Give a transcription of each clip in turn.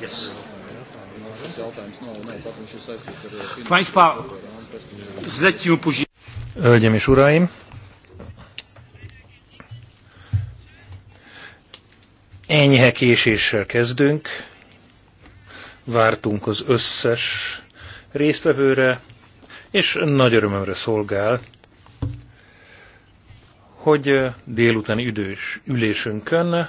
Yes. Państwa, zlecimy później. Hölgyeim és uraim, enyhe késéssel kezdünk. Vártunk az összes résztvevőre, és nagy örömömre szolgál, hogy délutáni idős ülésünkön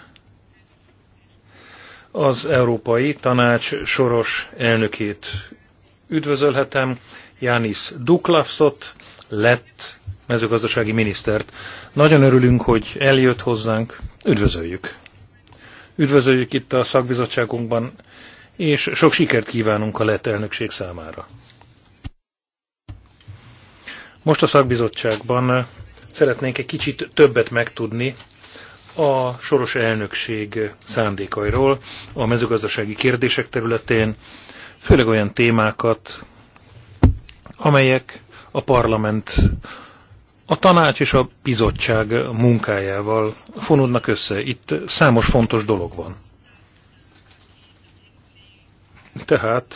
az Európai Tanács soros elnökét üdvözölhetem, Jánis Duklavszot, lett mezőgazdasági minisztert. Nagyon örülünk, hogy eljött hozzánk. Üdvözöljük! Üdvözöljük itt a szakbizottságunkban, és sok sikert kívánunk a lett elnökség számára. Most a szakbizottságban szeretnénk egy kicsit többet megtudni a soros elnökség szándékairól a mezőgazdasági kérdések területén, főleg olyan témákat, amelyek a parlament, a tanács és a bizottság munkájával fonódnak össze. Itt számos fontos dolog van. Tehát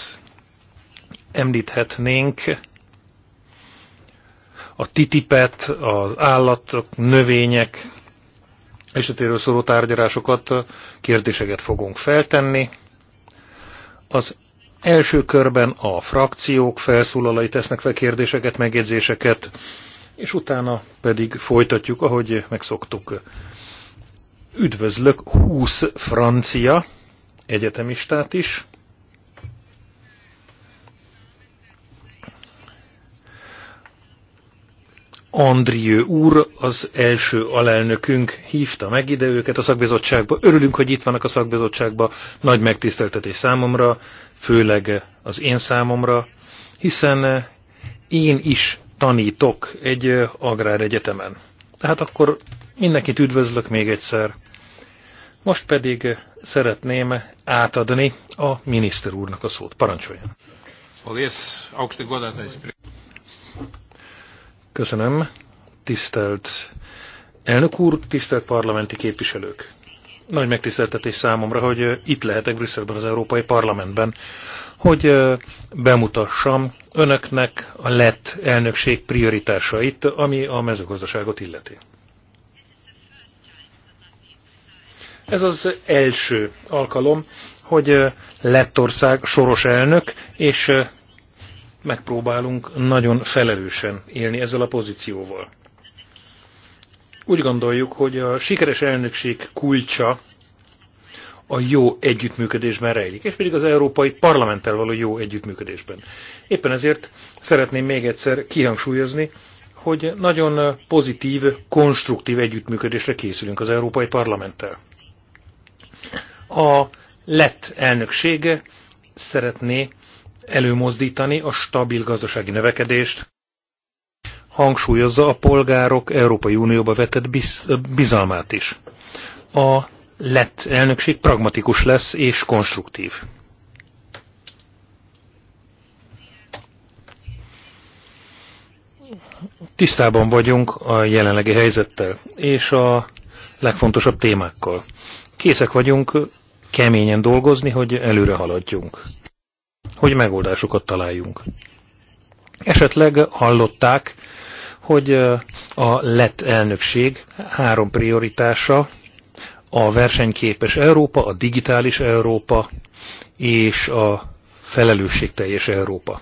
említhetnénk a titipet, az állatok, növények, esetéről szóló tárgyalásokat, kérdéseket fogunk feltenni. Az első körben a frakciók felszólalai tesznek fel kérdéseket, megjegyzéseket, és utána pedig folytatjuk, ahogy megszoktuk. Üdvözlök 20 francia egyetemistát is, Andriő úr, az első alelnökünk hívta meg ide őket a szakbizottságba. Örülünk, hogy itt vannak a szakbizottságba. Nagy megtiszteltetés számomra, főleg az én számomra, hiszen én is tanítok egy agráregyetemen. Tehát akkor mindenkit üdvözlök még egyszer. Most pedig szeretném átadni a miniszter úrnak a szót. Parancsoljon! Köszönöm. Tisztelt elnök úr, tisztelt parlamenti képviselők. Nagy megtiszteltetés számomra, hogy itt lehetek Brüsszelben, az Európai Parlamentben, hogy bemutassam önöknek a lett elnökség prioritásait, ami a mezőgazdaságot illeti. Ez az első alkalom, hogy Lettország soros elnök, és megpróbálunk nagyon felelősen élni ezzel a pozícióval. Úgy gondoljuk, hogy a sikeres elnökség kulcsa a jó együttműködésben rejlik, és pedig az Európai Parlamenttel való jó együttműködésben. Éppen ezért szeretném még egyszer kihangsúlyozni, hogy nagyon pozitív, konstruktív együttműködésre készülünk az Európai Parlamenttel. A lett elnöksége szeretné előmozdítani a stabil gazdasági növekedést, hangsúlyozza a polgárok Európai Unióba vetett biz bizalmát is. A lett elnökség pragmatikus lesz és konstruktív. Tisztában vagyunk a jelenlegi helyzettel és a legfontosabb témákkal. Készek vagyunk keményen dolgozni, hogy előre haladjunk hogy megoldásokat találjunk. Esetleg hallották, hogy a lett elnökség három prioritása a versenyképes Európa, a digitális Európa és a felelősségteljes Európa.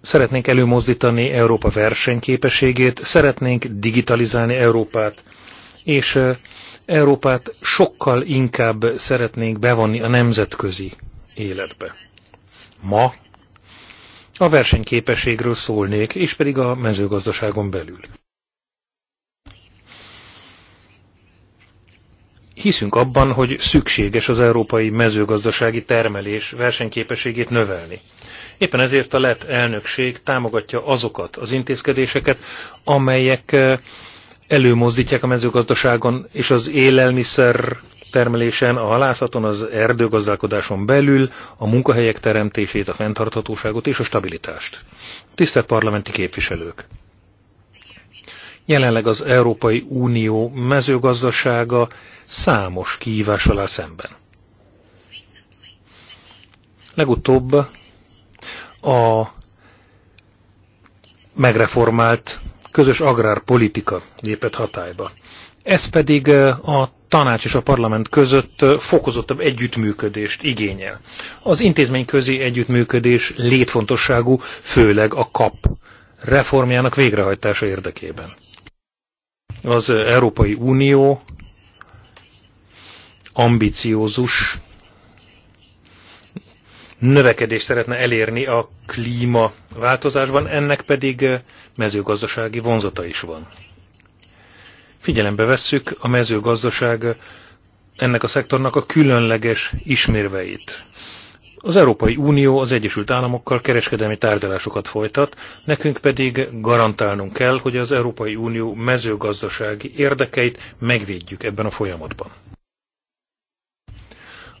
Szeretnénk előmozdítani Európa versenyképességét, szeretnénk digitalizálni Európát, és Európát sokkal inkább szeretnénk bevonni a nemzetközi életbe. Ma a versenyképességről szólnék, és pedig a mezőgazdaságon belül. Hiszünk abban, hogy szükséges az európai mezőgazdasági termelés versenyképességét növelni. Éppen ezért a lett elnökség támogatja azokat az intézkedéseket, amelyek eh, előmozdítják a mezőgazdaságon és az élelmiszer termelésen, a halászaton, az erdőgazdálkodáson belül a munkahelyek teremtését, a fenntarthatóságot és a stabilitást. Tisztelt parlamenti képviselők! Jelenleg az Európai Unió mezőgazdasága számos kihívás alá szemben. Legutóbb a megreformált közös agrárpolitika lépett hatályba. Ez pedig eh, a tanács és a parlament között eh, fokozottabb együttműködést igényel. Az intézményközi együttműködés létfontosságú, főleg a KAP reformjának végrehajtása érdekében. Az Európai Unió ambiciózus növekedést szeretne elérni a klímaváltozásban, ennek pedig eh, mezőgazdasági vonzata is van. Figyelembe vesszük a mezőgazdaság eh, ennek a szektornak a különleges ismérveit. Az Európai Unió az Egyesült Államokkal kereskedelmi tárgyalásokat folytat, nekünk pedig garantálnunk kell, hogy az Európai Unió mezőgazdasági érdekeit megvédjük ebben a folyamatban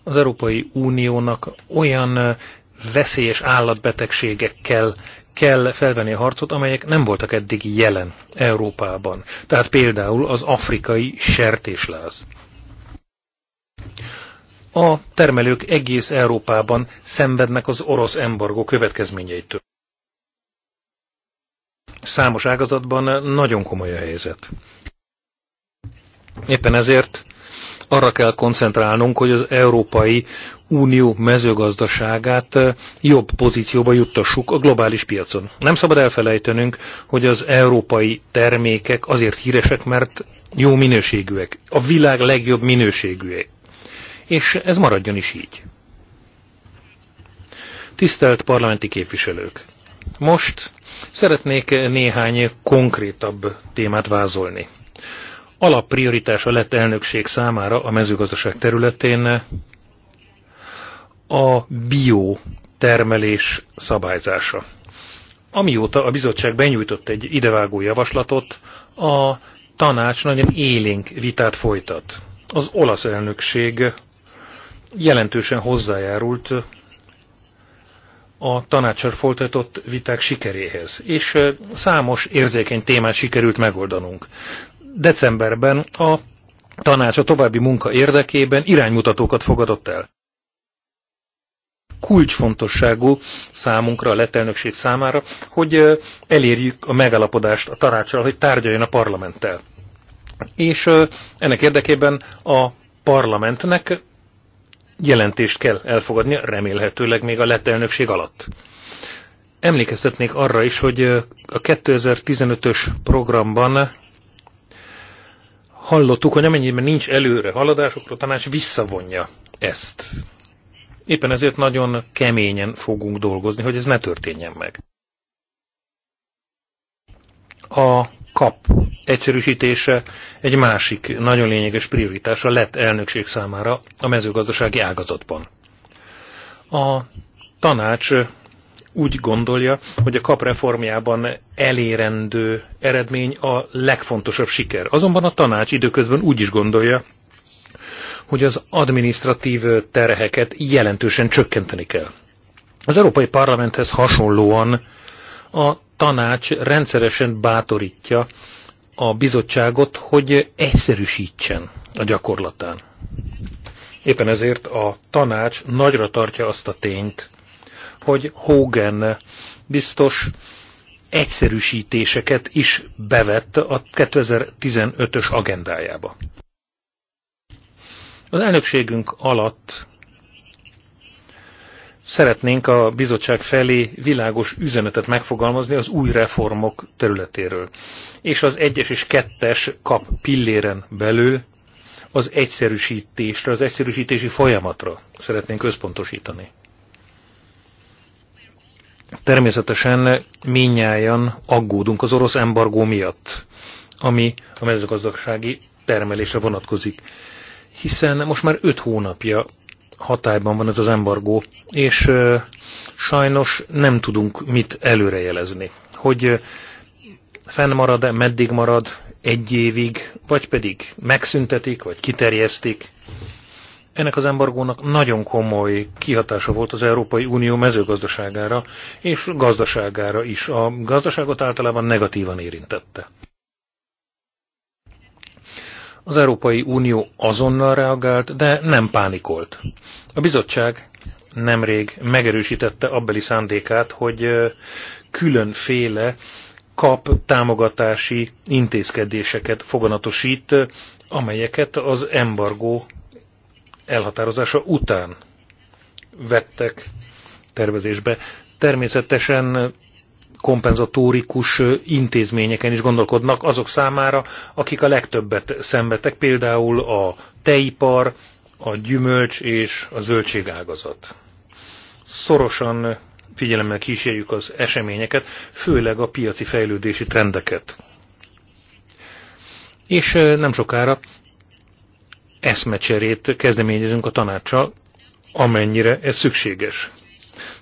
az Európai Uniónak olyan veszélyes állatbetegségekkel kell felvenni a harcot, amelyek nem voltak eddig jelen Európában. Tehát például az afrikai sertésláz. A termelők egész Európában szenvednek az orosz embargó következményeitől. Számos ágazatban nagyon komoly a helyzet. Éppen ezért arra kell koncentrálnunk, hogy az Európai Unió mezőgazdaságát jobb pozícióba juttassuk a globális piacon. Nem szabad elfelejtenünk, hogy az európai termékek azért híresek, mert jó minőségűek, a világ legjobb minőségűek. És ez maradjon is így. Tisztelt parlamenti képviselők! Most szeretnék néhány konkrétabb témát vázolni alapprioritása lett elnökség számára a mezőgazdaság területén a biotermelés termelés szabályzása. Amióta a bizottság benyújtott egy idevágó javaslatot, a tanács nagyon élénk vitát folytat. Az olasz elnökség jelentősen hozzájárult a tanácsra folytatott viták sikeréhez, és számos érzékeny témát sikerült megoldanunk decemberben a tanács a további munka érdekében iránymutatókat fogadott el. Kulcsfontosságú számunkra, a letelnökség számára, hogy elérjük a megalapodást a tanácsal, hogy tárgyaljon a parlamenttel. És ennek érdekében a parlamentnek jelentést kell elfogadnia, remélhetőleg még a letelnökség alatt. Emlékeztetnék arra is, hogy a 2015-ös programban hallottuk, hogy amennyiben nincs előre haladás, akkor a tanács visszavonja ezt. Éppen ezért nagyon keményen fogunk dolgozni, hogy ez ne történjen meg. A kap egyszerűsítése egy másik nagyon lényeges prioritása lett elnökség számára a mezőgazdasági ágazatban. A tanács úgy gondolja, hogy a kap reformjában elérendő eredmény a legfontosabb siker. Azonban a tanács időközben úgy is gondolja, hogy az administratív terheket jelentősen csökkenteni kell. Az Európai Parlamenthez hasonlóan a tanács rendszeresen bátorítja a bizottságot, hogy egyszerűsítsen a gyakorlatán. Éppen ezért a tanács nagyra tartja azt a tényt, hogy Hogan biztos egyszerűsítéseket is bevett a 2015-ös agendájába. Az elnökségünk alatt szeretnénk a bizottság felé világos üzenetet megfogalmazni az új reformok területéről. És az egyes és kettes kap pilléren belül az egyszerűsítésre, az egyszerűsítési folyamatra szeretnénk összpontosítani. Természetesen minnyáján aggódunk az orosz embargó miatt, ami a mezőgazdasági termelésre vonatkozik. Hiszen most már öt hónapja hatályban van ez az embargó, és sajnos nem tudunk mit előrejelezni. Hogy fennmarad-e, meddig marad, egy évig, vagy pedig megszüntetik, vagy kiterjesztik ennek az embargónak nagyon komoly kihatása volt az Európai Unió mezőgazdaságára és gazdaságára is. A gazdaságot általában negatívan érintette. Az Európai Unió azonnal reagált, de nem pánikolt. A bizottság nemrég megerősítette abbeli szándékát, hogy különféle kap támogatási intézkedéseket foganatosít, amelyeket az embargó elhatározása után vettek tervezésbe. Természetesen kompenzatórikus intézményeken is gondolkodnak azok számára, akik a legtöbbet szenvedtek, például a tejipar, a gyümölcs és a zöldségágazat. Szorosan figyelemmel kísérjük az eseményeket, főleg a piaci fejlődési trendeket. És eh, nem sokára eszmecserét kezdeményezünk a tanácssal, amennyire ez szükséges.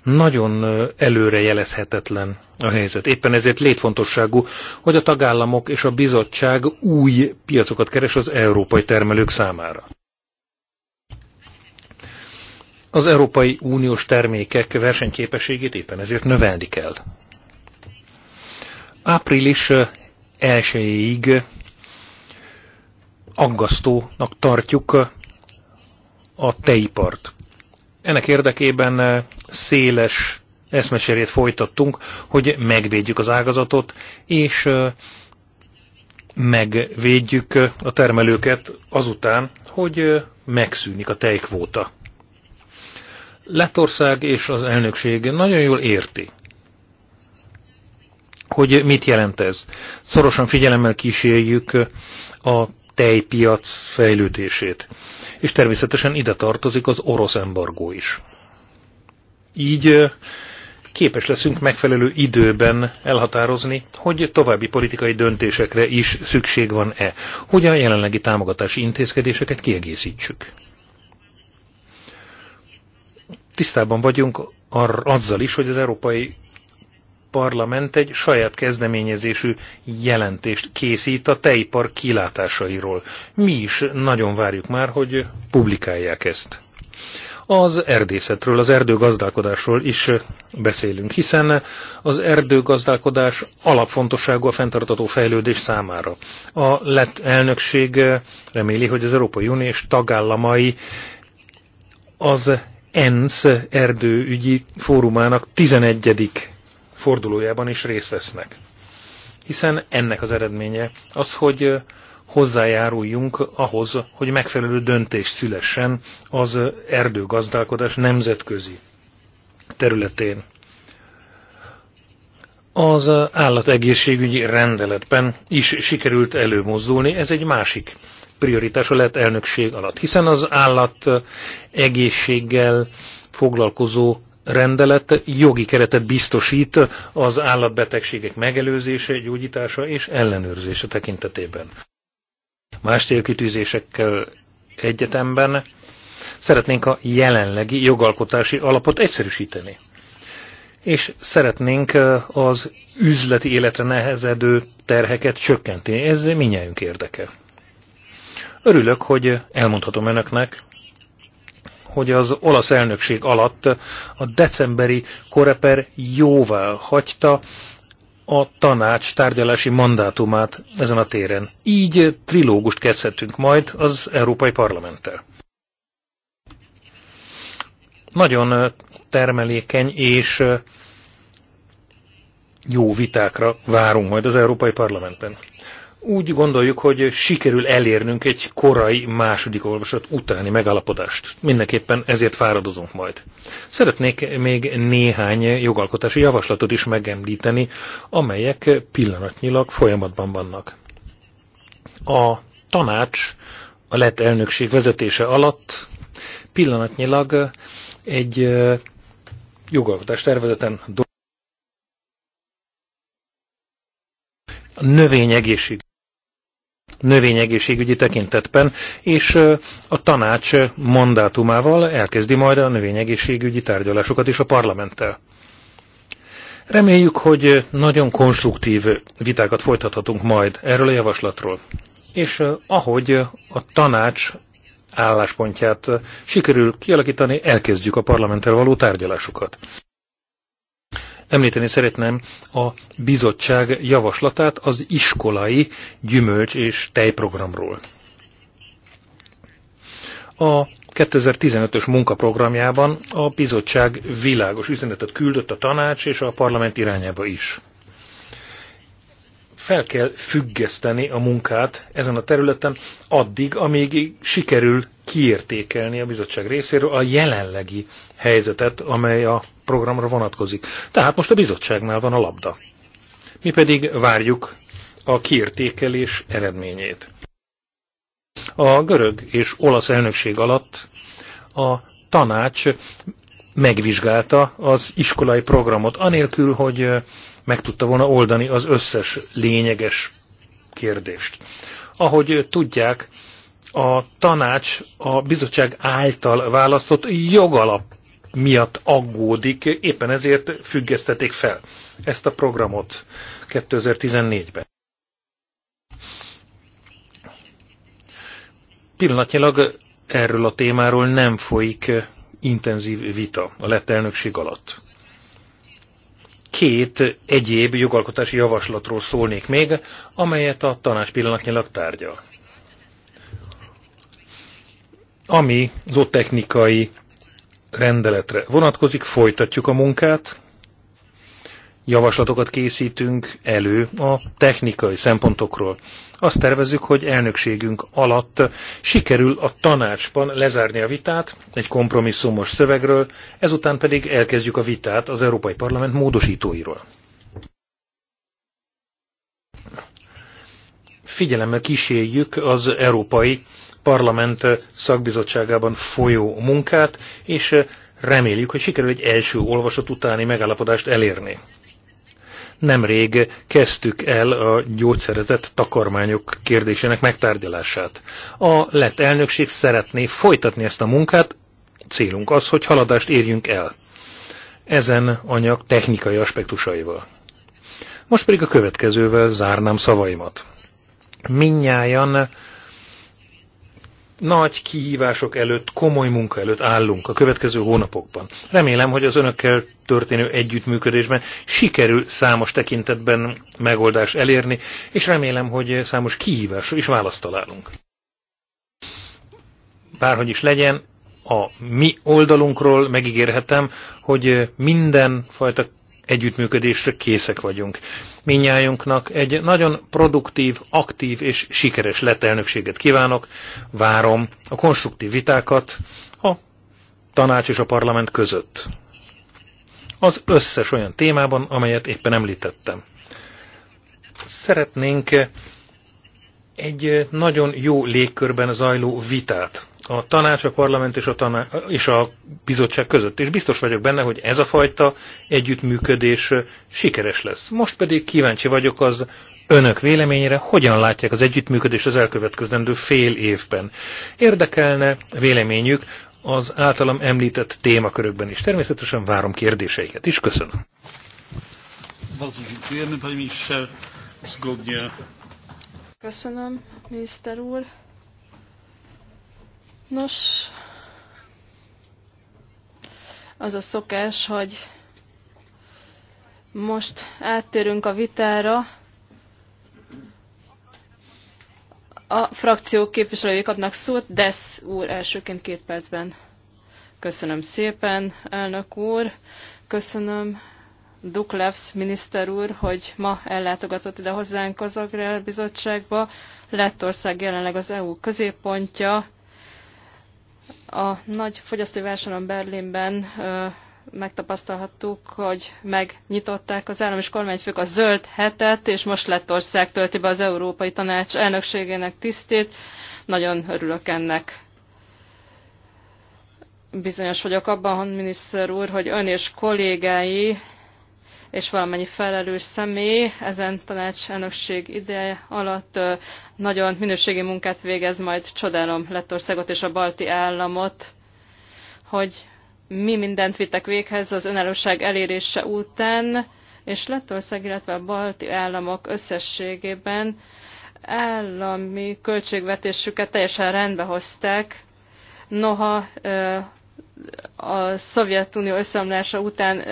Nagyon előrejelezhetetlen a helyzet. Éppen ezért létfontosságú, hogy a tagállamok és a bizottság új piacokat keres az európai termelők számára. Az Európai Uniós termékek versenyképességét éppen ezért növelni kell. Április 1-ig aggasztónak tartjuk a teipart. Ennek érdekében széles eszmeserét folytattunk, hogy megvédjük az ágazatot, és megvédjük a termelőket azután, hogy megszűnik a tejkvóta. Lettország és az elnökség nagyon jól érti, hogy mit jelent ez. Szorosan figyelemmel kísérjük a tejpiac fejlődését. És természetesen ide tartozik az orosz embargó is. Így képes leszünk megfelelő időben elhatározni, hogy további politikai döntésekre is szükség van-e, hogy a jelenlegi támogatási intézkedéseket kiegészítsük. Tisztában vagyunk azzal is, hogy az Európai Parlament egy saját kezdeményezésű jelentést készít a tejipar kilátásairól. Mi is nagyon várjuk már, hogy publikálják ezt. Az erdészetről, az erdőgazdálkodásról is beszélünk, hiszen az erdőgazdálkodás alapfontosságú a fenntartató fejlődés számára. A lett elnökség reméli, hogy az Európai Unió és tagállamai az ENSZ erdőügyi fórumának 11 fordulójában is részt vesznek. Hiszen ennek az eredménye az, hogy hozzájáruljunk ahhoz, hogy megfelelő döntés szülessen az erdőgazdálkodás nemzetközi területén. Az állategészségügyi rendeletben is sikerült előmozdulni, ez egy másik prioritása lett elnökség alatt, hiszen az állat egészséggel foglalkozó rendelet jogi keretet biztosít az állatbetegségek megelőzése, gyógyítása és ellenőrzése tekintetében. Más célkitűzésekkel egyetemben szeretnénk a jelenlegi jogalkotási alapot egyszerűsíteni. És szeretnénk az üzleti életre nehezedő terheket csökkenteni. Ez minnyájunk érdeke. Örülök, hogy elmondhatom önöknek, hogy az olasz elnökség alatt a decemberi koreper jóvá hagyta a tanács tárgyalási mandátumát ezen a téren. Így trilógust kezdhetünk majd az Európai Parlamenttel. Nagyon termelékeny és jó vitákra várunk majd az Európai Parlamentben úgy gondoljuk, hogy sikerül elérnünk egy korai második olvasat utáni megalapodást. Mindenképpen ezért fáradozunk majd. Szeretnék még néhány jogalkotási javaslatot is megemlíteni, amelyek pillanatnyilag folyamatban vannak. A tanács a lett elnökség vezetése alatt pillanatnyilag egy jogalkotás tervezeten növényegészség növényegészségügyi tekintetben, és a tanács mandátumával elkezdi majd a növényegészségügyi tárgyalásokat is a parlamenttel. Reméljük, hogy nagyon konstruktív vitákat folytathatunk majd erről a javaslatról. És ahogy a tanács álláspontját sikerül kialakítani, elkezdjük a parlamenttel való tárgyalásokat. Említeni szeretném a bizottság javaslatát az iskolai gyümölcs és tejprogramról. A 2015-ös munkaprogramjában a bizottság világos üzenetet küldött a tanács és a parlament irányába is. Fel kell függeszteni a munkát ezen a területen addig, amíg sikerül kiértékelni a bizottság részéről a jelenlegi helyzetet, amely a programra vonatkozik. Tehát most a bizottságnál van a labda. Mi pedig várjuk a kiértékelés eredményét. A görög és olasz elnökség alatt a tanács megvizsgálta az iskolai programot, anélkül, hogy meg tudta volna oldani az összes lényeges kérdést. Ahogy tudják, a tanács a bizottság által választott jogalap miatt aggódik, éppen ezért függesztették fel ezt a programot 2014-ben. Pillanatnyilag erről a témáról nem folyik intenzív vita a lett elnökség alatt. Két egyéb jogalkotási javaslatról szólnék még, amelyet a tanács pillanatnyilag tárgyal. Ami az ott technikai rendeletre vonatkozik, folytatjuk a munkát, javaslatokat készítünk elő a technikai szempontokról. Azt tervezzük, hogy elnökségünk alatt sikerül a tanácsban lezárni a vitát egy kompromisszumos szövegről, ezután pedig elkezdjük a vitát az Európai Parlament módosítóiról. Figyelemmel kísérjük az Európai parlament szakbizottságában folyó munkát, és reméljük, hogy sikerül egy első olvasat utáni megállapodást elérni. Nemrég kezdtük el a gyógyszerezett takarmányok kérdésének megtárgyalását. A lett elnökség szeretné folytatni ezt a munkát, célunk az, hogy haladást érjünk el. Ezen anyag technikai aspektusaival. Most pedig a következővel zárnám szavaimat. Minnyájan nagy kihívások előtt, komoly munka előtt állunk a következő hónapokban. Remélem, hogy az önökkel történő együttműködésben sikerül számos tekintetben megoldást elérni, és remélem, hogy számos kihívásra is választ találunk. Bárhogy is legyen, a mi oldalunkról megígérhetem, hogy minden fajta együttműködésre készek vagyunk. Minnyájunknak egy nagyon produktív, aktív és sikeres letelnökséget kívánok. Várom a konstruktív vitákat a tanács és a parlament között. Az összes olyan témában, amelyet éppen említettem. Szeretnénk egy nagyon jó légkörben zajló vitát a tanács, a parlament és a, tanács, és a bizottság között. És biztos vagyok benne, hogy ez a fajta együttműködés sikeres lesz. Most pedig kíváncsi vagyok az önök véleményére, hogyan látják az együttműködést az elkövetkezendő fél évben. Érdekelne véleményük az általam említett témakörökben is. Természetesen várom kérdéseiket is. Köszönöm. Köszönöm, miniszter úr. Nos, az a szokás, hogy most áttérünk a vitára. A frakciók képviselői kapnak szót, Desz úr elsőként két percben. Köszönöm szépen, elnök úr. Köszönöm Duklevs miniszter úr, hogy ma ellátogatott ide hozzánk az Agrárbizottságba. Lettország jelenleg az EU középpontja a nagy fogyasztói vásáron Berlinben megtapasztalhattuk, hogy megnyitották az állam és kormányfők a zöld hetet, és most Lettország tölti be az Európai Tanács elnökségének tisztét. Nagyon örülök ennek. Bizonyos vagyok abban, miniszter úr, hogy ön és kollégái és valamennyi felelős személy ezen tanács elnökség ideje alatt nagyon minőségi munkát végez, majd csodálom Lettországot és a balti államot, hogy mi mindent vittek véghez az önállóság elérése után, és Lettország, illetve a balti államok összességében állami költségvetésüket teljesen rendbe hozták, noha a Szovjetunió összeomlása után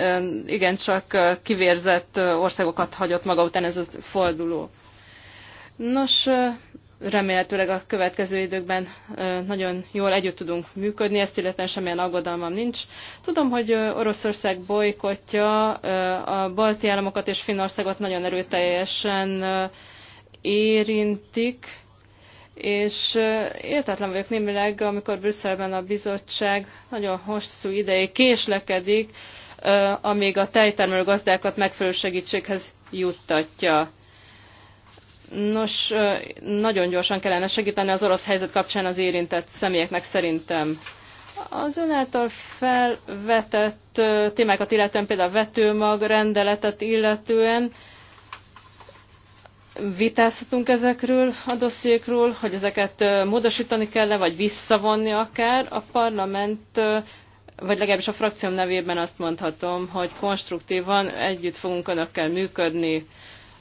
igencsak kivérzett országokat hagyott maga után ez a forduló. Nos, remélhetőleg a következő időkben nagyon jól együtt tudunk működni, ezt illetően semmilyen aggodalmam nincs. Tudom, hogy Oroszország bolykotja a balti államokat és Finnországot nagyon erőteljesen érintik, és értetlen vagyok némileg, amikor Brüsszelben a bizottság nagyon hosszú ideig késlekedik, amíg a tejtermelő gazdákat megfelelő segítséghez juttatja. Nos, nagyon gyorsan kellene segíteni az orosz helyzet kapcsán az érintett személyeknek szerintem. Az ön által felvetett témákat illetően, például a vetőmag rendeletet illetően, vitázhatunk ezekről a dossziékról, hogy ezeket módosítani kell-e, vagy visszavonni akár. A parlament, vagy legalábbis a frakcióm nevében azt mondhatom, hogy konstruktívan együtt fogunk önökkel működni.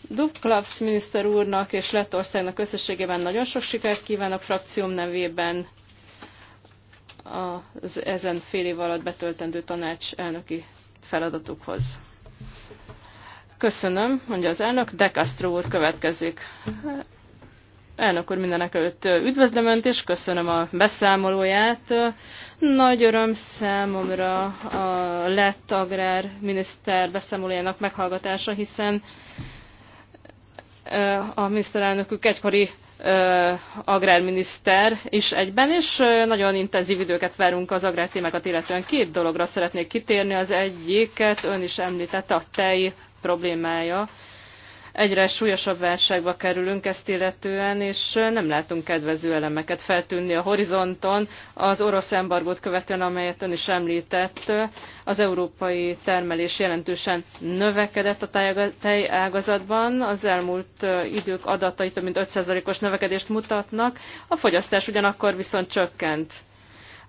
Dubklavs miniszter úrnak és Lettországnak összességében nagyon sok sikert kívánok frakcióm nevében az ezen fél év alatt betöltendő tanács elnöki feladatukhoz. Köszönöm, mondja az elnök. De Castro úr következik. Elnök úr, mindenek előtt üdvözlöm Önt, és köszönöm a beszámolóját. Nagy öröm számomra a lett agrárminiszter beszámolójának meghallgatása, hiszen eh, a miniszterelnökük egykori agrárminiszter is egyben, és nagyon intenzív időket várunk az agrártémákat, illetően két dologra szeretnék kitérni. Az egyiket ön is említette, a tej problémája, Egyre súlyosabb válságba kerülünk ezt illetően, és nem látunk kedvező elemeket feltűnni a horizonton. Az orosz embargót követően, amelyet ön is említett, az európai termelés jelentősen növekedett a tejágazatban. Az elmúlt idők adatai több mint 5%-os növekedést mutatnak, a fogyasztás ugyanakkor viszont csökkent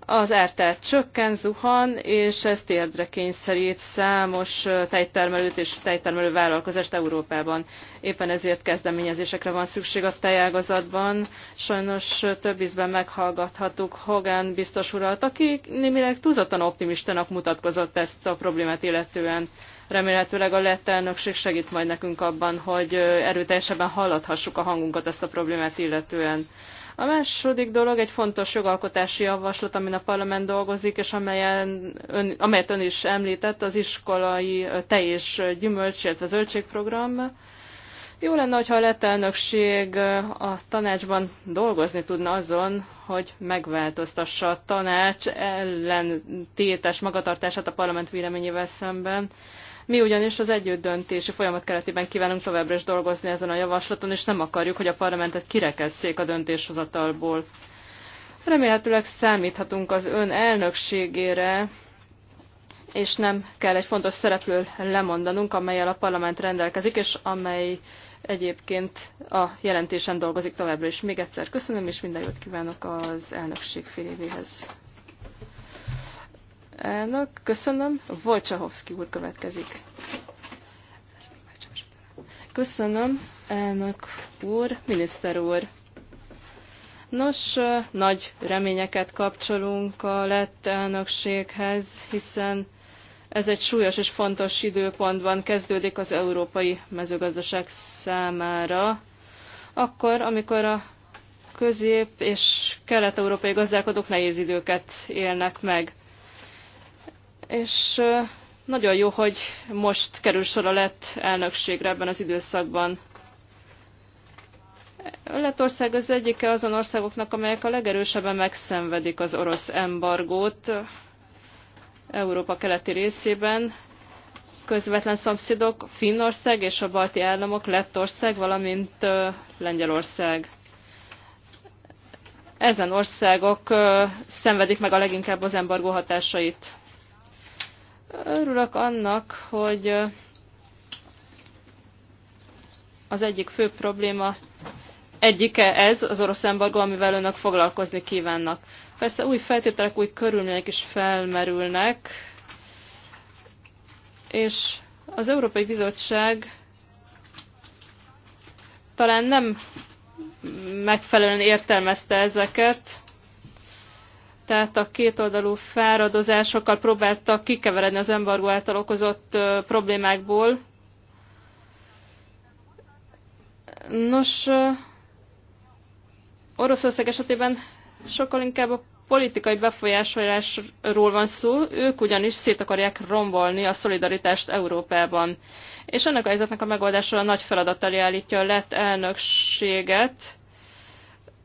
az ártát e csökken, zuhan, és ez térdre kényszerít számos tejtermelőt és tejtermelő vállalkozást Európában. Éppen ezért kezdeményezésekre van szükség a tejágazatban. Sajnos több ízben meghallgathattuk Hogan biztos urat, aki némileg túlzottan optimistának mutatkozott ezt a problémát illetően. Remélhetőleg a lett elnökség segít majd nekünk abban, hogy erőteljesebben hallathassuk a hangunkat ezt a problémát illetően. A második dolog egy fontos jogalkotási javaslat, amin a parlament dolgozik, és amelyen ön, amelyet ön is említett, az iskolai teljes és gyümölcs, illetve zöldségprogram. Jó lenne, hogyha a lett elnökség a tanácsban dolgozni tudna azon, hogy megváltoztassa a tanács ellentétes magatartását a parlament véleményével szemben, mi ugyanis az együtt döntési folyamat keretében kívánunk továbbra is dolgozni ezen a javaslaton, és nem akarjuk, hogy a parlamentet kirekesszék a döntéshozatalból. Remélhetőleg számíthatunk az ön elnökségére, és nem kell egy fontos szereplőről lemondanunk, amelyel a parlament rendelkezik, és amely egyébként a jelentésen dolgozik továbbra is. Még egyszer köszönöm, és minden jót kívánok az elnökség fél évéhez. Elnök, köszönöm. Volcsahovszki úr következik. Köszönöm, elnök úr, miniszter úr. Nos, nagy reményeket kapcsolunk a lett elnökséghez, hiszen ez egy súlyos és fontos időpontban kezdődik az európai mezőgazdaság számára, akkor, amikor a közép- és kelet-európai gazdálkodók nehéz időket élnek meg és nagyon jó, hogy most kerül sor a lett elnökségre ebben az időszakban. Lettország az egyike azon országoknak, amelyek a legerősebben megszenvedik az orosz embargót Európa keleti részében. Közvetlen szomszédok Finnország és a balti államok, Lettország, valamint Lengyelország. Ezen országok szenvedik meg a leginkább az embargó hatásait. Örülök annak, hogy az egyik fő probléma egyike ez az orosz embargó, amivel önök foglalkozni kívánnak. Persze új feltételek, új körülmények is felmerülnek, és az Európai Bizottság talán nem megfelelően értelmezte ezeket, tehát a kétoldalú fáradozásokkal próbáltak kikeveredni az embargó által okozott problémákból. Nos, Oroszország esetében sokkal inkább a politikai befolyásolásról van szó, ők ugyanis szét akarják rombolni a szolidaritást Európában. És ennek a helyzetnek a megoldása a nagy feladat elé állítja a lett elnökséget,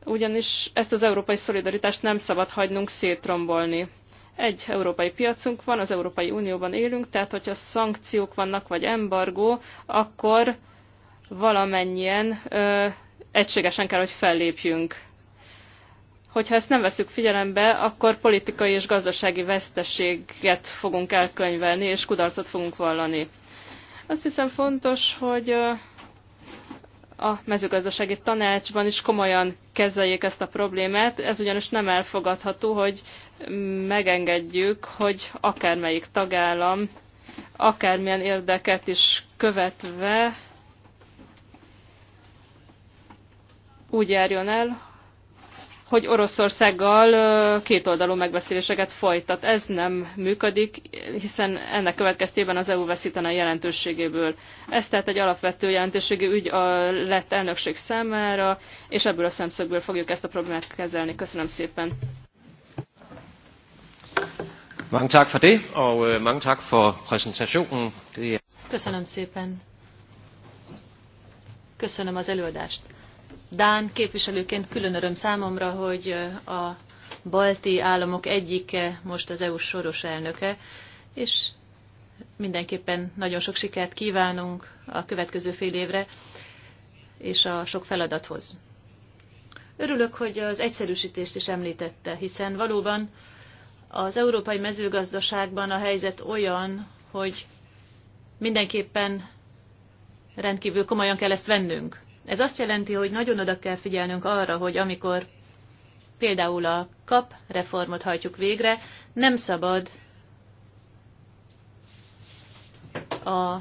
ugyanis ezt az európai szolidaritást nem szabad hagynunk szétrombolni. Egy európai piacunk van, az Európai Unióban élünk, tehát hogyha szankciók vannak, vagy embargó, akkor valamennyien ö, egységesen kell, hogy fellépjünk. Hogyha ezt nem veszük figyelembe, akkor politikai és gazdasági veszteséget fogunk elkönyvelni, és kudarcot fogunk vallani. Azt hiszem fontos, hogy a mezőgazdasági tanácsban is komolyan kezeljék ezt a problémát. Ez ugyanis nem elfogadható, hogy megengedjük, hogy akármelyik tagállam, akármilyen érdeket is követve úgy járjon el, hogy Oroszországgal kétoldalú megbeszéléseket folytat. Ez nem működik, hiszen ennek következtében az EU veszítene a jelentőségéből. Ez tehát egy alapvető jelentőségi ügy a lett elnökség számára, és ebből a szemszögből fogjuk ezt a problémát kezelni. Köszönöm szépen. for øh, for er- Köszönöm szépen. Köszönöm az előadást. Dán képviselőként külön öröm számomra, hogy a balti államok egyike most az EU soros elnöke, és mindenképpen nagyon sok sikert kívánunk a következő fél évre és a sok feladathoz. Örülök, hogy az egyszerűsítést is említette, hiszen valóban az európai mezőgazdaságban a helyzet olyan, hogy mindenképpen rendkívül komolyan kell ezt vennünk. Ez azt jelenti, hogy nagyon oda kell figyelnünk arra, hogy amikor például a kap reformot hajtjuk végre, nem szabad a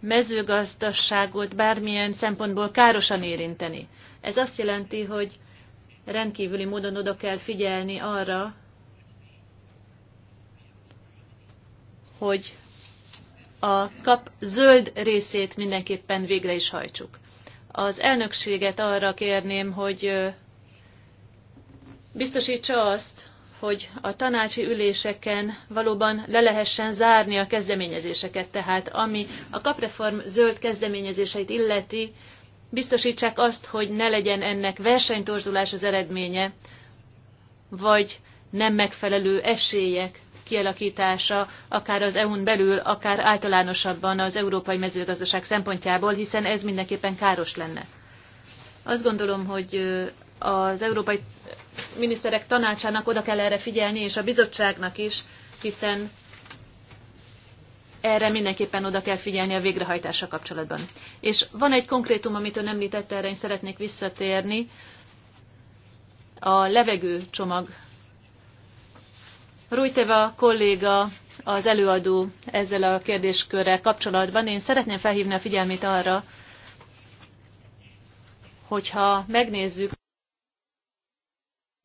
mezőgazdaságot bármilyen szempontból károsan érinteni. Ez azt jelenti, hogy rendkívüli módon oda kell figyelni arra, hogy a kap zöld részét mindenképpen végre is hajtsuk. Az elnökséget arra kérném, hogy biztosítsa azt, hogy a tanácsi üléseken valóban le lehessen zárni a kezdeményezéseket. Tehát ami a kapreform zöld kezdeményezéseit illeti, biztosítsák azt, hogy ne legyen ennek versenytorzulás az eredménye, vagy nem megfelelő esélyek kialakítása, akár az EU-n belül, akár általánosabban az európai mezőgazdaság szempontjából, hiszen ez mindenképpen káros lenne. Azt gondolom, hogy az európai miniszterek tanácsának oda kell erre figyelni, és a bizottságnak is, hiszen erre mindenképpen oda kell figyelni a végrehajtása kapcsolatban. És van egy konkrétum, amit ön említette, erre én szeretnék visszatérni. A levegő csomag Rújteva kolléga az előadó ezzel a kérdéskörrel kapcsolatban. Én szeretném felhívni a figyelmét arra, hogyha megnézzük,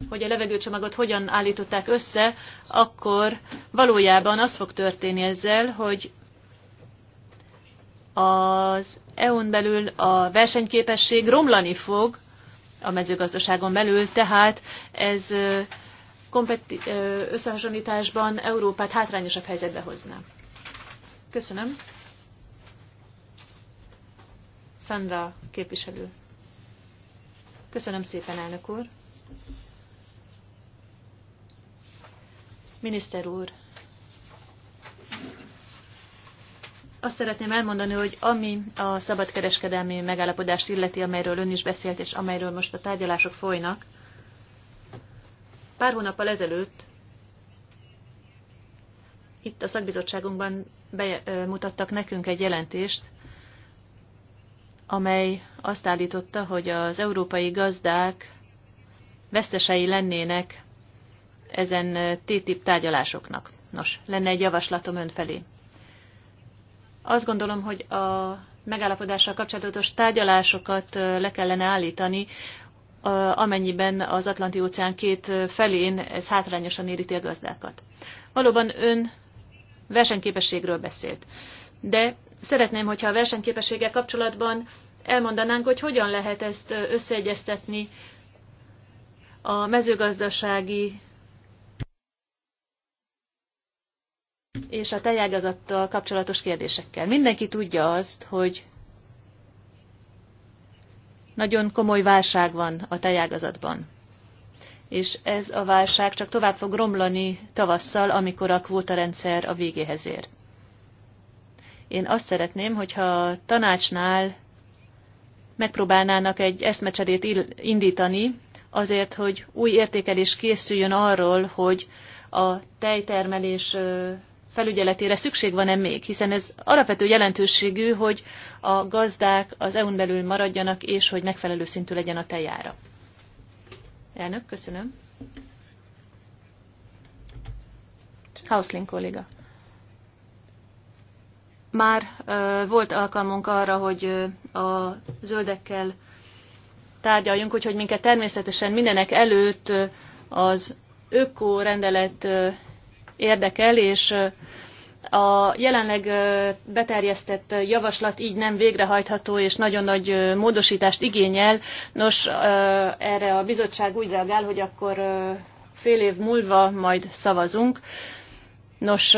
hogy a levegőcsomagot hogyan állították össze, akkor valójában az fog történni ezzel, hogy az EU-n belül a versenyképesség romlani fog a mezőgazdaságon belül, tehát ez kompeti- összehasonlításban Európát hátrányosabb helyzetbe hozná. Köszönöm. Sandra képviselő. Köszönöm szépen, elnök úr. Miniszter úr, azt szeretném elmondani, hogy ami a szabadkereskedelmi megállapodást illeti, amelyről ön is beszélt, és amelyről most a tárgyalások folynak, Pár hónappal ezelőtt itt a szakbizottságunkban bemutattak nekünk egy jelentést, amely azt állította, hogy az európai gazdák vesztesei lennének ezen TTIP tárgyalásoknak. Nos, lenne egy javaslatom ön felé. Azt gondolom, hogy a megállapodással kapcsolatos tárgyalásokat le kellene állítani, amennyiben az Atlanti-óceán két felén ez hátrányosan éríti a gazdákat. Valóban ön versenyképességről beszélt, de szeretném, hogyha a versenyképességgel kapcsolatban elmondanánk, hogy hogyan lehet ezt összeegyeztetni a mezőgazdasági és a tejágazattal kapcsolatos kérdésekkel. Mindenki tudja azt, hogy nagyon komoly válság van a tejágazatban. És ez a válság csak tovább fog romlani tavasszal, amikor a kvótarendszer a végéhez ér. Én azt szeretném, hogyha a tanácsnál megpróbálnának egy eszmecserét indítani, azért, hogy új értékelés készüljön arról, hogy a tejtermelés felügyeletére szükség van-e még, hiszen ez alapvető jelentőségű, hogy a gazdák az EU-n belül maradjanak, és hogy megfelelő szintű legyen a tejára. Elnök, köszönöm. Hauslin kolléga. Már ö, volt alkalmunk arra, hogy ö, a zöldekkel tárgyaljunk, úgyhogy minket természetesen mindenek előtt ö, az öko rendelet érdekel, és a jelenleg beterjesztett javaslat így nem végrehajtható és nagyon nagy módosítást igényel. Nos, erre a bizottság úgy reagál, hogy akkor fél év múlva majd szavazunk. Nos,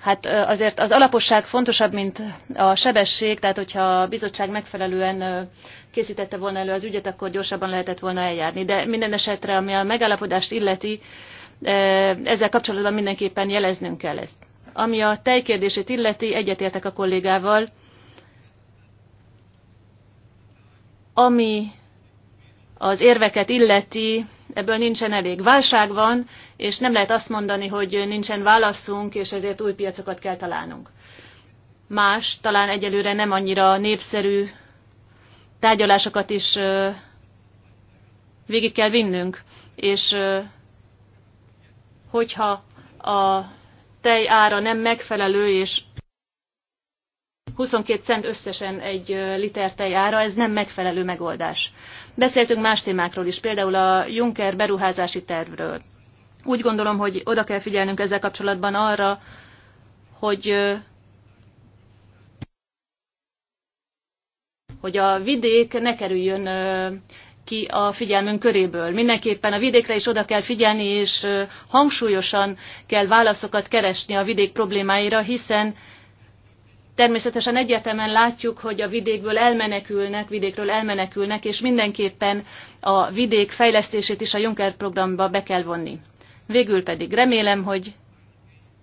hát azért az alaposság fontosabb, mint a sebesség, tehát hogyha a bizottság megfelelően készítette volna elő az ügyet, akkor gyorsabban lehetett volna eljárni. De minden esetre, ami a megállapodást illeti, ezzel kapcsolatban mindenképpen jeleznünk kell ezt. Ami a tejkérdését illeti, egyetértek a kollégával, ami az érveket illeti, ebből nincsen elég. Válság van, és nem lehet azt mondani, hogy nincsen válaszunk, és ezért új piacokat kell találnunk. Más, talán egyelőre nem annyira népszerű tárgyalásokat is végig kell vinnünk, és hogyha a tej ára nem megfelelő, és 22 cent összesen egy liter tej ára, ez nem megfelelő megoldás. Beszéltünk más témákról is, például a Juncker beruházási tervről. Úgy gondolom, hogy oda kell figyelnünk ezzel kapcsolatban arra, hogy hogy a vidék ne kerüljön ki a figyelmünk köréből. Mindenképpen a vidékre is oda kell figyelni, és hangsúlyosan kell válaszokat keresni a vidék problémáira, hiszen természetesen egyetemen látjuk, hogy a vidékből elmenekülnek, vidékről elmenekülnek, és mindenképpen a vidék fejlesztését is a Juncker programba be kell vonni. Végül pedig remélem, hogy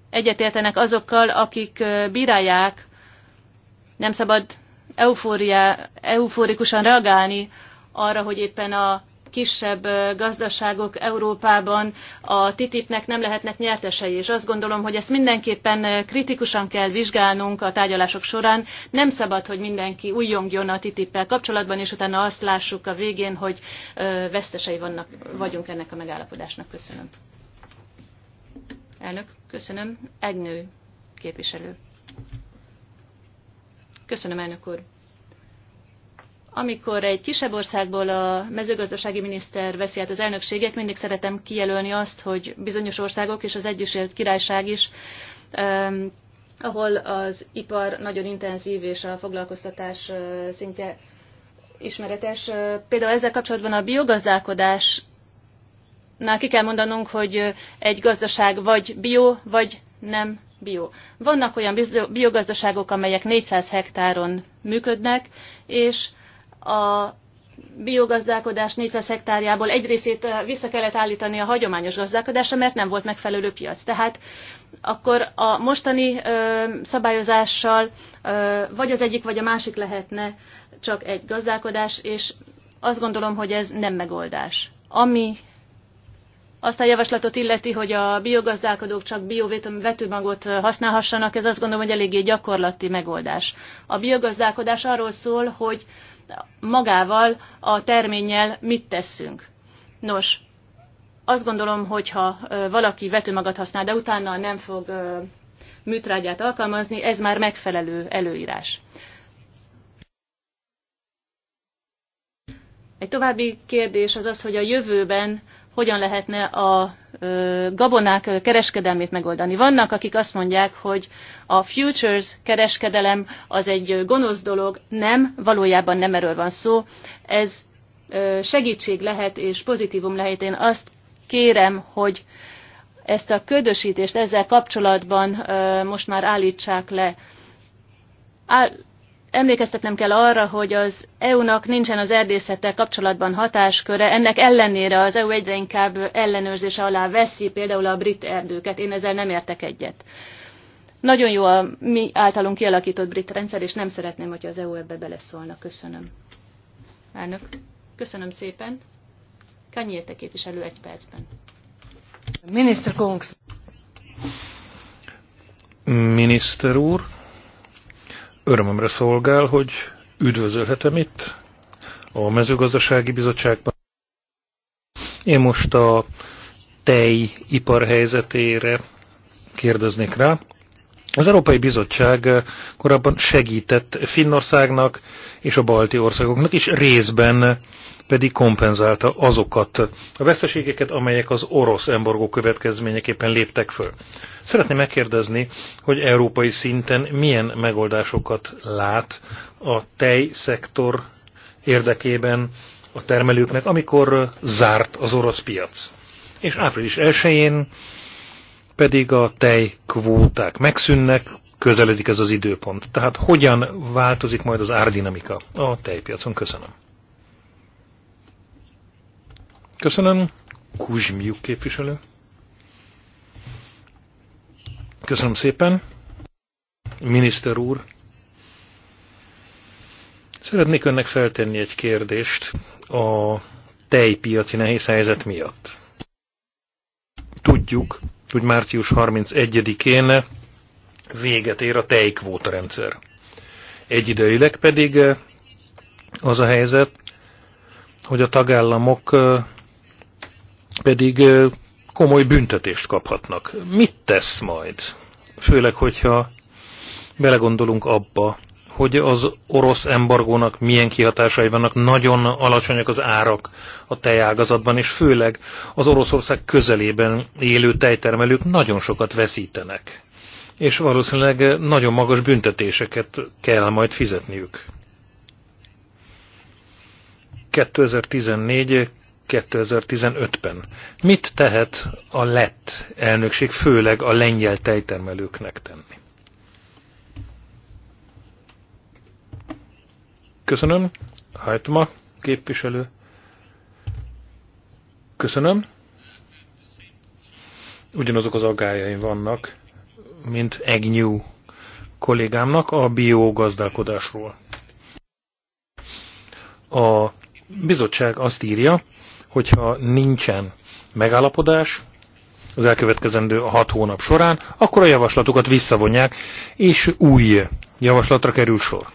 egyetértenek azokkal, akik bírálják, nem szabad eufóriá, eufórikusan reagálni arra, hogy éppen a kisebb gazdaságok Európában a TTIP-nek nem lehetnek nyertesei, és azt gondolom, hogy ezt mindenképpen kritikusan kell vizsgálnunk a tárgyalások során. Nem szabad, hogy mindenki újjongjon a TTIP-pel kapcsolatban, és utána azt lássuk a végén, hogy vesztesei vannak, vagyunk ennek a megállapodásnak. Köszönöm. Elnök, köszönöm. Egnő képviselő. Köszönöm, elnök úr amikor egy kisebb országból a mezőgazdasági miniszter veszi át az elnökséget, mindig szeretem kijelölni azt, hogy bizonyos országok és az Egyesült Királyság is, um, ahol az ipar nagyon intenzív és a foglalkoztatás uh, szintje ismeretes. Például ezzel kapcsolatban a biogazdálkodás Na, ki kell mondanunk, hogy egy gazdaság vagy bio, vagy nem bio. Vannak olyan biogazdaságok, amelyek 400 hektáron működnek, és a biogazdálkodás 400 hektárjából egy részét vissza kellett állítani a hagyományos gazdálkodásra, mert nem volt megfelelő piac. Tehát akkor a mostani ö, szabályozással ö, vagy az egyik, vagy a másik lehetne csak egy gazdálkodás, és azt gondolom, hogy ez nem megoldás. Ami azt a javaslatot illeti, hogy a biogazdálkodók csak biovetőmagot használhassanak, ez azt gondolom, hogy eléggé gyakorlati megoldás. A biogazdálkodás arról szól, hogy magával, a terménnyel mit teszünk. Nos, azt gondolom, hogyha valaki vetőmagat használ, de utána nem fog műtrágyát alkalmazni, ez már megfelelő előírás. Egy további kérdés az az, hogy a jövőben hogyan lehetne a gabonák kereskedelmét megoldani. Vannak, akik azt mondják, hogy a futures kereskedelem az egy gonosz dolog, nem, valójában nem erről van szó. Ez segítség lehet és pozitívum lehet. Én azt kérem, hogy ezt a ködösítést ezzel kapcsolatban most már állítsák le emlékeztetnem kell arra, hogy az EU-nak nincsen az erdészettel kapcsolatban hatásköre, ennek ellenére az EU egyre inkább ellenőrzése alá veszi például a brit erdőket, én ezzel nem értek egyet. Nagyon jó a mi általunk kialakított brit rendszer, és nem szeretném, hogy az EU ebbe beleszólna. Köszönöm. Elnök, köszönöm szépen. Kanyéte képviselő egy percben. Miniszter Kongs. Miniszter úr, Örömömre szolgál, hogy üdvözölhetem itt a mezőgazdasági bizottságban. Én most a tejipar helyzetére kérdeznék rá. Az Európai Bizottság korábban segített Finnországnak és a balti országoknak is részben pedig kompenzálta azokat a veszteségeket, amelyek az orosz embargó következményeképpen léptek föl. Szeretném megkérdezni, hogy európai szinten milyen megoldásokat lát a tejszektor érdekében a termelőknek, amikor zárt az orosz piac. És április 1-én pedig a tejkvóták megszűnnek, közeledik ez az időpont. Tehát hogyan változik majd az árdinamika a tejpiacon? Köszönöm. Köszönöm. Kuzsmiuk képviselő. Köszönöm szépen. Miniszter úr. Szeretnék önnek feltenni egy kérdést a tejpiaci nehéz helyzet miatt. Tudjuk, hogy március 31-én véget ér a tejkvóta rendszer. Egyidejileg pedig az a helyzet, hogy a tagállamok pedig komoly büntetést kaphatnak. Mit tesz majd? Főleg, hogyha belegondolunk abba, hogy az orosz embargónak milyen kihatásai vannak, nagyon alacsonyak az árak a tejágazatban, és főleg az Oroszország közelében élő tejtermelők nagyon sokat veszítenek. És valószínűleg nagyon magas büntetéseket kell majd fizetniük. 2014 2015-ben. Mit tehet a lett elnökség, főleg a lengyel tejtermelőknek tenni? Köszönöm. Hajtma képviselő. Köszönöm. Ugyanazok az aggájaim vannak, mint Egnyú kollégámnak a biogazdálkodásról. A bizottság azt írja, hogyha nincsen megállapodás az elkövetkezendő hat hónap során, akkor a javaslatukat visszavonják, és új javaslatra kerül sor.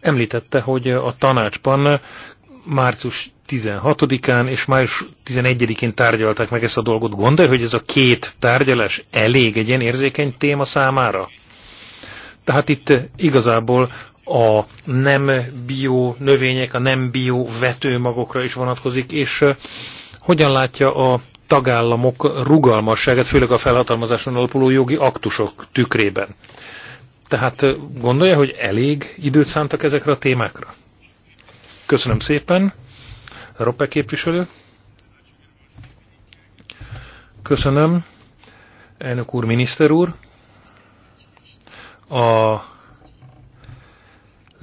Említette, hogy a tanácsban március 16-án és május 11-én tárgyalták meg ezt a dolgot. Gondolja, hogy ez a két tárgyalás elég egy ilyen érzékeny téma számára? Tehát itt igazából a nem bio növények, a nem bio vetőmagokra is vonatkozik, és hogyan látja a tagállamok rugalmasságát, főleg a felhatalmazáson alapuló jogi aktusok tükrében. Tehát gondolja, hogy elég időt szántak ezekre a témákra? Köszönöm szépen. Roppe képviselő. Köszönöm. Elnök úr, miniszter úr. A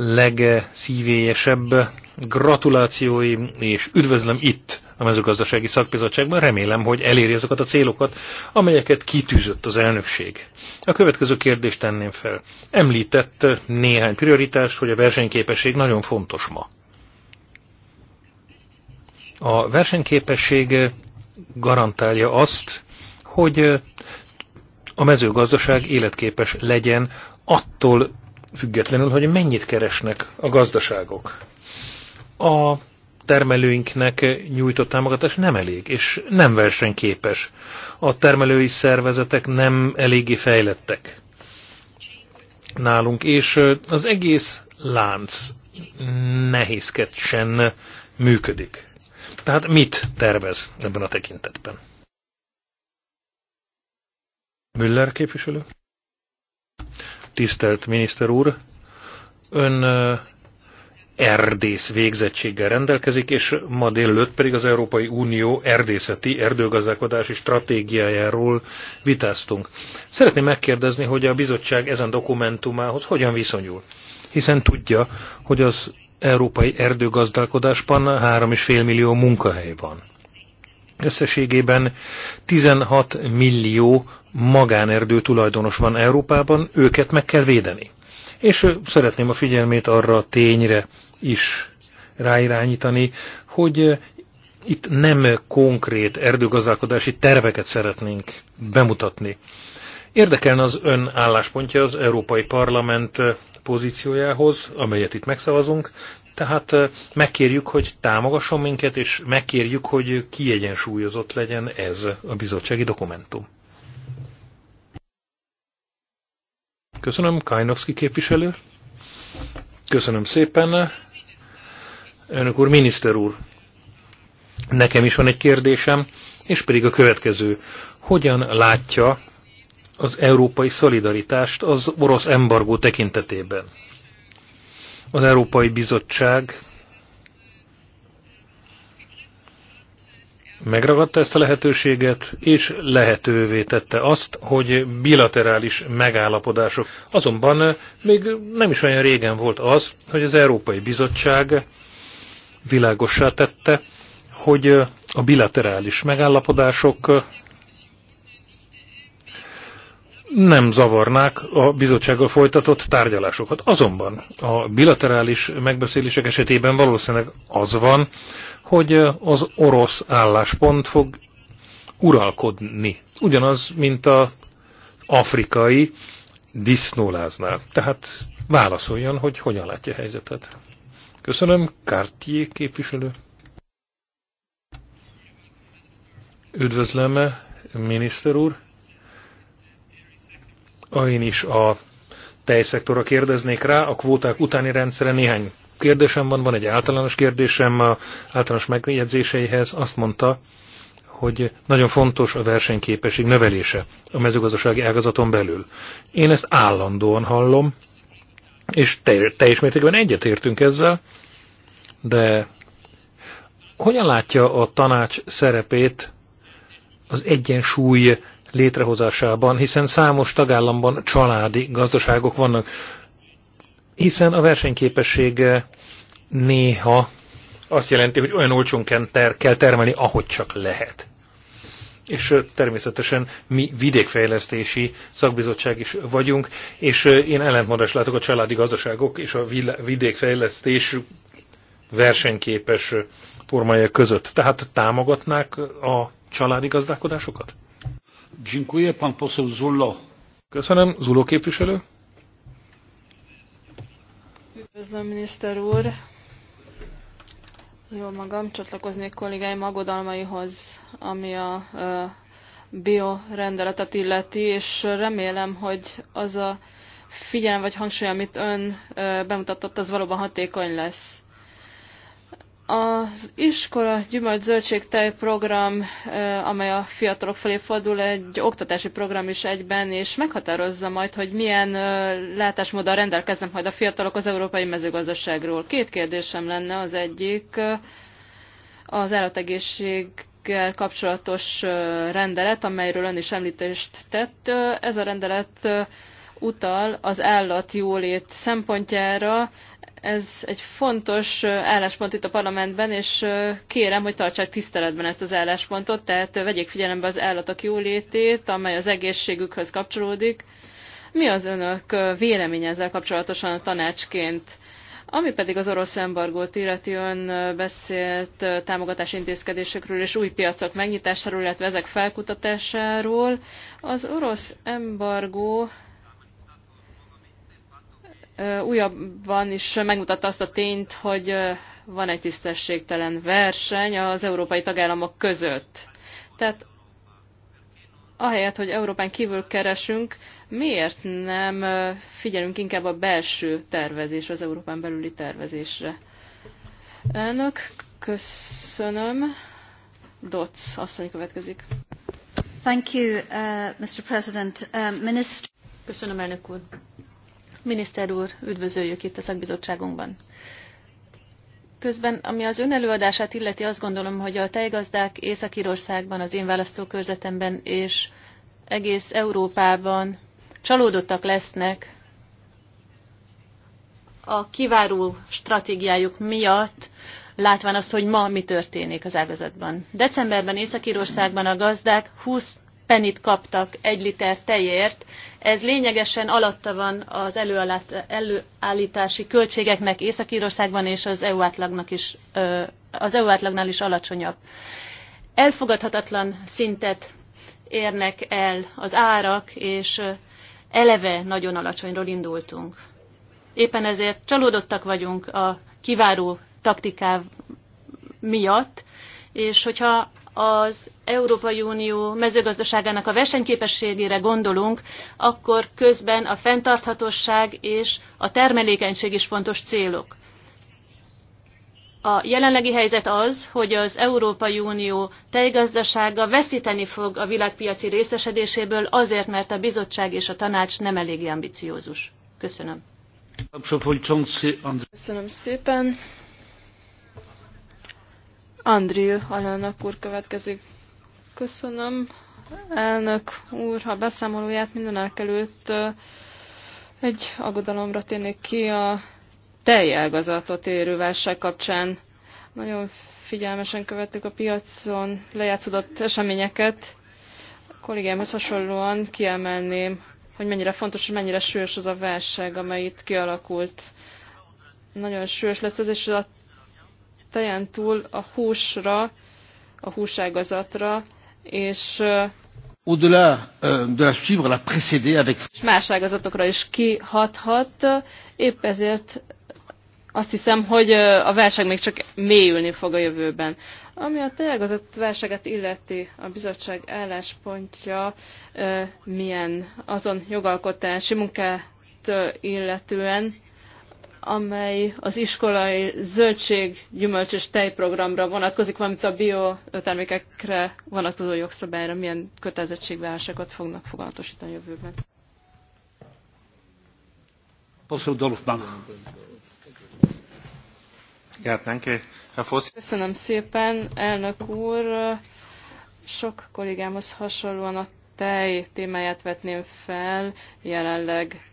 legszívélyesebb gratulációim, és üdvözlöm itt a mezőgazdasági szakbizottságban. Remélem, hogy eléri azokat a célokat, amelyeket kitűzött az elnökség. A következő kérdést tenném fel. Említett néhány prioritást, hogy a versenyképesség nagyon fontos ma. A versenyképesség garantálja azt, hogy a mezőgazdaság életképes legyen attól függetlenül, hogy mennyit keresnek a gazdaságok. A termelőinknek nyújtott támogatás nem elég, és nem versenyképes. A termelői szervezetek nem eléggé fejlettek nálunk, és az egész lánc nehézkedsen működik. Tehát mit tervez ebben a tekintetben? Müller képviselő? Tisztelt miniszter úr, ön erdész végzettséggel rendelkezik, és ma délelőtt pedig az Európai Unió erdészeti erdőgazdálkodási stratégiájáról vitáztunk. Szeretném megkérdezni, hogy a bizottság ezen dokumentumához hogyan viszonyul. Hiszen tudja, hogy az európai erdőgazdálkodásban 3,5 millió munkahely van. Összességében 16 millió magánerdő tulajdonos van Európában, őket meg kell védeni. És szeretném a figyelmét arra a tényre is ráirányítani, hogy itt nem konkrét erdőgazdálkodási terveket szeretnénk bemutatni. Érdekelne az ön álláspontja az Európai Parlament pozíciójához, amelyet itt megszavazunk, tehát megkérjük, hogy támogasson minket, és megkérjük, hogy kiegyensúlyozott legyen ez a bizottsági dokumentum. Köszönöm, Kajnovszki képviselő. Köszönöm szépen. Önök úr, miniszter úr, nekem is van egy kérdésem, és pedig a következő. Hogyan látja az európai szolidaritást az orosz embargó tekintetében? Az Európai Bizottság megragadta ezt a lehetőséget, és lehetővé tette azt, hogy bilaterális megállapodások. Azonban még nem is olyan régen volt az, hogy az Európai Bizottság világossá tette, hogy a bilaterális megállapodások nem zavarnák a bizottsággal folytatott tárgyalásokat. Azonban a bilaterális megbeszélések esetében valószínűleg az van, hogy az orosz álláspont fog uralkodni. Ugyanaz, mint az afrikai disznóláznál. Tehát válaszoljon, hogy hogyan látja a helyzetet. Köszönöm, Cartier képviselő. Üdvözlöm, miniszter úr. Én is a tejszektorra kérdeznék rá, a kvóták utáni rendszere néhány kérdésem van, van egy általános kérdésem a általános megjegyzéseihez. Azt mondta, hogy nagyon fontos a versenyképesség növelése a mezőgazdasági ágazaton belül. Én ezt állandóan hallom, és teljes mértékben egyetértünk ezzel, de hogyan látja a tanács szerepét az egyensúly létrehozásában, hiszen számos tagállamban családi gazdaságok vannak hiszen a versenyképesség eh, néha azt jelenti, hogy olyan olcsón kell termelni, ahogy csak lehet. És eh, természetesen mi vidékfejlesztési szakbizottság is vagyunk, és eh, én ellentmondást látok a családi gazdaságok és a vidékfejlesztés versenyképes formája között. Tehát támogatnák a családi gazdálkodásokat? Köszönöm, Zuló képviselő. Üdvözlöm, miniszter úr! Jó magam, csatlakoznék kollégáim aggodalmaihoz, ami a biorendeletet illeti, és remélem, hogy az a figyelem vagy hangsúly, amit ön bemutatott, az valóban hatékony lesz. Az iskola gyümölcs zöldségtej program, amely a fiatalok felé fordul, egy oktatási program is egyben, és meghatározza majd, hogy milyen látásmóddal rendelkeznek majd a fiatalok az európai mezőgazdaságról. Két kérdésem lenne az egyik, az állategészség kapcsolatos rendelet, amelyről ön is említést tett. Ez a rendelet utal az állat jólét szempontjára, ez egy fontos álláspont itt a parlamentben, és kérem, hogy tartsák tiszteletben ezt az álláspontot, tehát vegyék figyelembe az állatok jólétét, amely az egészségükhöz kapcsolódik. Mi az önök véleménye ezzel kapcsolatosan a tanácsként? Ami pedig az orosz embargót illeti, ön beszélt támogatási intézkedésekről és új piacok megnyitásáról, illetve ezek felkutatásáról. Az orosz embargó újabban is megmutatta azt a tényt, hogy van egy tisztességtelen verseny az európai tagállamok között. Tehát ahelyett, hogy Európán kívül keresünk, miért nem figyelünk inkább a belső tervezés, az Európán belüli tervezésre? Elnök, köszönöm. Dotz asszony következik. Thank you, uh, Mr. President. Uh, Minister... Köszönöm, elnök úr. Miniszter úr, üdvözöljük itt a szakbizottságunkban. Közben, ami az ön előadását illeti, azt gondolom, hogy a tejgazdák Észak-Írországban, az én választókörzetemben és egész Európában csalódottak lesznek a kiváró stratégiájuk miatt, látván azt, hogy ma mi történik az ágazatban. Decemberben Észak-Írországban a gazdák 20 penit kaptak egy liter tejért, ez lényegesen alatta van az előállítási költségeknek Észak-Írországban és az EU átlagnak is, az EU átlagnál is alacsonyabb. Elfogadhatatlan szintet érnek el az árak, és eleve nagyon alacsonyról indultunk. Éppen ezért csalódottak vagyunk a kiváró taktikáv miatt, és hogyha az Európai Unió mezőgazdaságának a versenyképességére gondolunk, akkor közben a fenntarthatóság és a termelékenység is fontos célok. A jelenlegi helyzet az, hogy az Európai Unió tejgazdasága veszíteni fog a világpiaci részesedéséből azért, mert a bizottság és a tanács nem eléggé ambiciózus. Köszönöm. Köszönöm szépen. Andrew alelnök úr következik. Köszönöm, elnök úr, ha beszámolóját minden előtt egy aggodalomra térnék ki a teljelgazatot érő válság kapcsán. Nagyon figyelmesen követtük a piacon lejátszódott eseményeket. A kollégámhoz hasonlóan kiemelném, hogy mennyire fontos, hogy mennyire sűrűs az a válság, amely itt kialakult. Nagyon sűrűs lesz ez, és a tejen túl a húsra, a húságazatra, és au-delà de la suivre, la précéder avec... Más ágazatokra is kihathat, épp ezért azt hiszem, hogy a válság még csak mélyülni fog a jövőben. Ami a tejágazat válságát illeti, a bizottság álláspontja milyen azon jogalkotási munkát illetően, amely az iskolai zöldség, gyümölcs és tejprogramra vonatkozik, valamint a biotermékekre vonatkozó jogszabályra milyen kötelezettségvárásokat fognak fogalmatosítani a jövőben. Köszönöm szépen, elnök úr. Sok kollégámhoz hasonlóan a tej témáját vetném fel jelenleg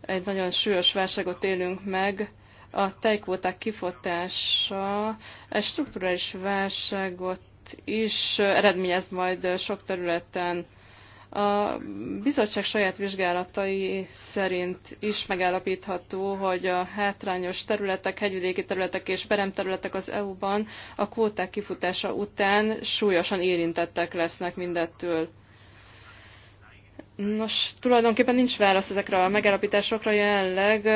egy nagyon súlyos válságot élünk meg, a tejkvóták kifotása egy strukturális válságot is eredményez majd sok területen. A bizottság saját vizsgálatai szerint is megállapítható, hogy a hátrányos területek, hegyvidéki területek és peremterületek az EU-ban a kvóták kifutása után súlyosan érintettek lesznek mindettől. Nos, tulajdonképpen nincs válasz ezekre a megállapításokra, jelenleg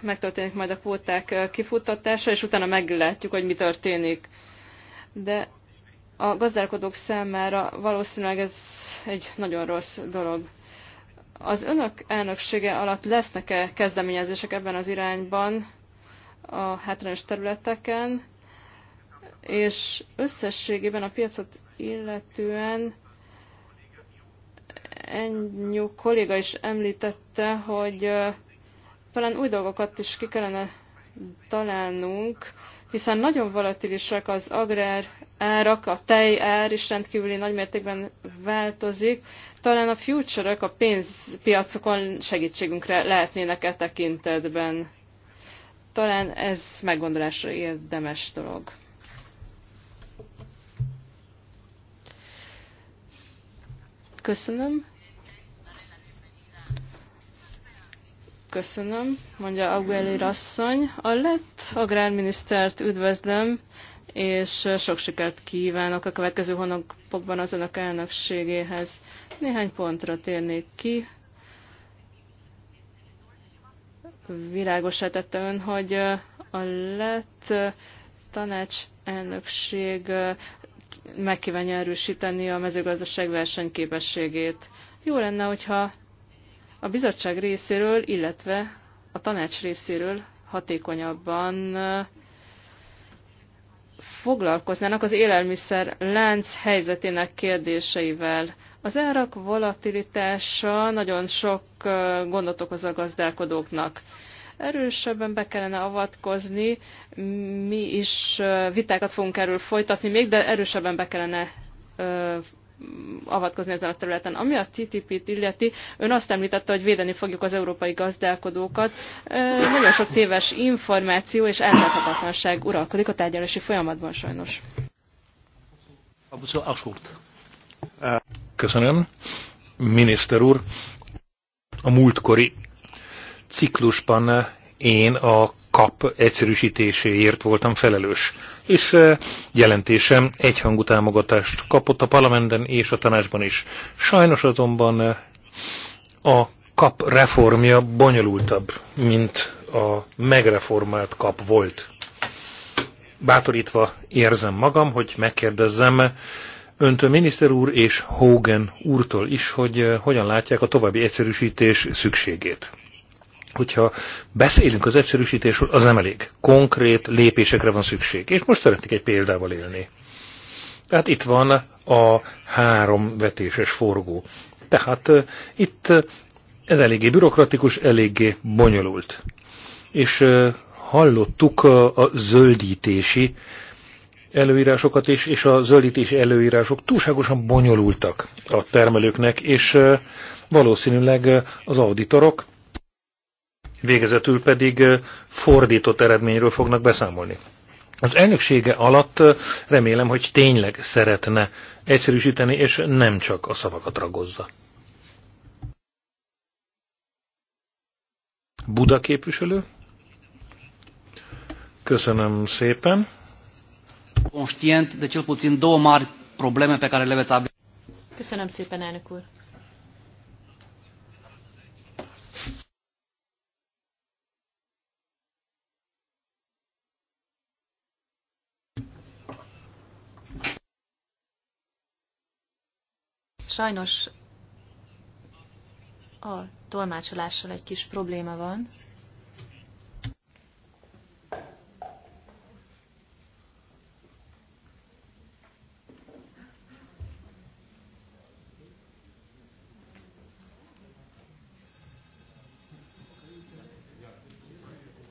megtörténik majd a kvóták kifuttatása, és utána meglátjuk, hogy mi történik. De a gazdálkodók számára valószínűleg ez egy nagyon rossz dolog. Az önök elnöksége alatt lesznek-e kezdeményezések ebben az irányban a hátrányos területeken, és összességében a piacot illetően Ennyú kolléga is említette, hogy talán új dolgokat is ki kellene találnunk, hiszen nagyon volatilisek az agrár árak, a tej ár is rendkívüli nagymértékben változik. Talán a future a pénzpiacokon segítségünkre lehetnének e tekintetben. Talán ez meggondolásra érdemes dolog. Köszönöm. Köszönöm, mondja Agueli Rasszony. A lett agrárminisztert üdvözlöm, és sok sikert kívánok a következő hónapokban az önök elnökségéhez. Néhány pontra térnék ki. Világosá tette ön, hogy a lett tanács elnökség megkívánja erősíteni a mezőgazdaság versenyképességét. Jó lenne, hogyha a bizottság részéről, illetve a tanács részéről hatékonyabban foglalkoznának az élelmiszer lánc helyzetének kérdéseivel. Az árak volatilitása nagyon sok gondot okoz a gazdálkodóknak. Erősebben be kellene avatkozni, mi is vitákat fogunk erről folytatni még, de erősebben be kellene avatkozni ezen a területen. Ami a TTIP-t illeti, ön azt említette, hogy védeni fogjuk az európai gazdálkodókat. Nagyon sok téves információ és elmondhatatlanság uralkodik a tárgyalási folyamatban sajnos. Köszönöm. Miniszter úr, a múltkori ciklusban én a kap egyszerűsítéséért voltam felelős, és jelentésem egyhangú támogatást kapott a parlamenten és a tanácsban is. Sajnos azonban a kap reformja bonyolultabb, mint a megreformált kap volt. Bátorítva érzem magam, hogy megkérdezzem öntől miniszter úr és Hogan úrtól is, hogy hogyan látják a további egyszerűsítés szükségét hogyha beszélünk az egyszerűsítésről, az nem elég. Konkrét lépésekre van szükség. És most szeretnék egy példával élni. Tehát itt van a három vetéses forgó. Tehát uh, itt uh, ez eléggé bürokratikus, eléggé bonyolult. És uh, hallottuk a, a zöldítési előírásokat is, és a zöldítési előírások túlságosan bonyolultak a termelőknek, és valószínűleg az auditorok Végezetül pedig fordított eredményről fognak beszámolni. Az elnöksége alatt remélem, hogy tényleg szeretne egyszerűsíteni, és nem csak a szavakat ragozza. Buda képviselő. Köszönöm szépen. Conștient de cel puțin două mari probleme pe care le veți avea. Köszönöm szépen, elnök úr. Sajnos a tolmácsolással egy kis probléma van.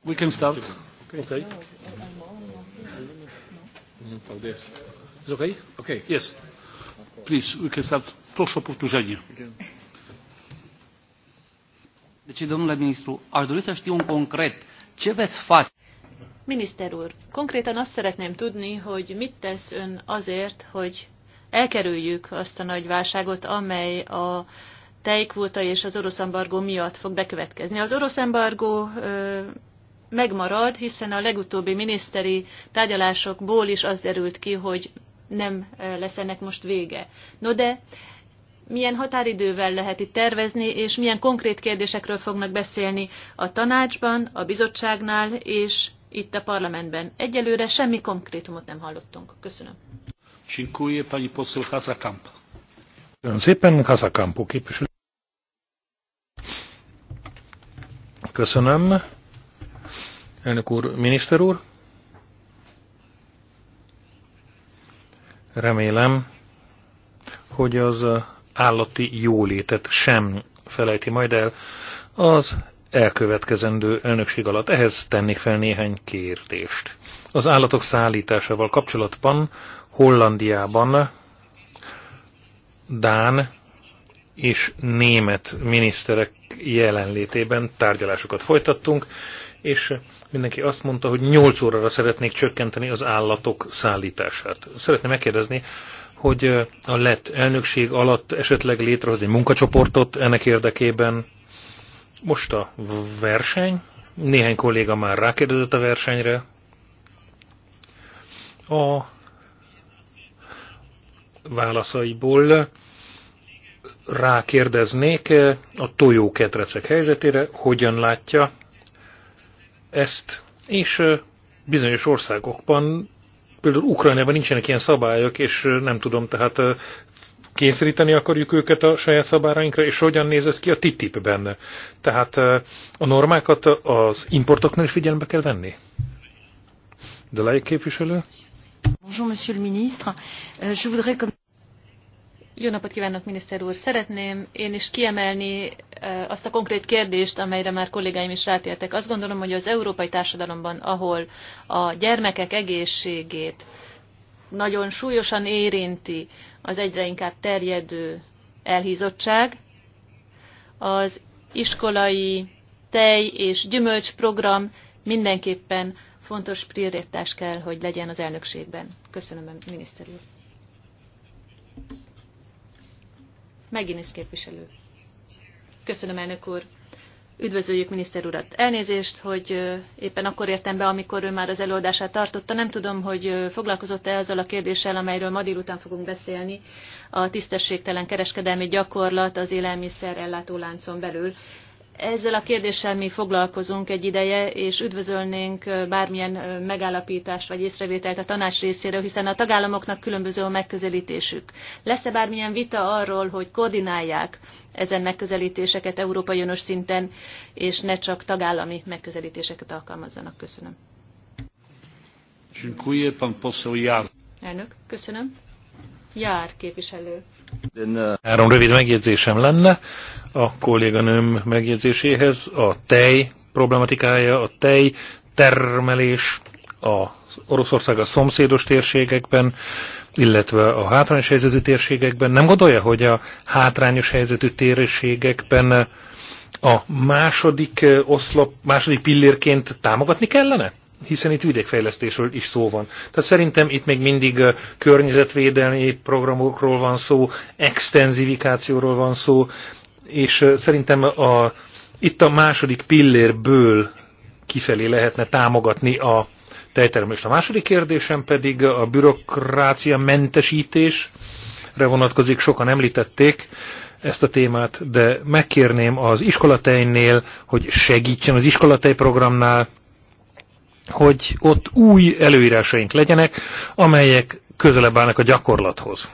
We can start. Okay. Is okay? Okay. Yes. Please, we can start. Proszę o powtórzenie. Deci, domnule ministru, aș dori să știu concret ce veți face. Miniszter úr, konkrétan azt szeretném tudni, hogy mit tesz ön azért, hogy elkerüljük azt a nagy válságot, amely a tejkvóta és az orosz embargó miatt fog bekövetkezni. Az orosz embargó ö, megmarad, hiszen a legutóbbi miniszteri tárgyalásokból is az derült ki, hogy nem lesz ennek most vége. No de milyen határidővel lehet itt tervezni, és milyen konkrét kérdésekről fognak beszélni a tanácsban, a bizottságnál és itt a parlamentben. Egyelőre semmi konkrétumot nem hallottunk. Köszönöm. Dziękuję pani poseł Hazakamp. szépen, Hazakampó képviselő. Köszönöm. Elnök úr, miniszter úr. Remélem, hogy az állati jólétet sem felejti majd el az elkövetkezendő elnökség alatt. Ehhez tennék fel néhány kérdést. Az állatok szállításával kapcsolatban Hollandiában Dán és német miniszterek jelenlétében tárgyalásokat folytattunk, és mindenki azt mondta, hogy 8 órára szeretnék csökkenteni az állatok szállítását. Szeretném megkérdezni, hogy a lett elnökség alatt esetleg létrehoz egy munkacsoportot ennek érdekében. Most a verseny, néhány kolléga már rákérdezett a versenyre. A válaszaiból rákérdeznék a tojóketrecek helyzetére, hogyan látja ezt, és bizonyos országokban Például Ukrajnában nincsenek ilyen szabályok, és nem tudom, tehát kényszeríteni akarjuk őket a saját szabárainkra, és hogyan néz ez ki a TTIP benne. Tehát a normákat az importoknál is figyelembe kell venni. De lejjék képviselő? Bonjour, monsieur le ministre. Euh, je voudrais... Jó napot kívánok, miniszter úr! Szeretném én is kiemelni azt a konkrét kérdést, amelyre már kollégáim is rátértek. Azt gondolom, hogy az európai társadalomban, ahol a gyermekek egészségét nagyon súlyosan érinti az egyre inkább terjedő elhízottság, az iskolai tej- és gyümölcsprogram mindenképpen fontos prioritás kell, hogy legyen az elnökségben. Köszönöm, miniszter úr! Megint képviselő. Köszönöm, elnök úr. Üdvözöljük miniszter urat. Elnézést, hogy éppen akkor értem be, amikor ő már az előadását tartotta. Nem tudom, hogy foglalkozott-e azzal a kérdéssel, amelyről ma délután fogunk beszélni, a tisztességtelen kereskedelmi gyakorlat az élelmiszer láncon belül. Ezzel a kérdéssel mi foglalkozunk egy ideje, és üdvözölnénk bármilyen megállapítást vagy észrevételt a tanács részéről, hiszen a tagállamoknak különböző a megközelítésük. Lesz-e bármilyen vita arról, hogy koordinálják ezen megközelítéseket Európai Önös szinten, és ne csak tagállami megközelítéseket alkalmazzanak? Köszönöm. Elnök, köszönöm. Jár képviselő. Három rövid megjegyzésem lenne a kolléganőm megjegyzéséhez. A tej problematikája, a tej termelés a Oroszország a szomszédos térségekben, illetve a hátrányos helyzetű térségekben. Nem gondolja, hogy a hátrányos helyzetű térségekben a második eh, oszlop, második pillérként támogatni kellene? hiszen itt vidékfejlesztésről is szó van. Tehát szerintem itt még mindig környezetvédelmi programokról van szó, extenzivikációról van szó, és szerintem a, itt a második pillérből kifelé lehetne támogatni a tejtermelést. A második kérdésem pedig a bürokrácia mentesítésre vonatkozik, sokan említették ezt a témát, de megkérném az iskolatejnél, hogy segítsen az iskolatej programnál, hogy ott új előírásaink legyenek, amelyek közelebb állnak a gyakorlathoz.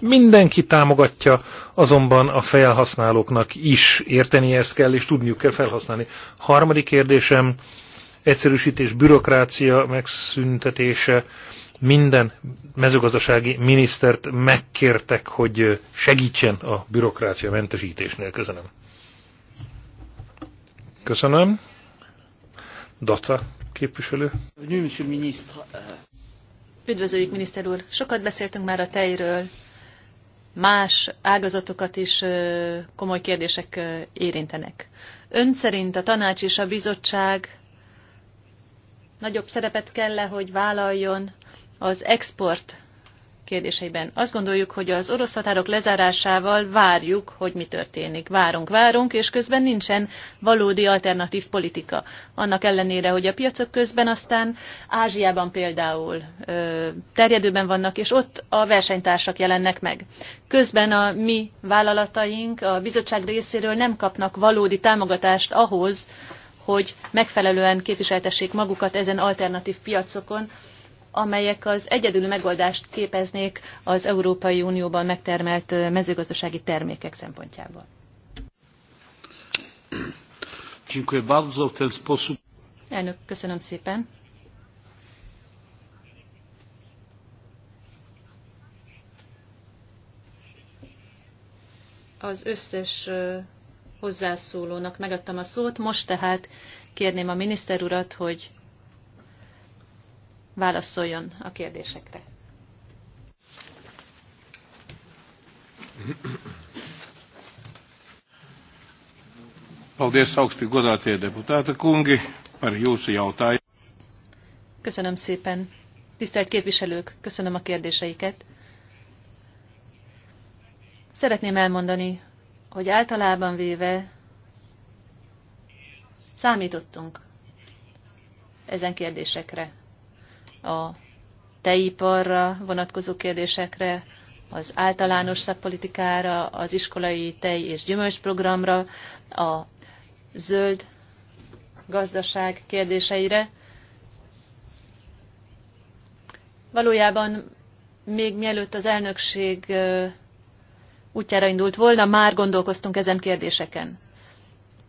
Mindenki támogatja, azonban a felhasználóknak is érteni ezt kell, és tudniuk kell felhasználni. Harmadik kérdésem, egyszerűsítés, bürokrácia megszüntetése. Minden mezőgazdasági minisztert megkértek, hogy segítsen a bürokrácia mentesítésnél. Köszönöm. Köszönöm. Dotta képviselő. Üdvözöljük, miniszter úr! Sokat beszéltünk már a tejről. Más ágazatokat is komoly kérdések érintenek. Ön szerint a tanács és a bizottság nagyobb szerepet kell -e, hogy vállaljon az export kérdéseiben. Azt gondoljuk, hogy az orosz határok lezárásával várjuk, hogy mi történik. Várunk, várunk, és közben nincsen valódi alternatív politika. Annak ellenére, hogy a piacok közben aztán Ázsiában például ö, terjedőben vannak, és ott a versenytársak jelennek meg. Közben a mi vállalataink a bizottság részéről nem kapnak valódi támogatást ahhoz, hogy megfelelően képviseltessék magukat ezen alternatív piacokon, amelyek az egyedüli megoldást képeznék az Európai Unióban megtermelt mezőgazdasági termékek szempontjából. Elnök, köszönöm szépen. Az összes hozzászólónak megadtam a szót, most tehát kérném a miniszter urat, hogy válaszoljon a kérdésekre. Paldies, augsti godātie deputāta kungi, par jūsu jautājumu. Köszönöm szépen. Tisztelt képviselők, köszönöm a kérdéseiket. Szeretném elmondani, hogy általában véve számítottunk ezen kérdésekre a tejiparra vonatkozó kérdésekre, az általános szakpolitikára, az iskolai tej és gyümölcsprogramra, a zöld gazdaság kérdéseire. Valójában még mielőtt az elnökség útjára indult volna, már gondolkoztunk ezen kérdéseken.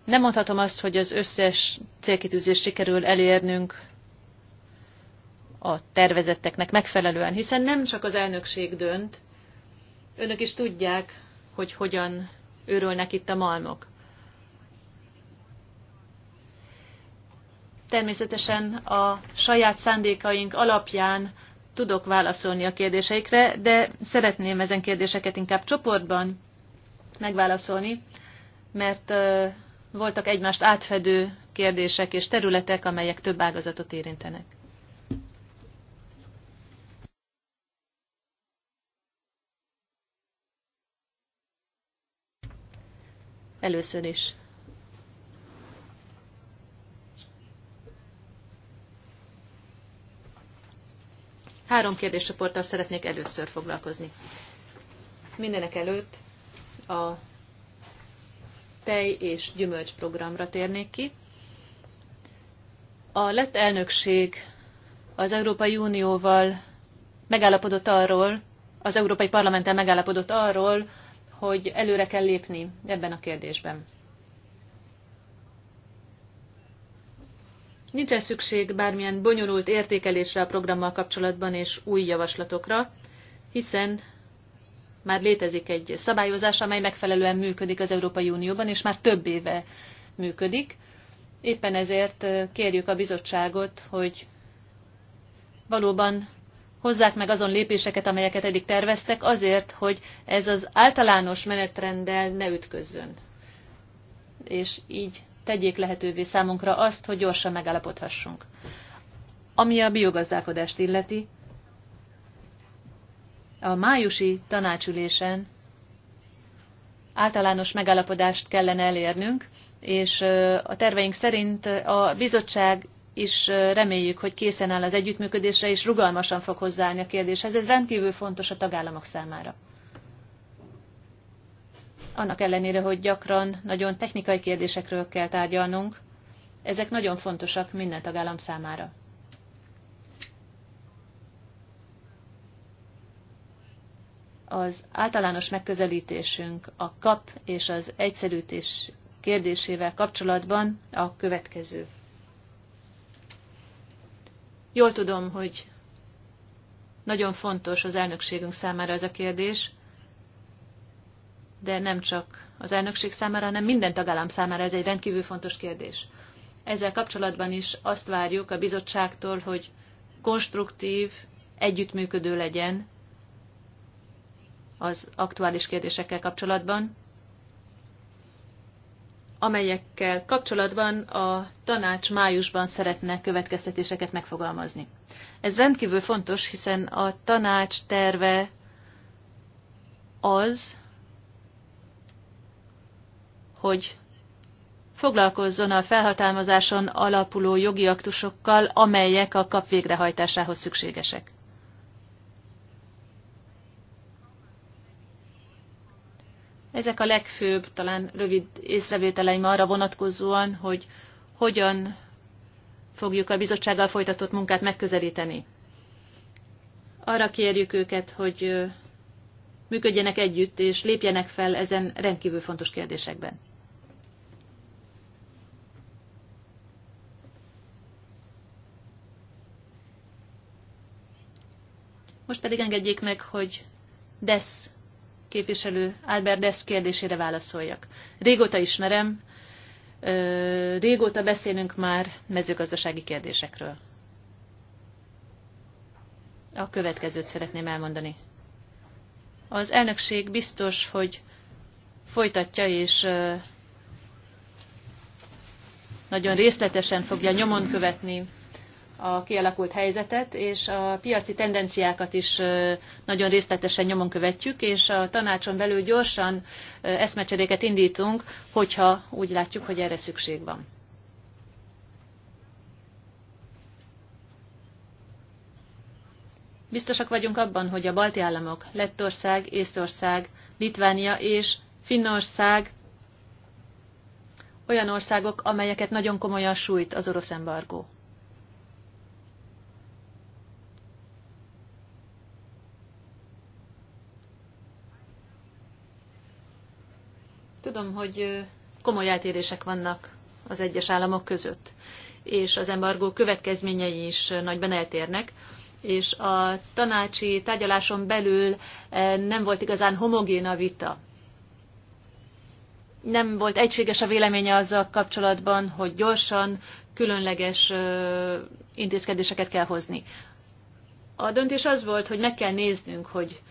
Nem mondhatom azt, hogy az összes célkitűzést sikerül elérnünk a tervezetteknek megfelelően, hiszen nem csak az elnökség dönt, önök is tudják, hogy hogyan őrölnek itt a malmok. Természetesen a saját szándékaink alapján tudok válaszolni a kérdéseikre, de szeretném ezen kérdéseket inkább csoportban megválaszolni, mert voltak egymást átfedő kérdések és területek, amelyek több ágazatot érintenek. Először is. Három kérdéscsoporttal szeretnék először foglalkozni. Mindenek előtt a tej és gyümölcs programra térnék ki. A lett elnökség az Európai Unióval megállapodott arról, az Európai Parlamenttel megállapodott arról, hogy előre kell lépni ebben a kérdésben. -e szükség bármilyen bonyolult értékelésre a programmal kapcsolatban és új javaslatokra, hiszen már létezik egy szabályozás, amely megfelelően működik az Európai Unióban, és már több éve működik. Éppen ezért kérjük a bizottságot, hogy valóban hozzák meg azon lépéseket, amelyeket eddig terveztek, azért, hogy ez az általános menetrenddel ne ütközzön. És így tegyék lehetővé számunkra azt, hogy gyorsan megállapodhassunk. Ami a biogazdálkodást illeti, a májusi tanácsülésen általános megállapodást kellene elérnünk, és a terveink szerint a bizottság is reméljük, hogy készen áll az együttműködésre, és rugalmasan fog hozzáállni a kérdéshez. Ez rendkívül fontos a tagállamok számára. Annak ellenére, hogy gyakran nagyon technikai kérdésekről kell tárgyalnunk, ezek nagyon fontosak minden tagállam számára. Az általános megközelítésünk a kap és az egyszerűtés kérdésével kapcsolatban a következő. Jól tudom, hogy nagyon fontos az elnökségünk számára ez a kérdés, de nem csak az elnökség számára, hanem minden tagállam számára ez egy rendkívül fontos kérdés. Ezzel kapcsolatban is azt várjuk a bizottságtól, hogy konstruktív, együttműködő legyen az aktuális kérdésekkel kapcsolatban, amelyekkel kapcsolatban a tanács májusban szeretne következtetéseket megfogalmazni. Ez rendkívül fontos, hiszen a tanács terve az, hogy foglalkozzon a felhatalmazáson alapuló jogi aktusokkal, amelyek a kap végrehajtásához szükségesek. Ezek a legfőbb, talán rövid észrevételeim arra vonatkozóan, hogy hogyan fogjuk a bizottsággal folytatott munkát megközelíteni. Arra kérjük őket, hogy működjenek együtt, és lépjenek fel ezen rendkívül fontos kérdésekben. Most pedig engedjék meg, hogy Dess képviselő Albert Dess kérdésére válaszoljak. Régóta ismerem, régóta beszélünk már mezőgazdasági kérdésekről. A következőt szeretném elmondani. Az elnökség biztos, hogy folytatja és nagyon részletesen fogja nyomon követni a kialakult helyzetet, és a piaci tendenciákat is nagyon részletesen nyomon követjük, és a tanácson belül gyorsan eszmecseréket indítunk, hogyha úgy látjuk, hogy erre szükség van. Biztosak vagyunk abban, hogy a balti államok, Lettország, Észország, Litvánia és Finnország olyan országok, amelyeket nagyon komolyan sújt az orosz embargó. Tudom, hogy komoly eltérések vannak az egyes államok között, és az embargó következményei is nagyban eltérnek, és a tanácsi tárgyaláson belül nem volt igazán homogén a vita. Nem volt egységes a véleménye azzal kapcsolatban, hogy gyorsan, különleges intézkedéseket kell hozni. A döntés az volt, hogy meg kell néznünk, hogy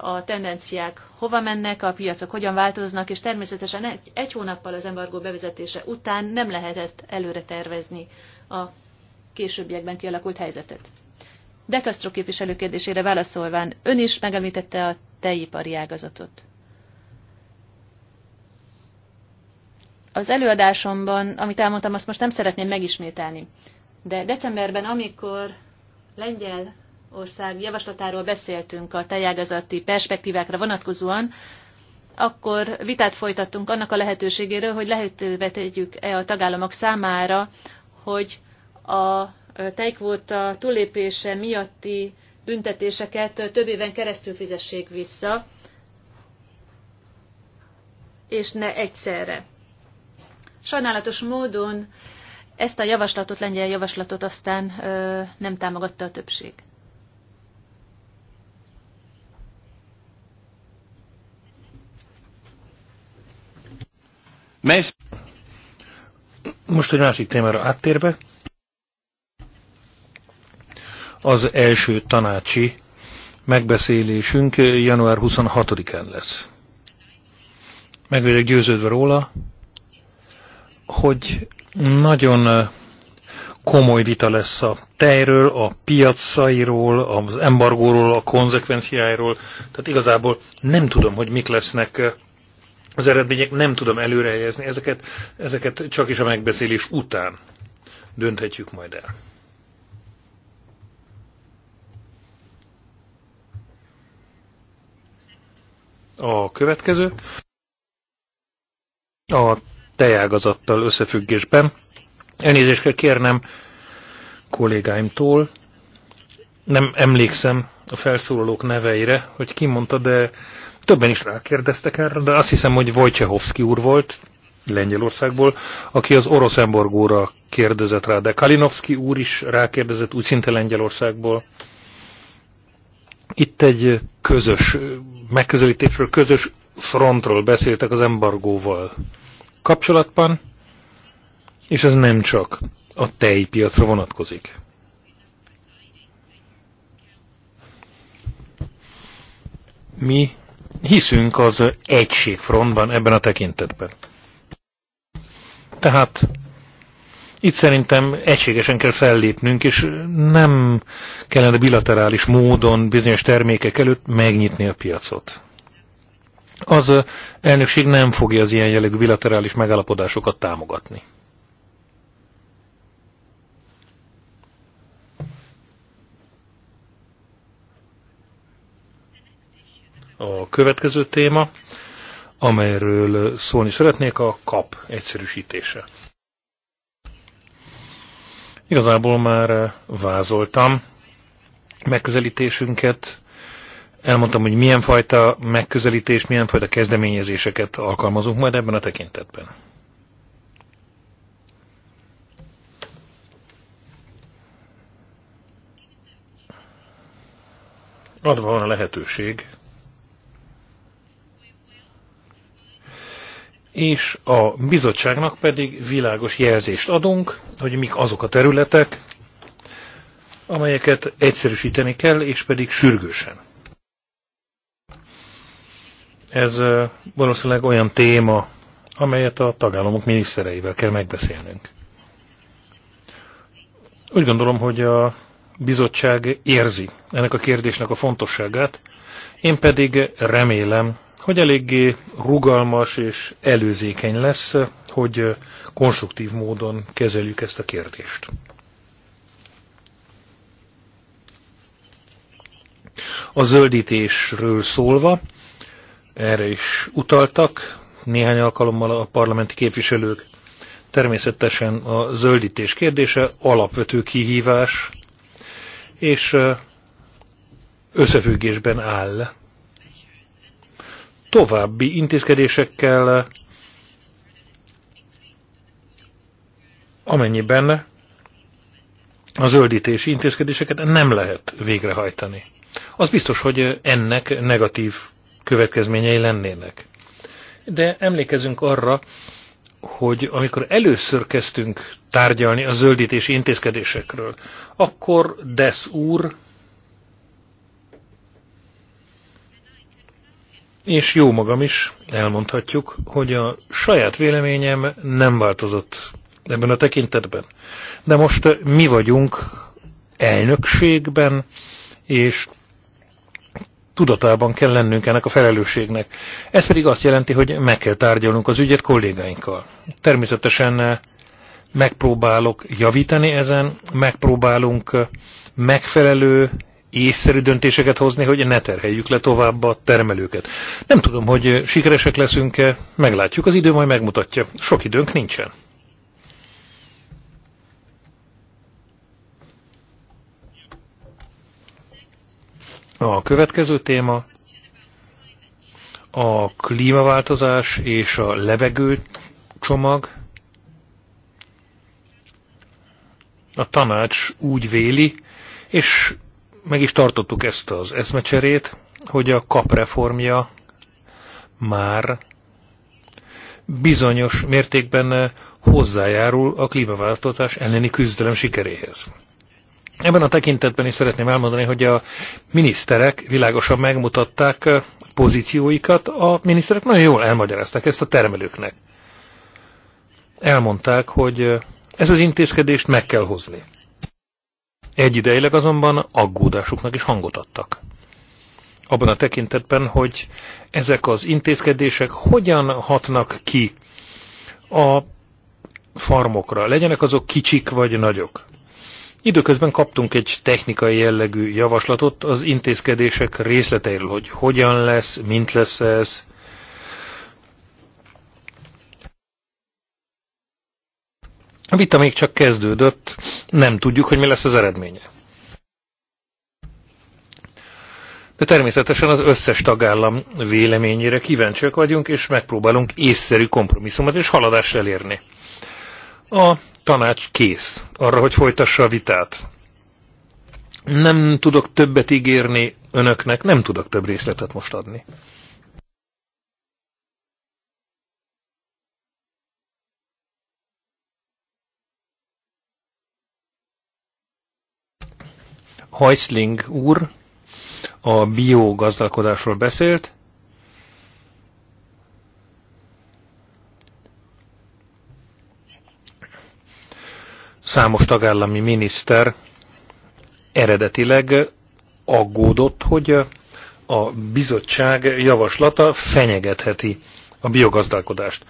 a tendenciák hova mennek, a piacok hogyan változnak, és természetesen egy, egy hónappal az embargó bevezetése után nem lehetett előre tervezni a későbbiekben kialakult helyzetet. De Castro képviselő kérdésére válaszolván ön is megemlítette a tejipari ágazatot. Az előadásomban, amit elmondtam, azt most nem szeretném megismételni. De decemberben, amikor Lengyel ország javaslatáról beszéltünk a tejágazati perspektívákra vonatkozóan, akkor vitát folytattunk annak a lehetőségéről, hogy lehetővé tegyük-e a tagállamok számára, hogy a tejkvóta túlépése miatti büntetéseket több éven keresztül fizessék vissza, és ne egyszerre. Sajnálatos módon ezt a javaslatot, lengyel javaslatot aztán ö, nem támogatta a többség. Most egy másik témára áttérve. Az első tanácsi megbeszélésünk január 26-án lesz. Meg vagyok győződve róla, hogy nagyon komoly vita lesz a tejről, a piacairól, az embargóról, a konzekvenciáiról. Tehát igazából nem tudom, hogy mik lesznek az eredmények, nem tudom előrehelyezni ezeket, ezeket csak is a megbeszélés után dönthetjük majd el. A következő. A tejágazattal összefüggésben. Elnézést kell kérnem kollégáimtól. Nem emlékszem a felszólalók neveire, hogy ki mondta, de többen is rákérdeztek erre, de azt hiszem, hogy Wojciechowski úr volt, Lengyelországból, aki az orosz embargóra kérdezett rá, de Kalinowski úr is rákérdezett úgy szinte Lengyelországból. Itt egy közös megközelítésről, közös frontról beszéltek az embargóval kapcsolatban, és ez nem csak a tejpiacra vonatkozik. Mi hiszünk az egységfrontban ebben a tekintetben. Tehát itt szerintem egységesen kell fellépnünk, és nem kellene bilaterális módon bizonyos termékek előtt megnyitni a piacot az elnökség nem fogja az ilyen jellegű bilaterális megállapodásokat támogatni. A következő téma, amelyről szólni szeretnék, a kap egyszerűsítése. Igazából már vázoltam megközelítésünket, elmondtam, hogy milyen fajta megközelítés, milyen fajta kezdeményezéseket alkalmazunk majd ebben a tekintetben. Adva van a lehetőség, és a bizottságnak pedig világos jelzést adunk, hogy mik azok a területek, amelyeket egyszerűsíteni kell, és pedig sürgősen. Ez valószínűleg olyan téma, amelyet a tagállamok minisztereivel kell megbeszélnünk. Úgy gondolom, hogy a bizottság érzi ennek a kérdésnek a fontosságát, én pedig remélem, hogy eléggé rugalmas és előzékeny lesz, hogy konstruktív módon kezeljük ezt a kérdést. A zöldítésről szólva, erre is utaltak néhány alkalommal a parlamenti képviselők. Természetesen a zöldítés kérdése alapvető kihívás, és összefüggésben áll további intézkedésekkel, amennyiben a zöldítési intézkedéseket nem lehet végrehajtani. Az biztos, hogy ennek negatív következményei lennének. De emlékezünk arra, hogy amikor először kezdtünk tárgyalni a zöldítési intézkedésekről, akkor Desz úr és jó magam is elmondhatjuk, hogy a saját véleményem nem változott ebben a tekintetben. De most mi vagyunk elnökségben, és tudatában kell lennünk ennek a felelősségnek. Ez pedig azt jelenti, hogy meg kell tárgyalnunk az ügyet kollégáinkkal. Természetesen eh, megpróbálok javítani ezen, megpróbálunk eh, megfelelő észszerű döntéseket hozni, hogy ne terheljük le tovább a termelőket. Nem tudom, hogy sikeresek leszünk-e, meglátjuk, az idő majd megmutatja. Sok időnk nincsen. A következő téma a klímaváltozás és a levegő csomag. A tanács úgy véli, és meg is tartottuk ezt az eszmecserét, hogy a kapreformja már bizonyos mértékben hozzájárul a klímaváltozás elleni küzdelem sikeréhez. Ebben a tekintetben is szeretném elmondani, hogy a miniszterek világosan megmutatták eh, pozícióikat, a miniszterek nagyon jól elmagyarázták ezt a termelőknek. Elmondták, hogy eh, ez az intézkedést meg kell hozni. Egyidejileg azonban aggódásuknak is hangot adtak. Abban a tekintetben, hogy ezek az intézkedések hogyan hatnak ki a farmokra, legyenek azok kicsik vagy nagyok. Időközben kaptunk egy technikai jellegű javaslatot az intézkedések részleteiről, hogy hogyan lesz, mint lesz ez. A vita még csak kezdődött, nem tudjuk, hogy mi lesz az eredménye. De természetesen az összes tagállam véleményére kíváncsiak vagyunk, és megpróbálunk észszerű kompromisszumot és haladást elérni. A tanács kész arra, hogy folytassa a vitát. Nem tudok többet ígérni önöknek, nem tudok több részletet most adni. Heusling úr a biogazdálkodásról beszélt, Számos tagállami miniszter eredetileg aggódott, hogy a bizottság javaslata fenyegetheti a biogazdálkodást.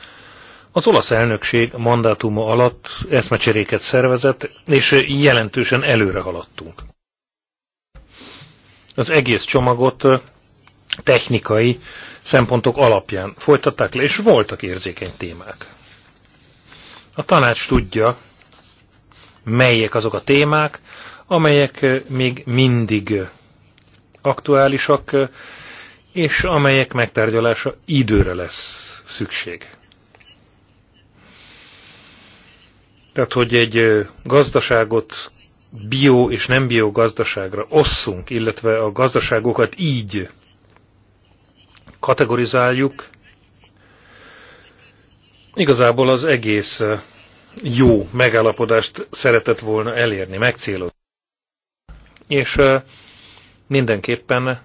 Az olasz elnökség mandátuma alatt eszmecseréket szervezett, és jelentősen előre haladtunk. Az egész csomagot technikai szempontok alapján folytatták le, és voltak érzékeny témák. A tanács tudja, melyek azok a témák, amelyek még mindig aktuálisak, és amelyek megtárgyalása időre lesz szükség. Tehát, hogy egy gazdaságot bio és nem bio gazdaságra osszunk, illetve a gazdaságokat így kategorizáljuk, igazából az egész jó megállapodást szeretett volna elérni, megcélozni. És mindenképpen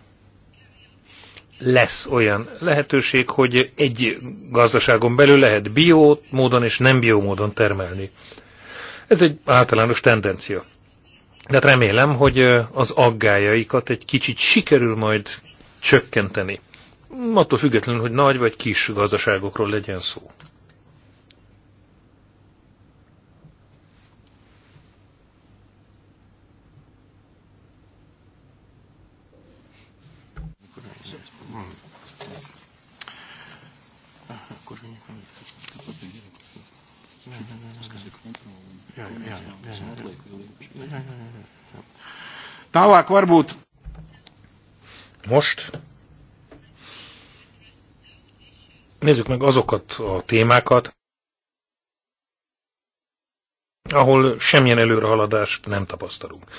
lesz olyan lehetőség, hogy egy gazdaságon belül lehet bió módon és nem bió módon termelni. Ez egy általános tendencia. De hát remélem, hogy az aggájaikat egy kicsit sikerül majd csökkenteni. Attól függetlenül, hogy nagy vagy kis gazdaságokról legyen szó. Tālāk varbūt. Most nézzük meg azokat a témákat, ahol semmilyen előrehaladást nem tapasztalunk.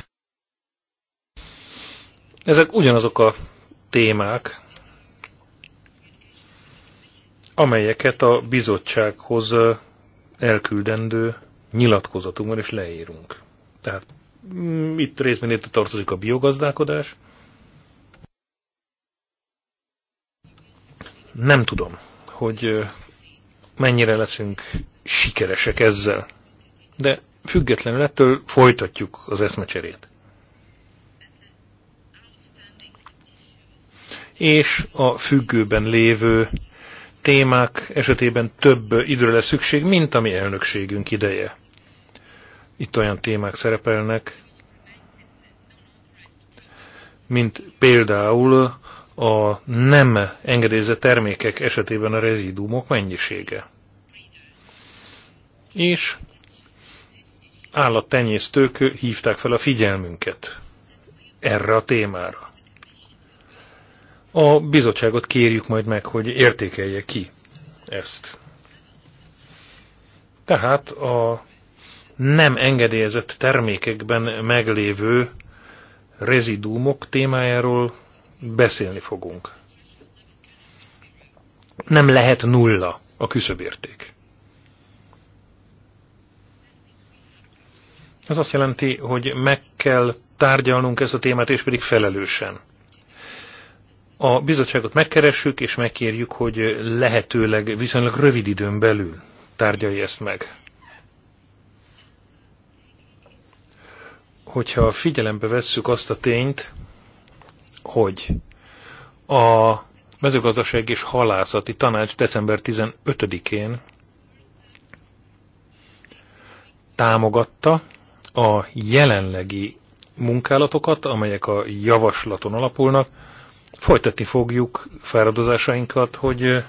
Ezek ugyanazok a témák, amelyeket a bizottsághoz elküldendő nyilatkozatunkban is leírunk. Tehát Mm, itt részben itt tartozik a biogazdálkodás. Nem tudom, hogy mennyire leszünk sikeresek ezzel, de függetlenül ettől folytatjuk az eszmecserét. És a függőben lévő témák esetében több időre lesz szükség, mint ami elnökségünk ideje. Itt olyan témák szerepelnek, mint például a nem engedélyezett termékek esetében a rezidúmok mennyisége. És állattenyésztők hívták fel a figyelmünket erre a témára. A bizottságot kérjük majd meg, hogy értékelje ki ezt. Tehát a nem engedélyezett termékekben meglévő rezidúmok témájáról beszélni fogunk. Nem lehet nulla a küszöbérték. Ez azt jelenti, hogy meg kell tárgyalnunk ezt a témát, és pedig felelősen. A bizottságot megkeressük, és megkérjük, hogy lehetőleg viszonylag rövid időn belül tárgyalja ezt meg. hogyha figyelembe vesszük azt a tényt, hogy a mezőgazdaság és halászati tanács december 15-én támogatta a jelenlegi munkálatokat, amelyek a javaslaton alapulnak, folytatni fogjuk feladozásainkat, hogy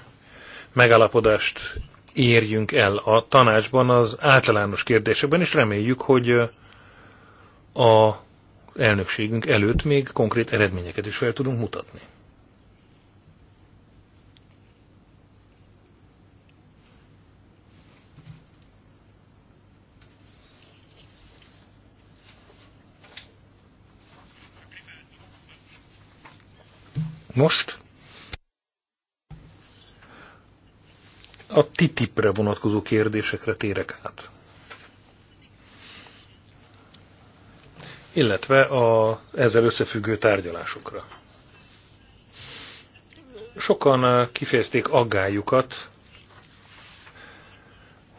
megállapodást érjünk el a tanácsban az általános kérdésekben, és reméljük, hogy a elnökségünk előtt még konkrét eredményeket is fel tudunk mutatni. Most a TTIP-re vonatkozó kérdésekre térek át. illetve a ezzel összefüggő tárgyalásokra. Sokan kifejezték aggályukat,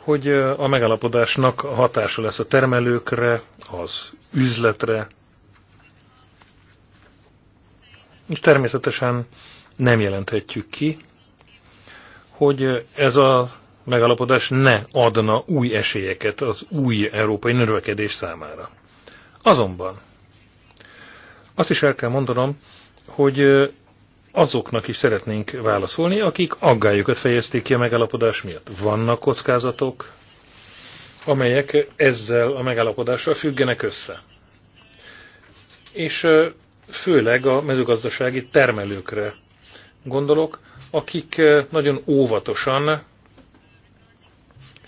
hogy a megállapodásnak hatása lesz a termelőkre, az üzletre, és természetesen nem jelenthetjük ki, hogy ez a megalapodás ne adna új esélyeket az új európai növekedés számára. Azonban azt is el kell mondanom, hogy azoknak is szeretnénk válaszolni, akik aggályokat fejezték ki a megállapodás miatt. Vannak kockázatok, amelyek ezzel a megállapodással függenek össze. És főleg a mezőgazdasági termelőkre gondolok, akik nagyon óvatosan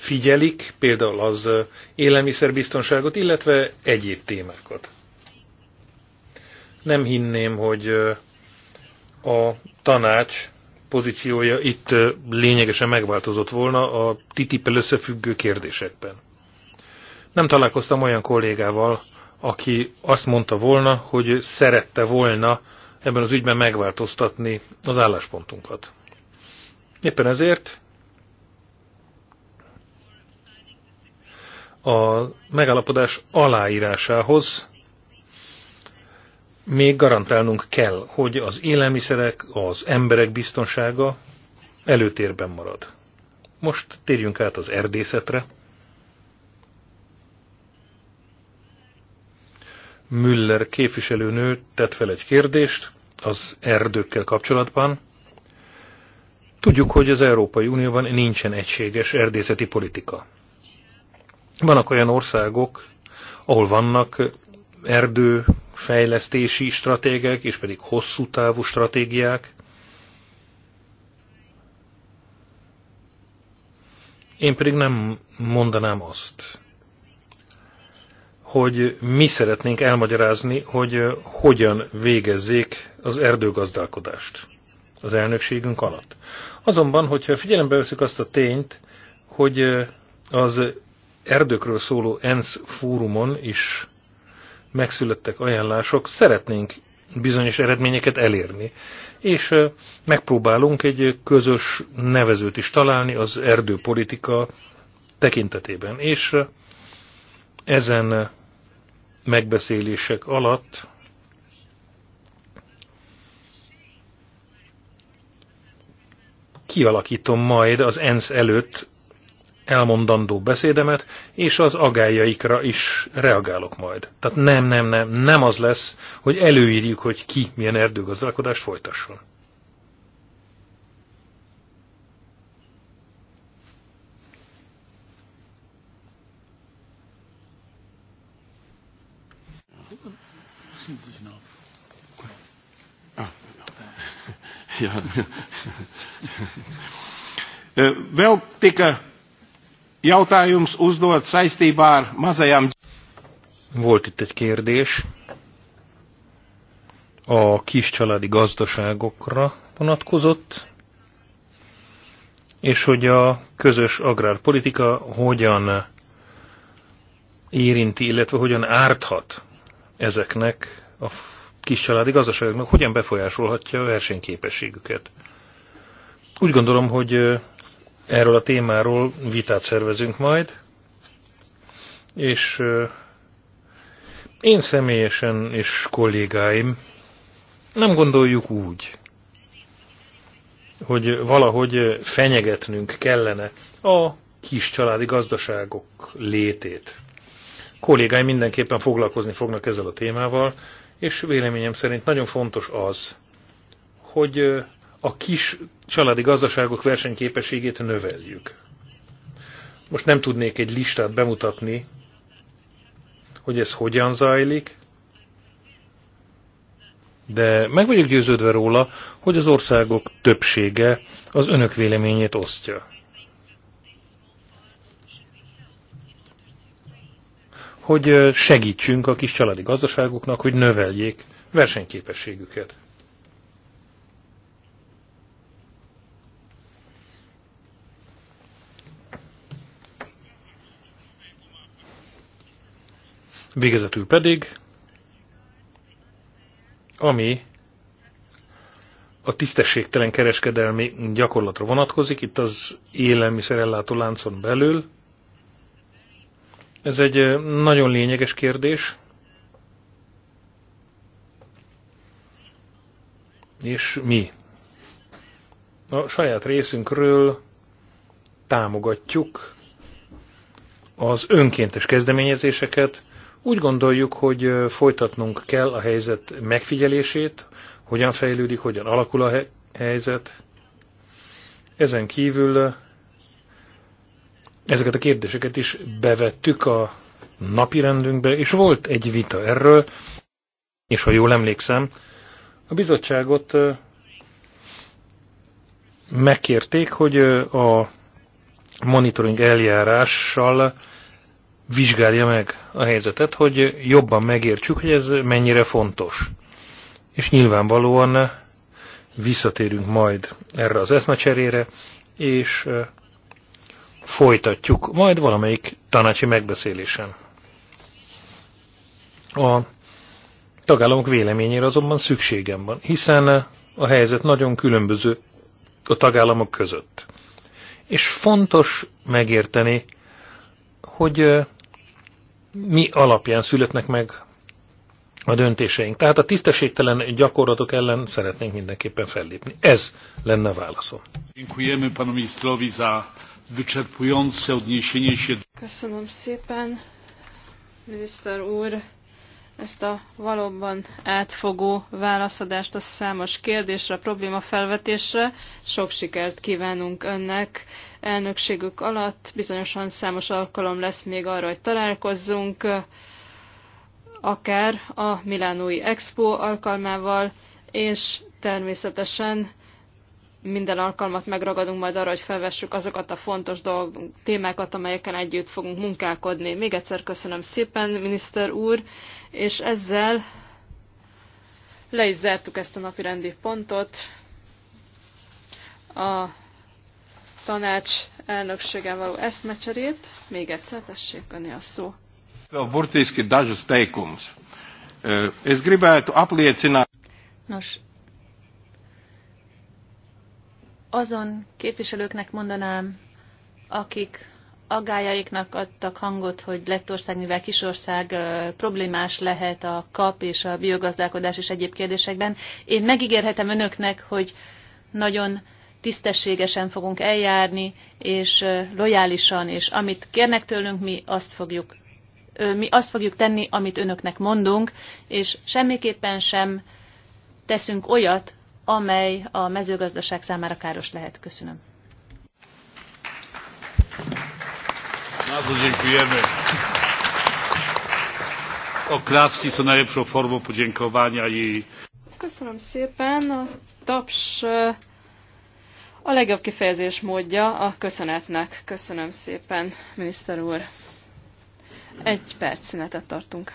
figyelik, például az élelmiszerbiztonságot, illetve egyéb témákat. Nem hinném, hogy a tanács pozíciója itt lényegesen megváltozott volna a ttip összefüggő kérdésekben. Nem találkoztam olyan kollégával, aki azt mondta volna, hogy szerette volna ebben az ügyben megváltoztatni az álláspontunkat. Éppen ezért a megállapodás aláírásához még garantálnunk kell, hogy az élelmiszerek, az emberek biztonsága előtérben marad. Most térjünk át az erdészetre. Müller képviselőnő tett fel egy kérdést az erdőkkel kapcsolatban. Tudjuk, hogy az Európai Unióban nincsen egységes erdészeti politika. Vannak olyan országok, ahol vannak erdőfejlesztési stratégiák, és pedig hosszú távú stratégiák. Én pedig nem mondanám azt, hogy mi szeretnénk elmagyarázni, hogy hogyan végezzék az erdőgazdálkodást az elnökségünk alatt. Azonban, hogyha figyelembe veszük azt a tényt, hogy az erdőkről szóló ENSZ fórumon is megszülettek ajánlások, szeretnénk bizonyos eredményeket elérni. És megpróbálunk egy közös nevezőt is találni az erdőpolitika tekintetében. És ezen megbeszélések alatt kialakítom majd az ENSZ előtt elmondandó beszédemet, és az agályaikra is reagálok majd. Tehát nem, nem, nem, nem az lesz, hogy előírjuk, hogy ki milyen erdőgazdálkodást folytasson. Ja. Wel, tikken Jautājums uzdot saistībā ar mazajām. Volt itt egy kérdés a kiscsaládi gazdaságokra vonatkozott, és hogy a közös agrárpolitika hogyan érinti, illetve hogyan árthat ezeknek a kiscsaládi gazdaságoknak, hogyan befolyásolhatja a versenyképességüket. Úgy gondolom, hogy erről a témáról vitát szervezünk majd, és én személyesen és kollégáim nem gondoljuk úgy, hogy valahogy fenyegetnünk kellene a kis családi gazdaságok létét. Kollégáim mindenképpen foglalkozni fognak ezzel a témával, és véleményem szerint nagyon fontos az, hogy a kis családi gazdaságok versenyképességét növeljük. Most nem tudnék egy listát bemutatni, hogy ez hogyan zajlik, de meg vagyok győződve róla, hogy az országok többsége az önök véleményét osztja. Hogy segítsünk a kis családi gazdaságoknak, hogy növeljék versenyképességüket. Végezetül pedig, ami a tisztességtelen kereskedelmi gyakorlatra vonatkozik, itt az élelmiszerellátó láncon belül. Ez egy nagyon lényeges kérdés, és mi a saját részünkről támogatjuk az önkéntes kezdeményezéseket, úgy gondoljuk, hogy folytatnunk kell a helyzet megfigyelését, hogyan fejlődik, hogyan alakul a helyzet. Ezen kívül ezeket a kérdéseket is bevettük a napirendünkbe, és volt egy vita erről, és ha jól emlékszem, a bizottságot megkérték, hogy a monitoring eljárással vizsgálja meg a helyzetet, hogy jobban megértsük, hogy ez mennyire fontos. És nyilvánvalóan visszatérünk majd erre az eszmecserére, és folytatjuk majd valamelyik tanácsi megbeszélésen. A tagállamok véleményére azonban szükségem van, hiszen a helyzet nagyon különböző a tagállamok között. És fontos megérteni, hogy mi alapján születnek meg a döntéseink. Tehát a tisztességtelen gyakorlatok ellen szeretnénk mindenképpen fellépni. Ez lenne a válaszom. Köszönöm szépen, miniszter úr, ezt a valóban átfogó válaszadást a számos kérdésre, probléma felvetésre. Sok sikert kívánunk önnek elnökségük alatt. Bizonyosan számos alkalom lesz még arra, hogy találkozzunk, akár a Milánói Expo alkalmával, és természetesen minden alkalmat megragadunk majd arra, hogy felvessük azokat a fontos dolg, témákat, amelyeken együtt fogunk munkálkodni. Még egyszer köszönöm szépen, miniszter úr, és ezzel le is zártuk ezt a napi rendi pontot. A tanács elnökségen való eszmecserét. Még egyszer tessék önni a szó. Burtiski dažas teikums. Es gribētu apliecināt. Nos, azon képviselőknek mondanám, akik aggájaiknak adtak hangot, hogy Lettország, mivel kisország problémás lehet a kap és a biogazdálkodás és egyéb kérdésekben. Én megígérhetem önöknek, hogy nagyon tisztességesen fogunk eljárni, és lojálisan, és amit kérnek tőlünk, mi azt fogjuk mi azt fogjuk tenni, amit önöknek mondunk, és semmiképpen sem teszünk olyat, amely a mezőgazdaság számára káros lehet. Köszönöm. Köszönöm szépen. A taps a legjobb kifejezés módja a köszönetnek. Köszönöm szépen, miniszter úr. Egy perc szünetet tartunk.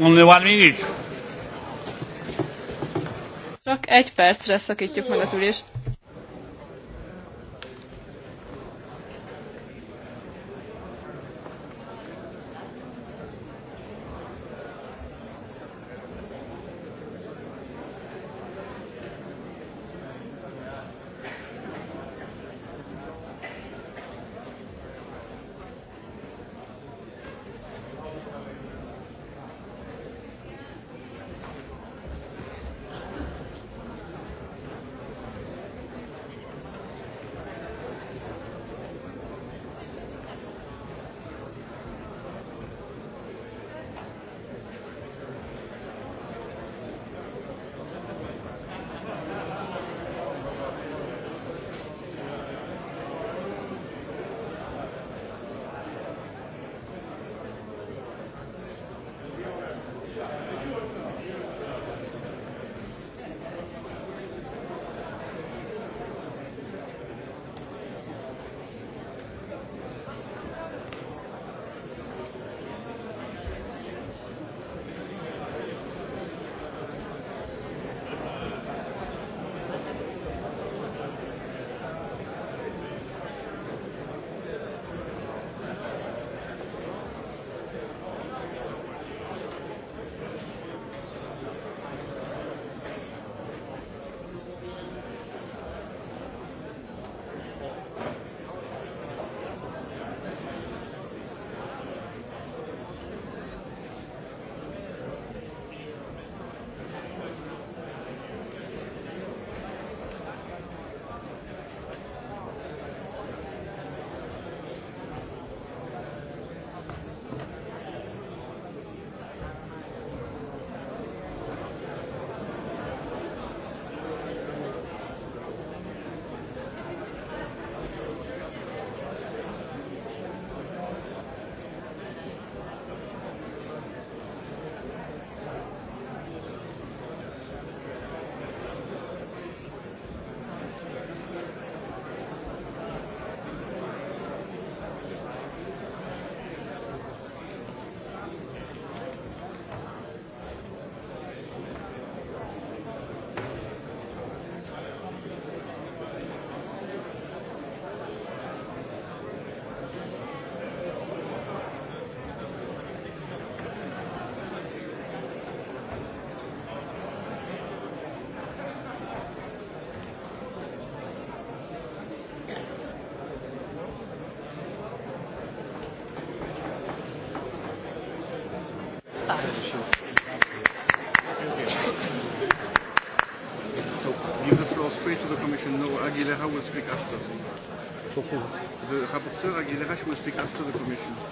Only one minute. Csak egy percre szakítjuk meg az ülést.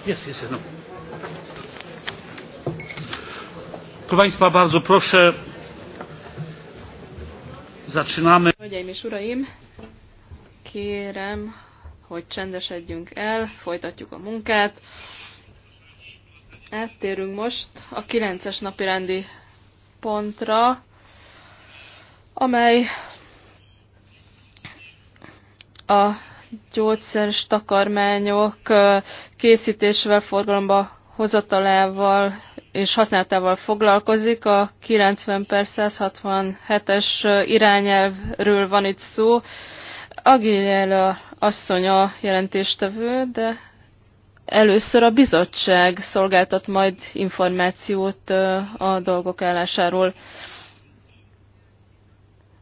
Jest, jest, no. Proszę Państwa, bardzo proszę. Zaczynamy. Hölgyeim és Uraim, kérem, hogy csendesedjünk el, folytatjuk a munkát. Áttérünk most a 9-es napi rendi pontra, amely a gyógyszeres takarmányok készítésével, forgalomba hozatalával és használatával foglalkozik. A 90 per 167-es irányelvről van itt szó. a asszony a jelentéstevő, de először a bizottság szolgáltat majd információt a dolgok állásáról.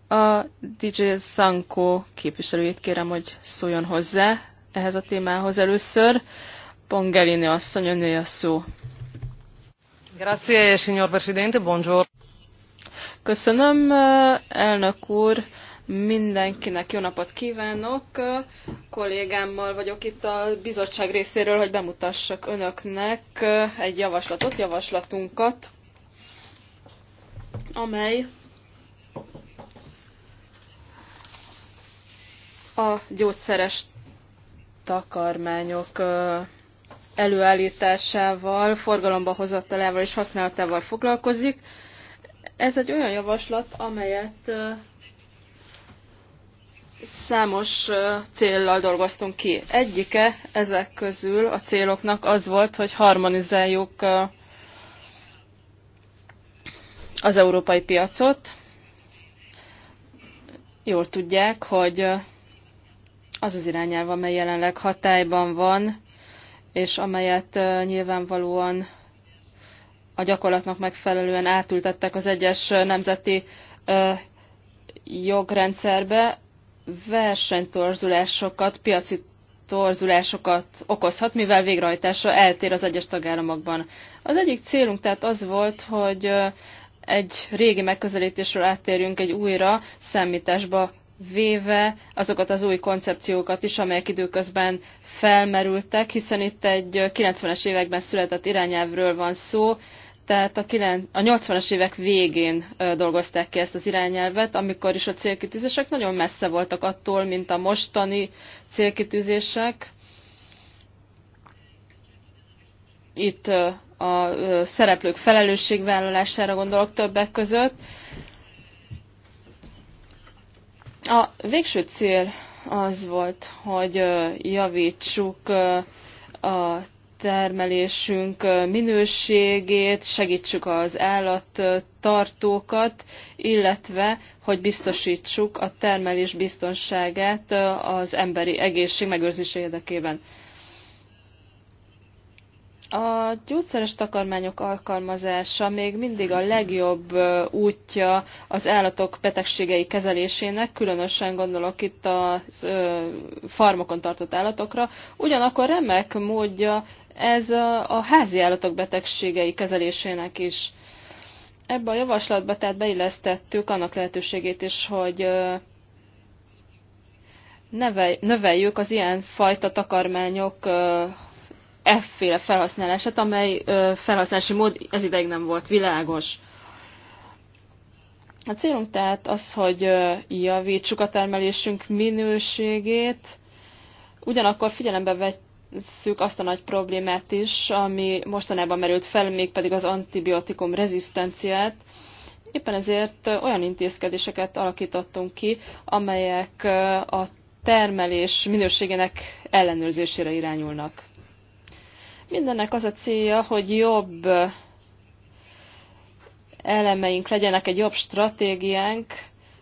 A DJ Sanko képviselőjét kérem, hogy szóljon hozzá ehhez a témához először. Pongelini asszony, önné a szó. Grazie, signor Presidente, buongiorno. Köszönöm, elnök úr. Mindenkinek jó napot kívánok! Kollégámmal vagyok itt a bizottság részéről, hogy bemutassak önöknek egy javaslatot, javaslatunkat, amely a gyógyszeres takarmányok előállításával, forgalomba hozatalával és használatával foglalkozik. Ez egy olyan javaslat, amelyet számos céllal dolgoztunk ki. Egyike ezek közül a céloknak az volt, hogy harmonizáljuk az európai piacot. Jól tudják, hogy az az irányelv, amely jelenleg hatályban van, és amelyet nyilvánvalóan a gyakorlatnak megfelelően átültettek az egyes nemzeti jogrendszerbe, versenytorzulásokat, piaci torzulásokat okozhat, mivel végrehajtása eltér az egyes tagállamokban. Az egyik célunk tehát az volt, hogy egy régi megközelítésről áttérjünk egy újra számításba véve azokat az új koncepciókat is, amelyek időközben felmerültek, hiszen itt egy 90-es években született irányelvről van szó, tehát a, 80-as évek végén dolgozták ki ezt az irányelvet, amikor is a célkitűzések nagyon messze voltak attól, mint a mostani célkitűzések. Itt a szereplők felelősségvállalására gondolok többek között. A végső cél az volt, hogy javítsuk a termelésünk minőségét, segítsük az állattartókat, illetve hogy biztosítsuk a termelés biztonságát az emberi egészség megőrzése érdekében. A gyógyszeres takarmányok alkalmazása még mindig a legjobb útja az állatok betegségei kezelésének, különösen gondolok itt a farmokon tartott állatokra, ugyanakkor remek módja ez a házi állatok betegségei kezelésének is. Ebbe a javaslatba tehát beillesztettük annak lehetőségét is, hogy növeljük az ilyen fajta takarmányok efféle felhasználását, amely felhasználási mód ez ideig nem volt világos. A célunk tehát az, hogy javítsuk a termelésünk minőségét, ugyanakkor figyelembe vesszük azt a nagy problémát is, ami mostanában merült fel, mégpedig az antibiotikum rezisztenciát. Éppen ezért olyan intézkedéseket alakítottunk ki, amelyek a termelés minőségének ellenőrzésére irányulnak. Mindennek az a célja, hogy jobb elemeink legyenek, egy jobb stratégiánk,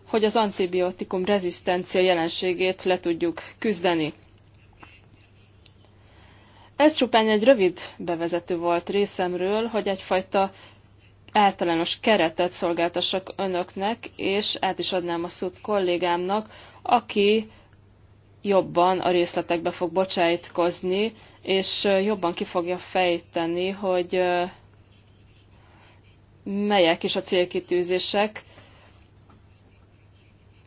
hogy az antibiotikum rezisztencia jelenségét le tudjuk küzdeni. Ez csupán egy rövid bevezető volt részemről, hogy egyfajta általános keretet szolgáltassak önöknek, és át is adnám a szót kollégámnak, aki jobban a részletekbe fog bocsájtkozni, és jobban ki fogja fejteni, hogy melyek is a célkitűzések,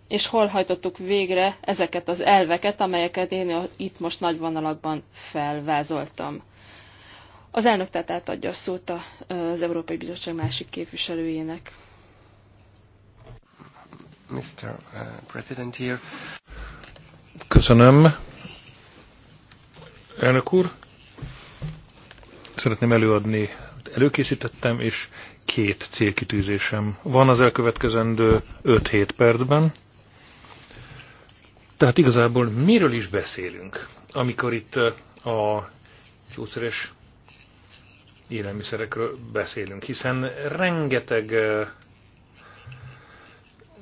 és hol hajtottuk végre ezeket az elveket, amelyeket én itt most nagy vonalakban felvázoltam. Az elnök tehát átadja a szót az Európai Bizottság másik képviselőjének. Mr. Uh, President here. Köszönöm. Elnök úr, szeretném előadni, előkészítettem, és két célkitűzésem van az elkövetkezendő 5-7 percben. Tehát igazából miről is beszélünk, amikor itt uh, a gyógyszeres élelmiszerekről beszélünk, hiszen rengeteg uh,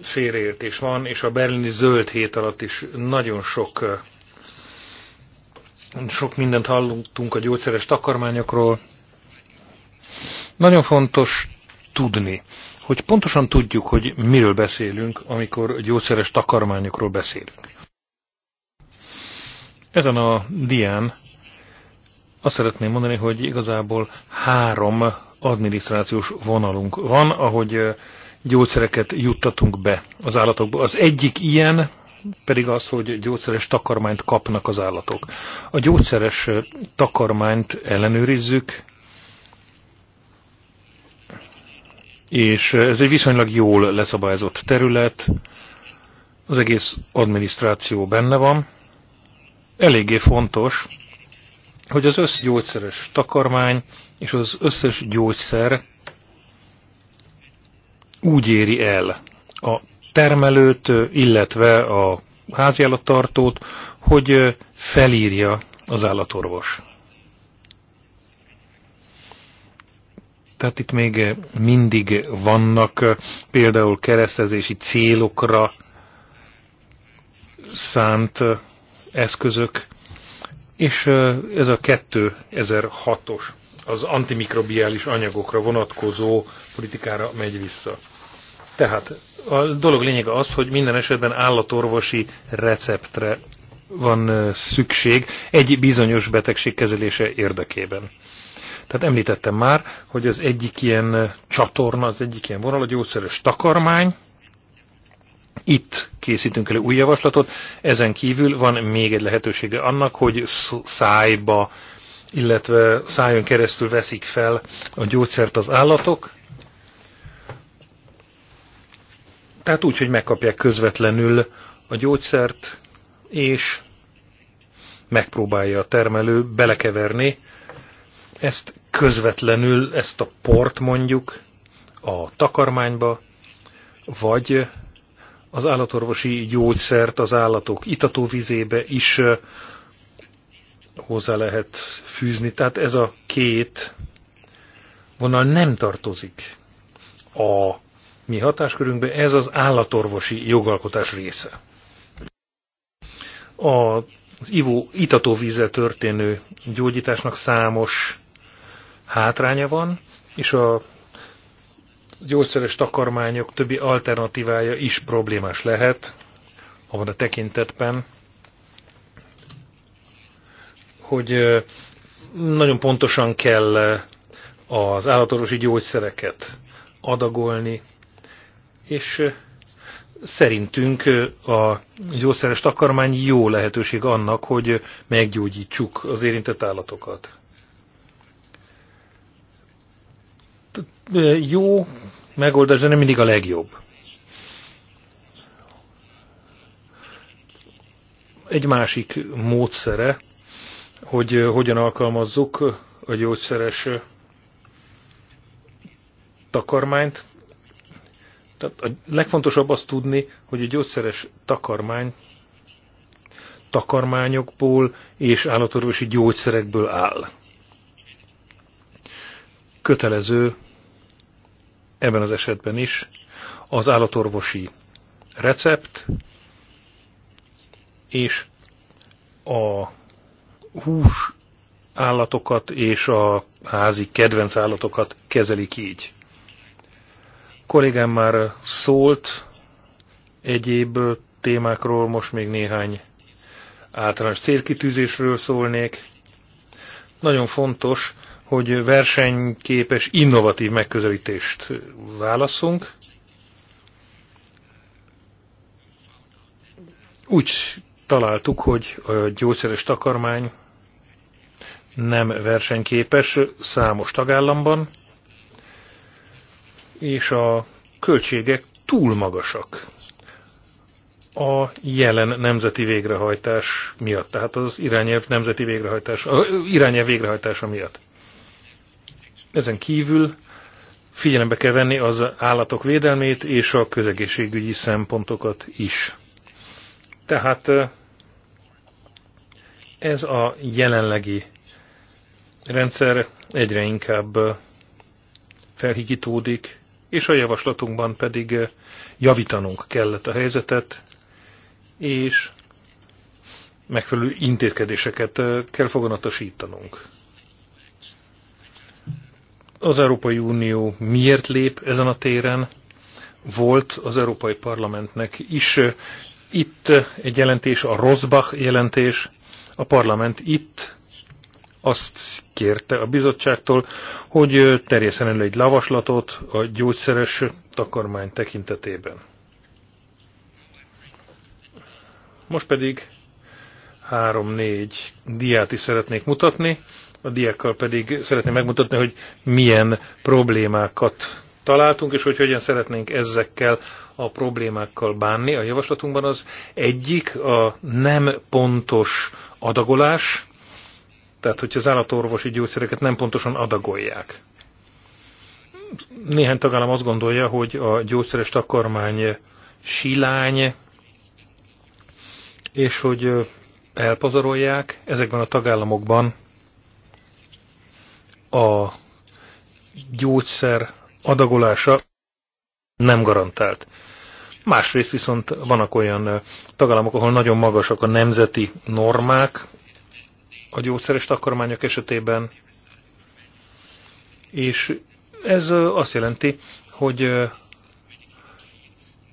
félreértés van, és a berlini zöld hét alatt is nagyon sok eh, sok mindent hallottunk a gyógyszeres takarmányokról. Nagyon fontos tudni, hogy pontosan tudjuk, hogy miről beszélünk, amikor gyógyszeres takarmányokról beszélünk. Ezen a dián azt szeretném mondani, hogy igazából három adminisztrációs vonalunk van, ahogy eh, gyógyszereket juttatunk be az állatokba. Az egyik ilyen pedig az, hogy gyógyszeres takarmányt kapnak az állatok. A gyógyszeres takarmányt ellenőrizzük, és ez egy viszonylag jól leszabályozott terület, az egész adminisztráció benne van. Eléggé fontos, hogy az összgyógyszeres takarmány és az összes gyógyszer úgy éri el a termelőt, illetve a háziállattartót, hogy felírja az állatorvos. Tehát itt még mindig vannak például keresztezési célokra szánt eszközök, és ez a 2006-os, az antimikrobiális anyagokra vonatkozó politikára megy vissza. Tehát a dolog lényege az, hogy minden esetben állatorvosi receptre van szükség egy bizonyos betegség kezelése érdekében. Tehát említettem már, hogy az egyik ilyen csatorna, az egyik ilyen vonal a gyógyszeres takarmány. Itt készítünk elő új javaslatot. Ezen kívül van még egy lehetősége annak, hogy szájba, illetve szájon keresztül veszik fel a gyógyszert az állatok, Tehát úgy, hogy megkapják közvetlenül a gyógyszert, és megpróbálja a termelő belekeverni ezt közvetlenül, ezt a port mondjuk a takarmányba, vagy az állatorvosi gyógyszert az állatok itatóvizébe is hozzá lehet fűzni. Tehát ez a két vonal nem tartozik a mi hatáskörünkbe, ez az állatorvosi jogalkotás része. A az ivó itatóvízzel történő gyógyításnak számos hátránya van, és a gyógyszeres takarmányok többi alternatívája is problémás lehet, abban a tekintetben, hogy nagyon pontosan kell az állatorvosi gyógyszereket adagolni, és szerintünk a gyógyszeres takarmány jó lehetőség annak, hogy meggyógyítsuk az érintett állatokat. Jó megoldás, de nem mindig a legjobb. Egy másik módszere, hogy hogyan alkalmazzuk a gyógyszeres takarmányt, tehát a legfontosabb azt tudni, hogy a gyógyszeres takarmány takarmányokból és állatorvosi gyógyszerekből áll. Kötelező ebben az esetben is az állatorvosi recept és a hús állatokat és a házi kedvenc állatokat kezelik így kollégám már szólt egyéb témákról, most még néhány általános célkitűzésről szólnék. Nagyon fontos, hogy versenyképes, innovatív megközelítést válaszunk. Úgy találtuk, hogy a gyógyszeres takarmány nem versenyképes számos tagállamban, és a költségek túl magasak a jelen nemzeti végrehajtás miatt, tehát az irányelv nemzeti végrehajtás, a irányelv végrehajtása miatt. Ezen kívül figyelembe kell venni az állatok védelmét és a közegészségügyi szempontokat is. Tehát ez a jelenlegi rendszer egyre inkább felhigítódik, és a javaslatunkban pedig eh, javítanunk kellett a helyzetet, és megfelelő intézkedéseket eh, kell foganatosítanunk. Az Európai Unió miért lép ezen a téren? Volt az Európai Parlamentnek is eh, itt egy jelentés, a Rosbach jelentés, a parlament itt azt kérte a bizottságtól, hogy terjeszen elő egy lavaslatot a gyógyszeres takarmány tekintetében. Most pedig három-négy diát is szeretnék mutatni, a diákkal pedig szeretném megmutatni, hogy milyen problémákat találtunk, és hogy hogyan szeretnénk ezekkel a problémákkal bánni. A javaslatunkban az egyik a nem pontos adagolás, tehát, hogyha az állatorvosi gyógyszereket nem pontosan adagolják. Néhány tagállam azt gondolja, hogy a gyógyszeres takarmány silány, és hogy elpazarolják. Ezekben a tagállamokban a gyógyszer adagolása nem garantált. Másrészt viszont vannak olyan tagállamok, ahol nagyon magasak a nemzeti normák, a gyógyszeres takarmányok esetében, és ez azt jelenti, hogy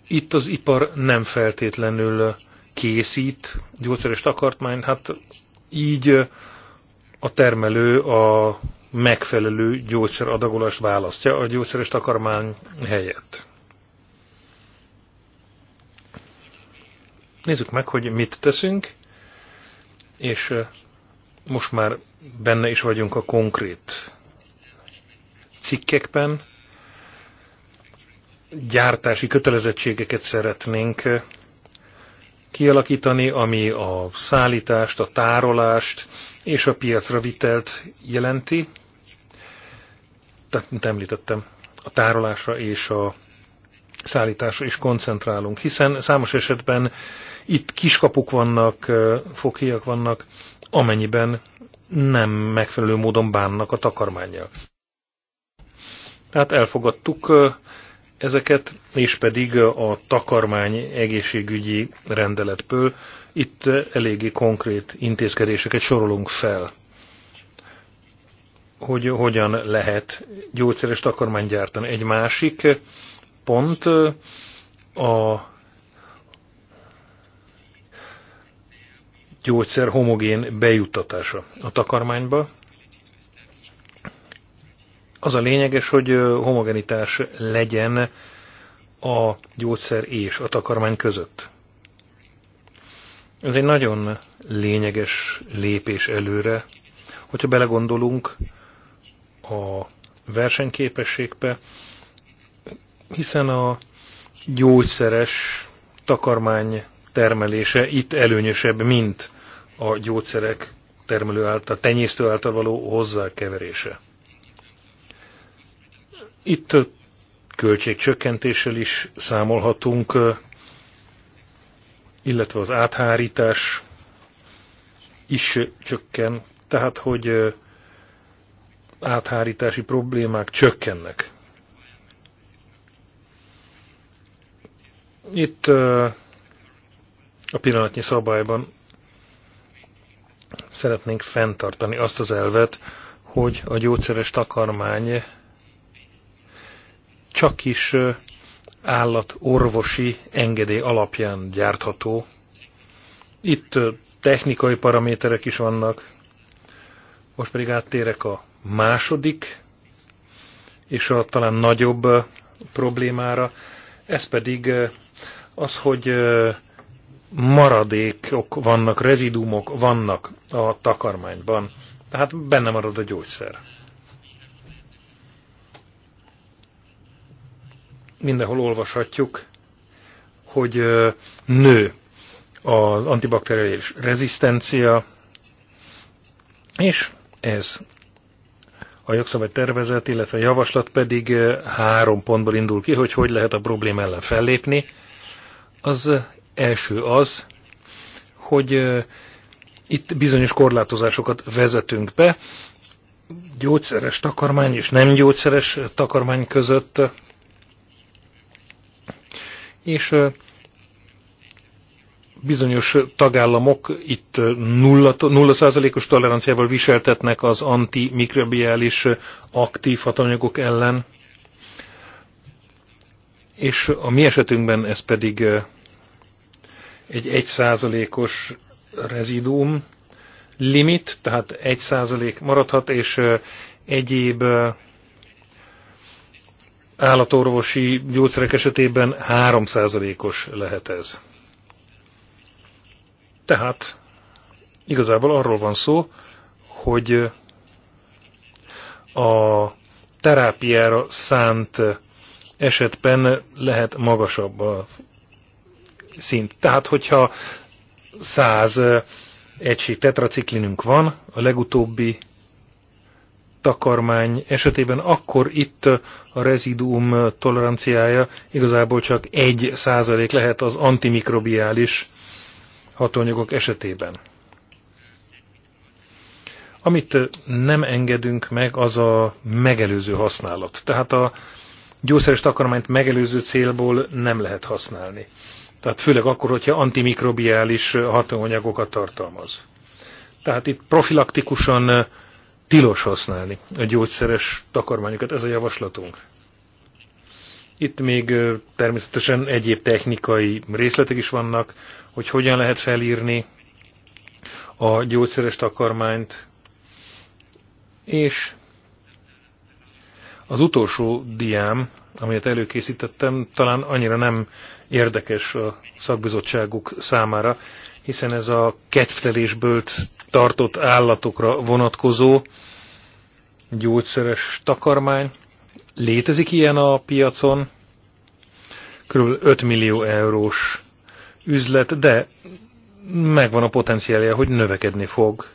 itt az ipar nem feltétlenül készít gyógyszeres takartmányt, hát így a termelő a megfelelő gyógyszeradagolást választja a gyógyszeres takarmány helyett. Nézzük meg, hogy mit teszünk, és most már benne is vagyunk a konkrét cikkekben. Gyártási kötelezettségeket szeretnénk kialakítani, ami a szállítást, a tárolást és a piacra vitelt jelenti. Tehát, mint említettem, a tárolásra és a szállításra is koncentrálunk, hiszen számos esetben itt kiskapuk vannak, fokhíjak vannak, amennyiben nem megfelelő módon bánnak a takarmányjal. Tehát elfogadtuk ezeket, és pedig a takarmány egészségügyi rendeletből itt eléggé konkrét intézkedéseket sorolunk fel, hogy hogyan lehet gyógyszeres takarmányt gyártani. Egy másik pont a gyógyszer homogén bejuttatása a takarmányba. Az a lényeges, hogy homogenitás legyen a gyógyszer és a takarmány között. Ez egy nagyon lényeges lépés előre, hogyha belegondolunk a versenyképességbe, hiszen a gyógyszeres takarmány termelése itt előnyösebb, mint a gyógyszerek termelő által, tenyésztő által való hozzákeverése. Itt költségcsökkentéssel is számolhatunk, illetve az áthárítás is csökken, tehát hogy áthárítási problémák csökkennek. Itt a pillanatnyi szabályban szeretnénk fenntartani azt az elvet, hogy a gyógyszeres takarmány csak is állatorvosi engedély alapján gyártható. Itt technikai paraméterek is vannak. Most pedig áttérek a második, és a talán nagyobb problémára. Ez pedig az, hogy maradékok vannak, rezidumok vannak a takarmányban, tehát benne marad a gyógyszer. Mindenhol olvashatjuk, hogy nő az antibakteriális rezisztencia, és ez a jogszabály tervezet, illetve a javaslat pedig három pontból indul ki, hogy hogy lehet a probléma ellen fellépni. Az első az, hogy itt bizonyos korlátozásokat vezetünk be, gyógyszeres takarmány és nem gyógyszeres takarmány között, és bizonyos tagállamok itt 0%-os toleranciával viseltetnek az antimikrobiális aktív hatanyagok ellen, és a mi esetünkben ez pedig egy 1%-os rezidum limit, tehát 1% maradhat, és egyéb állatorvosi gyógyszerek esetében 3%-os lehet ez. Tehát igazából arról van szó, hogy a terápiára szánt esetben lehet magasabb a szint. Tehát, hogyha 100 egység tetraciklinünk van, a legutóbbi takarmány esetében, akkor itt a reziduum toleranciája igazából csak 1 százalék lehet az antimikrobiális hatóanyagok esetében. Amit nem engedünk meg, az a megelőző használat. Tehát a gyógyszeres takarmányt megelőző célból nem lehet használni. Tehát főleg akkor, hogyha antimikrobiális hatóanyagokat tartalmaz. Tehát itt profilaktikusan tilos használni a gyógyszeres takarmányokat, ez a javaslatunk. Itt még természetesen egyéb technikai részletek is vannak, hogy hogyan lehet felírni a gyógyszeres takarmányt, és az utolsó diám, amelyet előkészítettem, talán annyira nem érdekes a szakbizottságuk számára, hiszen ez a kedvtelésből tartott állatokra vonatkozó gyógyszeres takarmány. Létezik ilyen a piacon, kb. 5 millió eurós üzlet, de megvan a potenciálja, hogy növekedni fog.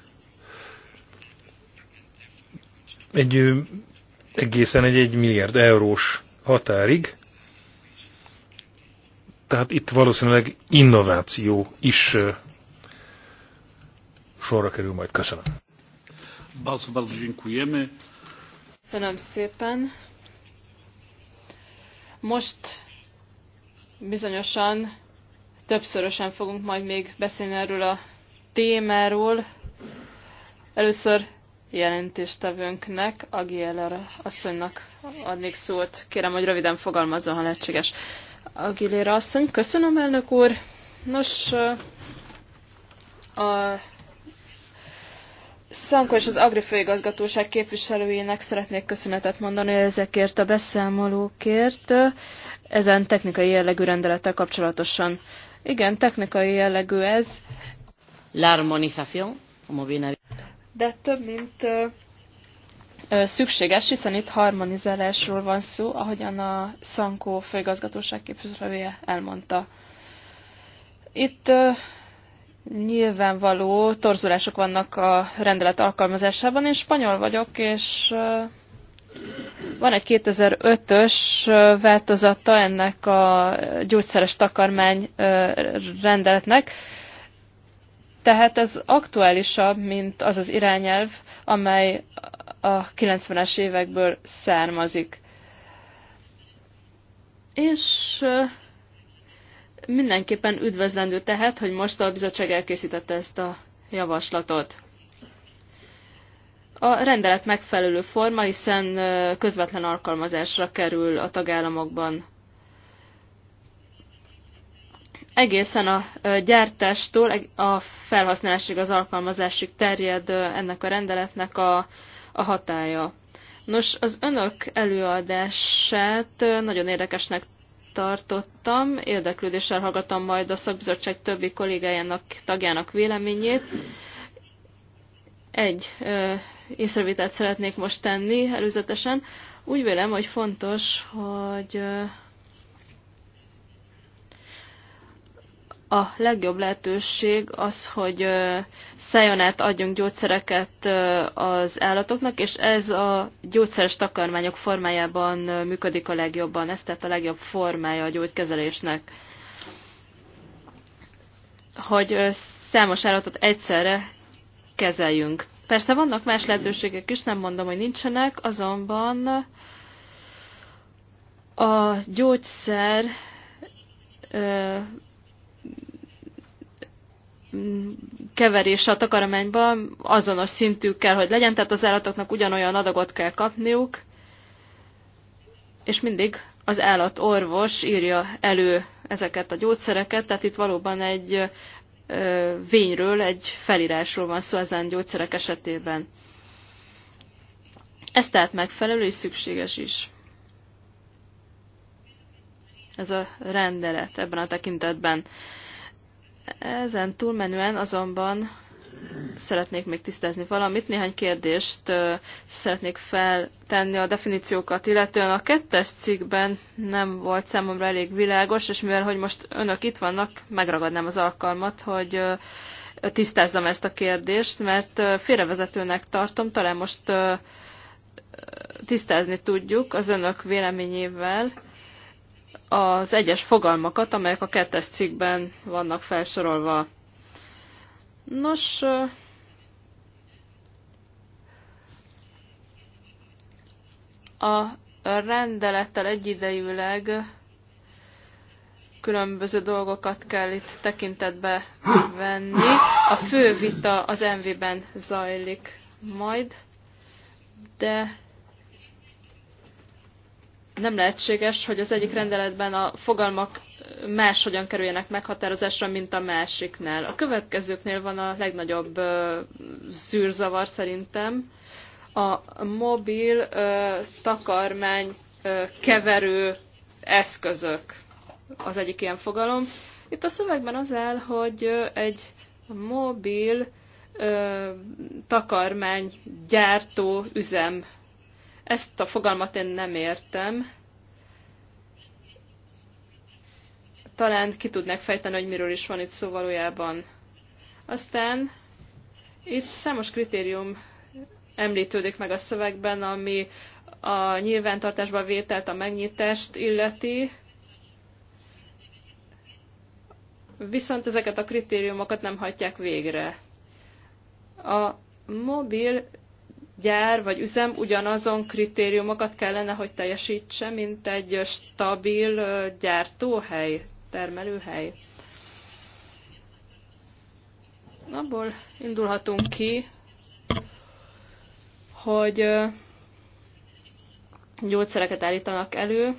Egy egészen egy 1 milliárd eurós határig. Tehát itt valószínűleg innováció is sorra kerül majd. Köszönöm. Bardzo, bardzo dziękujemy. Köszönöm szépen. Most bizonyosan többszörösen fogunk majd még beszélni erről a témáról. Először jelentéstevőnknek, Agiller asszonynak adnék szót. Kérem, hogy röviden fogalmazza, ha lehetséges. Agiller asszony, köszönöm, elnök úr. Nos, a Szankó és az Agri Főigazgatóság képviselőjének szeretnék köszönetet mondani ezekért a beszámolókért, ezen technikai jellegű rendelettel kapcsolatosan. Igen, technikai jellegű ez. La como bien de több mint szükséges, hiszen itt harmonizálásról van szó, ahogyan a Szankó főigazgatóság képviselője elmondta. Itt nyilvánvaló torzulások vannak a rendelet alkalmazásában. Én spanyol vagyok, és van egy 2005-ös változata ennek a gyógyszeres takarmány rendeletnek, tehát ez aktuálisabb, mint az az irányelv, amely a 90-es évekből származik. És mindenképpen üdvözlendő tehát, hogy most a bizottság elkészítette ezt a javaslatot. A rendelet megfelelő forma, hiszen közvetlen alkalmazásra kerül a tagállamokban egészen a gyártástól a felhasználásig, az alkalmazásig terjed ennek a rendeletnek a, a hatája. Nos, az önök előadását nagyon érdekesnek tartottam, érdeklődéssel hallgatom majd a szakbizottság többi kollégájának, tagjának véleményét. Egy ö, észrevételt szeretnék most tenni előzetesen. Úgy vélem, hogy fontos, hogy ö, a legjobb lehetőség az, hogy szájonát adjunk gyógyszereket az állatoknak, és ez a gyógyszeres takarmányok formájában működik a legjobban. Ez tehát a legjobb formája a gyógykezelésnek. Hogy számos állatot egyszerre kezeljünk. Persze vannak más lehetőségek is, nem mondom, hogy nincsenek, azonban a gyógyszer keverése a takarmányban azonos szintű kell, hogy legyen, tehát az állatoknak ugyanolyan adagot kell kapniuk, és mindig az állatorvos írja elő ezeket a gyógyszereket, tehát itt valóban egy vényről, egy felírásról van szó ezen gyógyszerek esetében. Ez tehát megfelelő és szükséges is. Ez a rendelet ebben a tekintetben. Ezen túlmenően azonban szeretnék még tisztázni valamit. Néhány kérdést szeretnék feltenni a definíciókat, illetően a kettes cikkben nem volt számomra elég világos, és mivel hogy most önök itt vannak, megragadnám az alkalmat, hogy tisztázzam ezt a kérdést, mert félrevezetőnek tartom, talán most tisztázni tudjuk az önök véleményével, az egyes fogalmakat, amelyek a kettes cikkben vannak felsorolva. Nos, a rendelettel egyidejűleg különböző dolgokat kell itt tekintetbe venni. A fő vita az MV-ben zajlik majd, de nem lehetséges, hogy az egyik rendeletben a fogalmak máshogyan kerüljenek meghatározásra, mint a másiknál. A következőknél van a legnagyobb zűrzavar szerintem. A mobil takarmány keverő eszközök az egyik ilyen fogalom. Itt a szövegben az áll, hogy egy mobil takarmány gyártó üzem ezt a fogalmat én nem értem. Talán ki tudnák fejteni, hogy miről is van itt szó valójában. Aztán itt számos kritérium említődik meg a szövegben, ami a nyilvántartásba vételt, a megnyitást illeti. Viszont ezeket a kritériumokat nem hagyják végre. A mobil gyár vagy üzem ugyanazon kritériumokat kellene, hogy teljesítse, mint egy stabil gyártóhely, termelőhely. Abból indulhatunk ki, hogy gyógyszereket állítanak elő,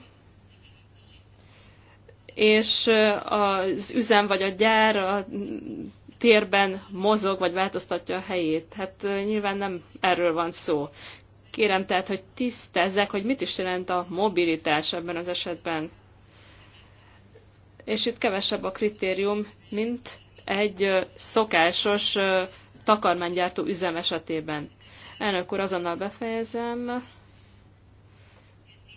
és az üzem vagy a gyár a térben mozog, vagy változtatja a helyét. Hát nyilván nem erről van szó. Kérem tehát, hogy tisztezzek, hogy mit is jelent a mobilitás ebben az esetben. És itt kevesebb a kritérium, mint egy szokásos takarmánygyártó üzem esetében. Elnök úr, azonnal befejezem.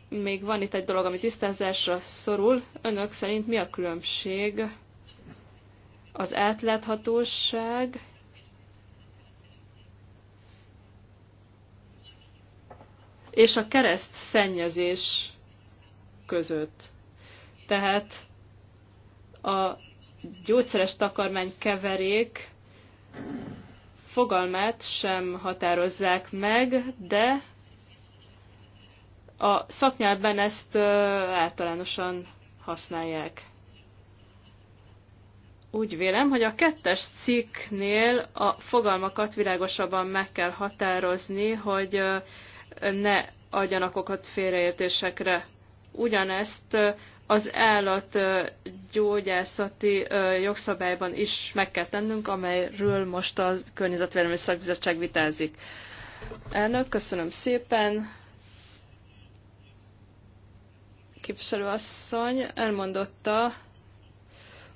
Még van itt egy dolog, ami tisztázásra szorul. Önök szerint mi a különbség az átláthatóság és a kereszt szennyezés között. Tehát a gyógyszeres takarmány keverék fogalmát sem határozzák meg, de a szaknyelben ezt általánosan használják úgy vélem, hogy a kettes cikknél a fogalmakat világosabban meg kell határozni, hogy ne adjanak okot félreértésekre. Ugyanezt az állat gyógyászati jogszabályban is meg kell tennünk, amelyről most a Környezetvédelmi Szakbizottság vitázik. Elnök, köszönöm szépen. Képviselőasszony elmondotta,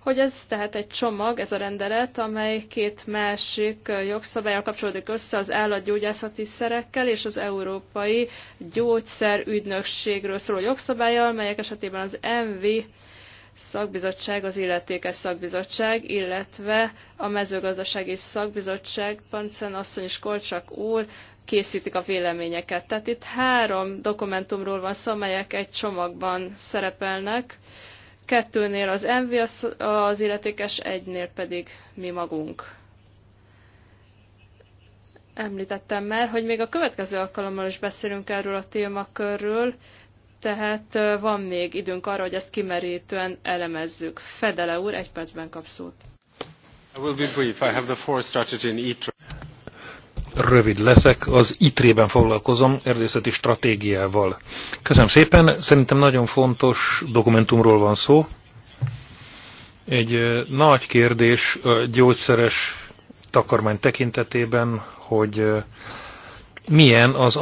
hogy ez tehát egy csomag, ez a rendelet, amely két másik jogszabályal kapcsolódik össze az állatgyógyászati szerekkel és az Európai Gyógyszerügynökségről szóló jogszabályal, melyek esetében az MV szakbizottság, az illetékes szakbizottság, illetve a mezőgazdasági szakbizottság, Pancen asszony és Kolcsak úr készítik a véleményeket. Tehát itt három dokumentumról van szó, amelyek egy csomagban szerepelnek kettőnél az MV az, az illetékes, egynél pedig mi magunk. Említettem már, hogy még a következő alkalommal is beszélünk erről a témakörről, tehát van még időnk arra, hogy ezt kimerítően elemezzük. Fedele úr, egy percben kap szót rövid leszek, az ITRE-ben foglalkozom erdészeti stratégiával. Köszönöm szépen, szerintem nagyon fontos dokumentumról van szó. Egy nagy kérdés a gyógyszeres takarmány tekintetében, hogy milyen az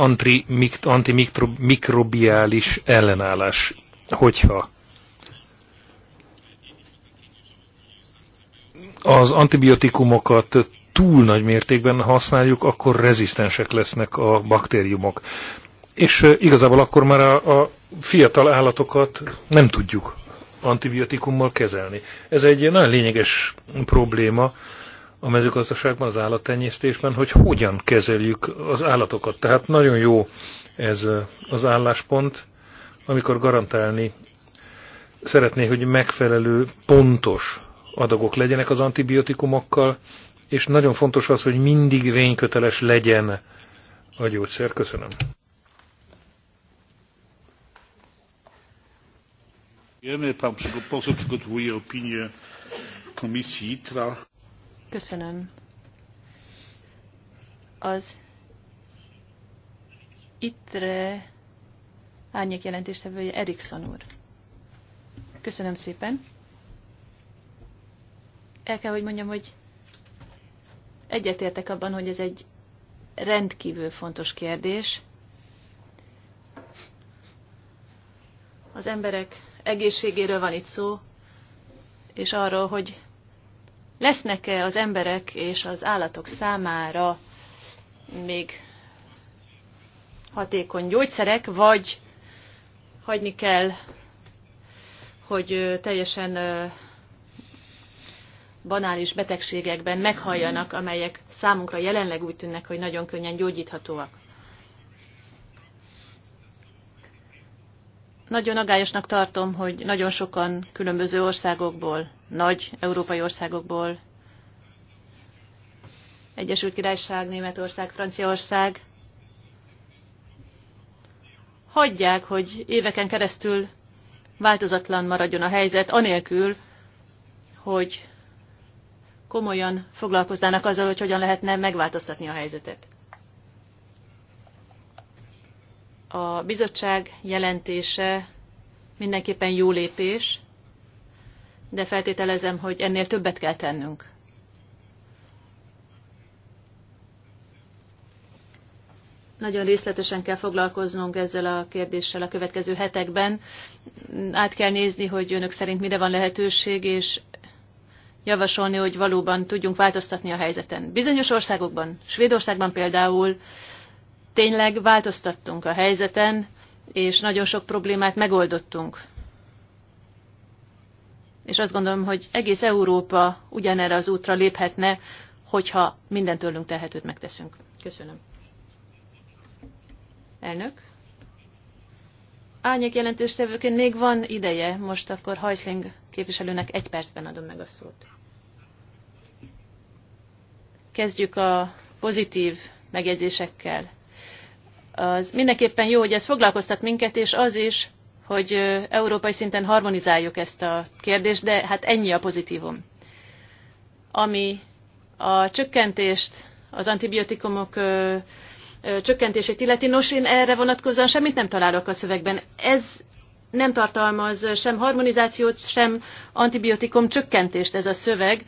antimikrobiális ellenállás, hogyha az antibiotikumokat túl nagy mértékben használjuk, akkor rezisztensek lesznek a baktériumok. És igazából akkor már a, a fiatal állatokat nem tudjuk antibiotikummal kezelni. Ez egy nagyon lényeges probléma a mezőgazdaságban, az állattenyésztésben, hogy hogyan kezeljük az állatokat. Tehát nagyon jó ez az álláspont, amikor garantálni szeretné, hogy megfelelő, pontos adagok legyenek az antibiotikumokkal, és nagyon fontos az, hogy mindig vényköteles legyen a gyógyszer. Köszönöm. Köszönöm. Az ittre árnyék jelentéstevője Erikson úr. Köszönöm szépen. El kell, hogy mondjam, hogy Egyetértek abban, hogy ez egy rendkívül fontos kérdés. Az emberek egészségéről van itt szó, és arról, hogy lesznek-e az emberek és az állatok számára még hatékony gyógyszerek, vagy hagyni kell, hogy teljesen banális betegségekben meghalljanak, amelyek számunkra jelenleg úgy tűnnek, hogy nagyon könnyen gyógyíthatóak. Nagyon agályosnak tartom, hogy nagyon sokan különböző országokból, nagy európai országokból, Egyesült Királyság, Németország, Franciaország hagyják, hogy éveken keresztül változatlan maradjon a helyzet, anélkül, hogy komolyan foglalkoznának azzal, hogy hogyan lehetne megváltoztatni a helyzetet. A bizottság jelentése mindenképpen jó lépés, de feltételezem, hogy ennél többet kell tennünk. Nagyon részletesen kell foglalkoznunk ezzel a kérdéssel a következő hetekben. Át kell nézni, hogy önök szerint mire van lehetőség, és javasolni, hogy valóban tudjunk változtatni a helyzeten. Bizonyos országokban, Svédországban például tényleg változtattunk a helyzeten, és nagyon sok problémát megoldottunk. És azt gondolom, hogy egész Európa ugyanerre az útra léphetne, hogyha minden tőlünk tehetőt megteszünk. Köszönöm. Elnök? Árnyék jelentéstevőként még van ideje, most akkor Hajszling képviselőnek egy percben adom meg a szót. Kezdjük a pozitív megjegyzésekkel. Az mindenképpen jó, hogy ez foglalkoztat minket, és az is, hogy európai szinten harmonizáljuk ezt a kérdést, de hát ennyi a pozitívum. Ami a csökkentést, az antibiotikumok csökkentését illeti, nos, én erre vonatkozóan semmit nem találok a szövegben. Ez nem tartalmaz sem harmonizációt, sem antibiotikum csökkentést ez a szöveg,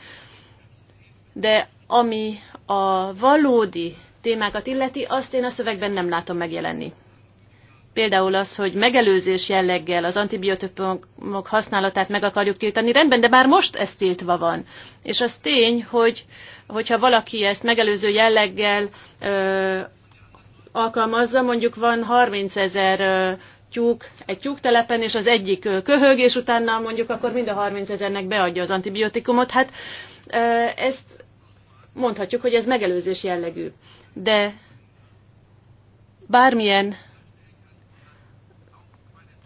de ami a valódi témákat illeti, azt én a szövegben nem látom megjelenni. Például az, hogy megelőzés jelleggel az antibiotikumok használatát meg akarjuk tiltani, rendben, de már most ez tiltva van. És az tény, hogy hogyha valaki ezt megelőző jelleggel ö, alkalmazza, mondjuk van 30 ezer tyúk egy tyúktelepen, és az egyik köhög, és utána mondjuk akkor mind a 30 ezernek beadja az antibiotikumot. Hát ezt mondhatjuk, hogy ez megelőzés jellegű. De bármilyen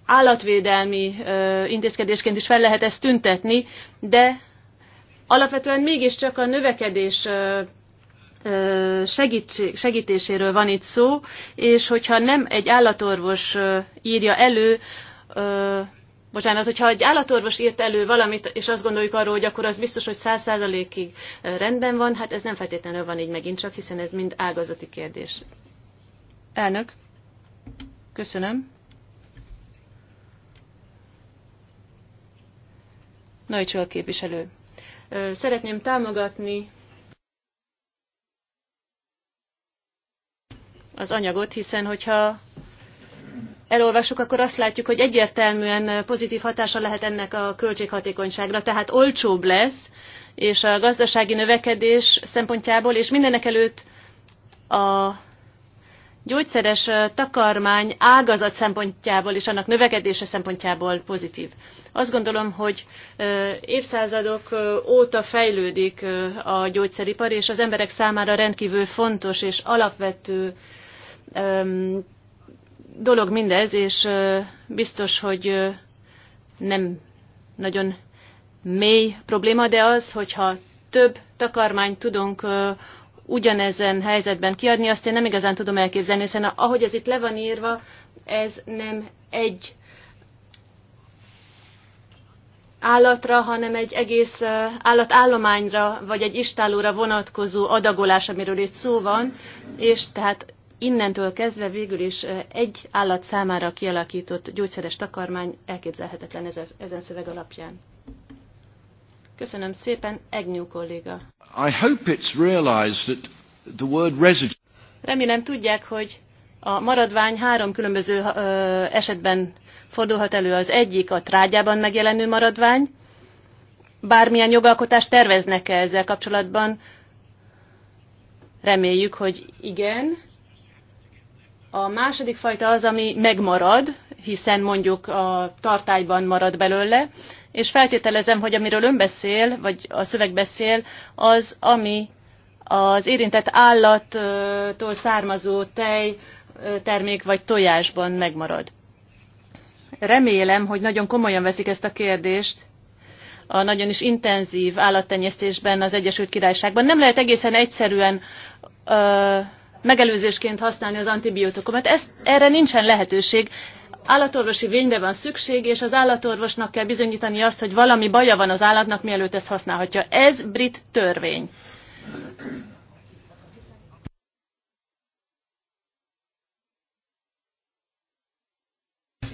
állatvédelmi intézkedésként is fel lehet ezt tüntetni, de alapvetően mégiscsak a növekedés segítség, segítéséről van itt szó, és hogyha nem egy állatorvos írja elő bocsánat, hogyha egy állatorvos írt elő valamit, és azt gondoljuk arról, hogy akkor az biztos, hogy száz százalékig rendben van, hát ez nem feltétlenül van így megint csak, hiszen ez mind ágazati kérdés. Elnök, köszönöm. a képviselő. Szeretném támogatni az anyagot, hiszen hogyha elolvassuk, akkor azt látjuk, hogy egyértelműen pozitív hatása lehet ennek a költséghatékonyságra, tehát olcsóbb lesz, és a gazdasági növekedés szempontjából, és mindenek előtt a gyógyszeres takarmány ágazat szempontjából és annak növekedése szempontjából pozitív. Azt gondolom, hogy évszázadok óta fejlődik a gyógyszeripar, és az emberek számára rendkívül fontos és alapvető dolog mindez, és biztos, hogy nem nagyon mély probléma, de az, hogyha több takarmányt tudunk ugyanezen helyzetben kiadni, azt én nem igazán tudom elképzelni, hiszen ahogy ez itt le van írva, ez nem egy állatra, hanem egy egész állatállományra, vagy egy istálóra vonatkozó adagolás, amiről itt szó van, és tehát innentől kezdve végül is egy állat számára kialakított gyógyszeres takarmány elképzelhetetlen ezen szöveg alapján. Köszönöm szépen, Egnyú kolléga. I hope it's realized that the word residue... Remélem tudják, hogy a maradvány három különböző ö, esetben fordulhat elő. Az egyik a trágyában megjelenő maradvány. Bármilyen jogalkotást terveznek-e ezzel kapcsolatban? Reméljük, hogy igen. A második fajta az, ami megmarad, hiszen mondjuk a tartályban marad belőle, és feltételezem, hogy amiről ön beszél, vagy a szöveg beszél, az, ami az érintett állattól származó tej, termék vagy tojásban megmarad. Remélem, hogy nagyon komolyan veszik ezt a kérdést, a nagyon is intenzív állattenyésztésben az Egyesült Királyságban. Nem lehet egészen egyszerűen megelőzésként használni az antibiotikumot, Ez, erre nincsen lehetőség. Állatorvosi vényre van szükség, és az állatorvosnak kell bizonyítani azt, hogy valami baja van az állatnak, mielőtt ezt használhatja. Ez brit törvény.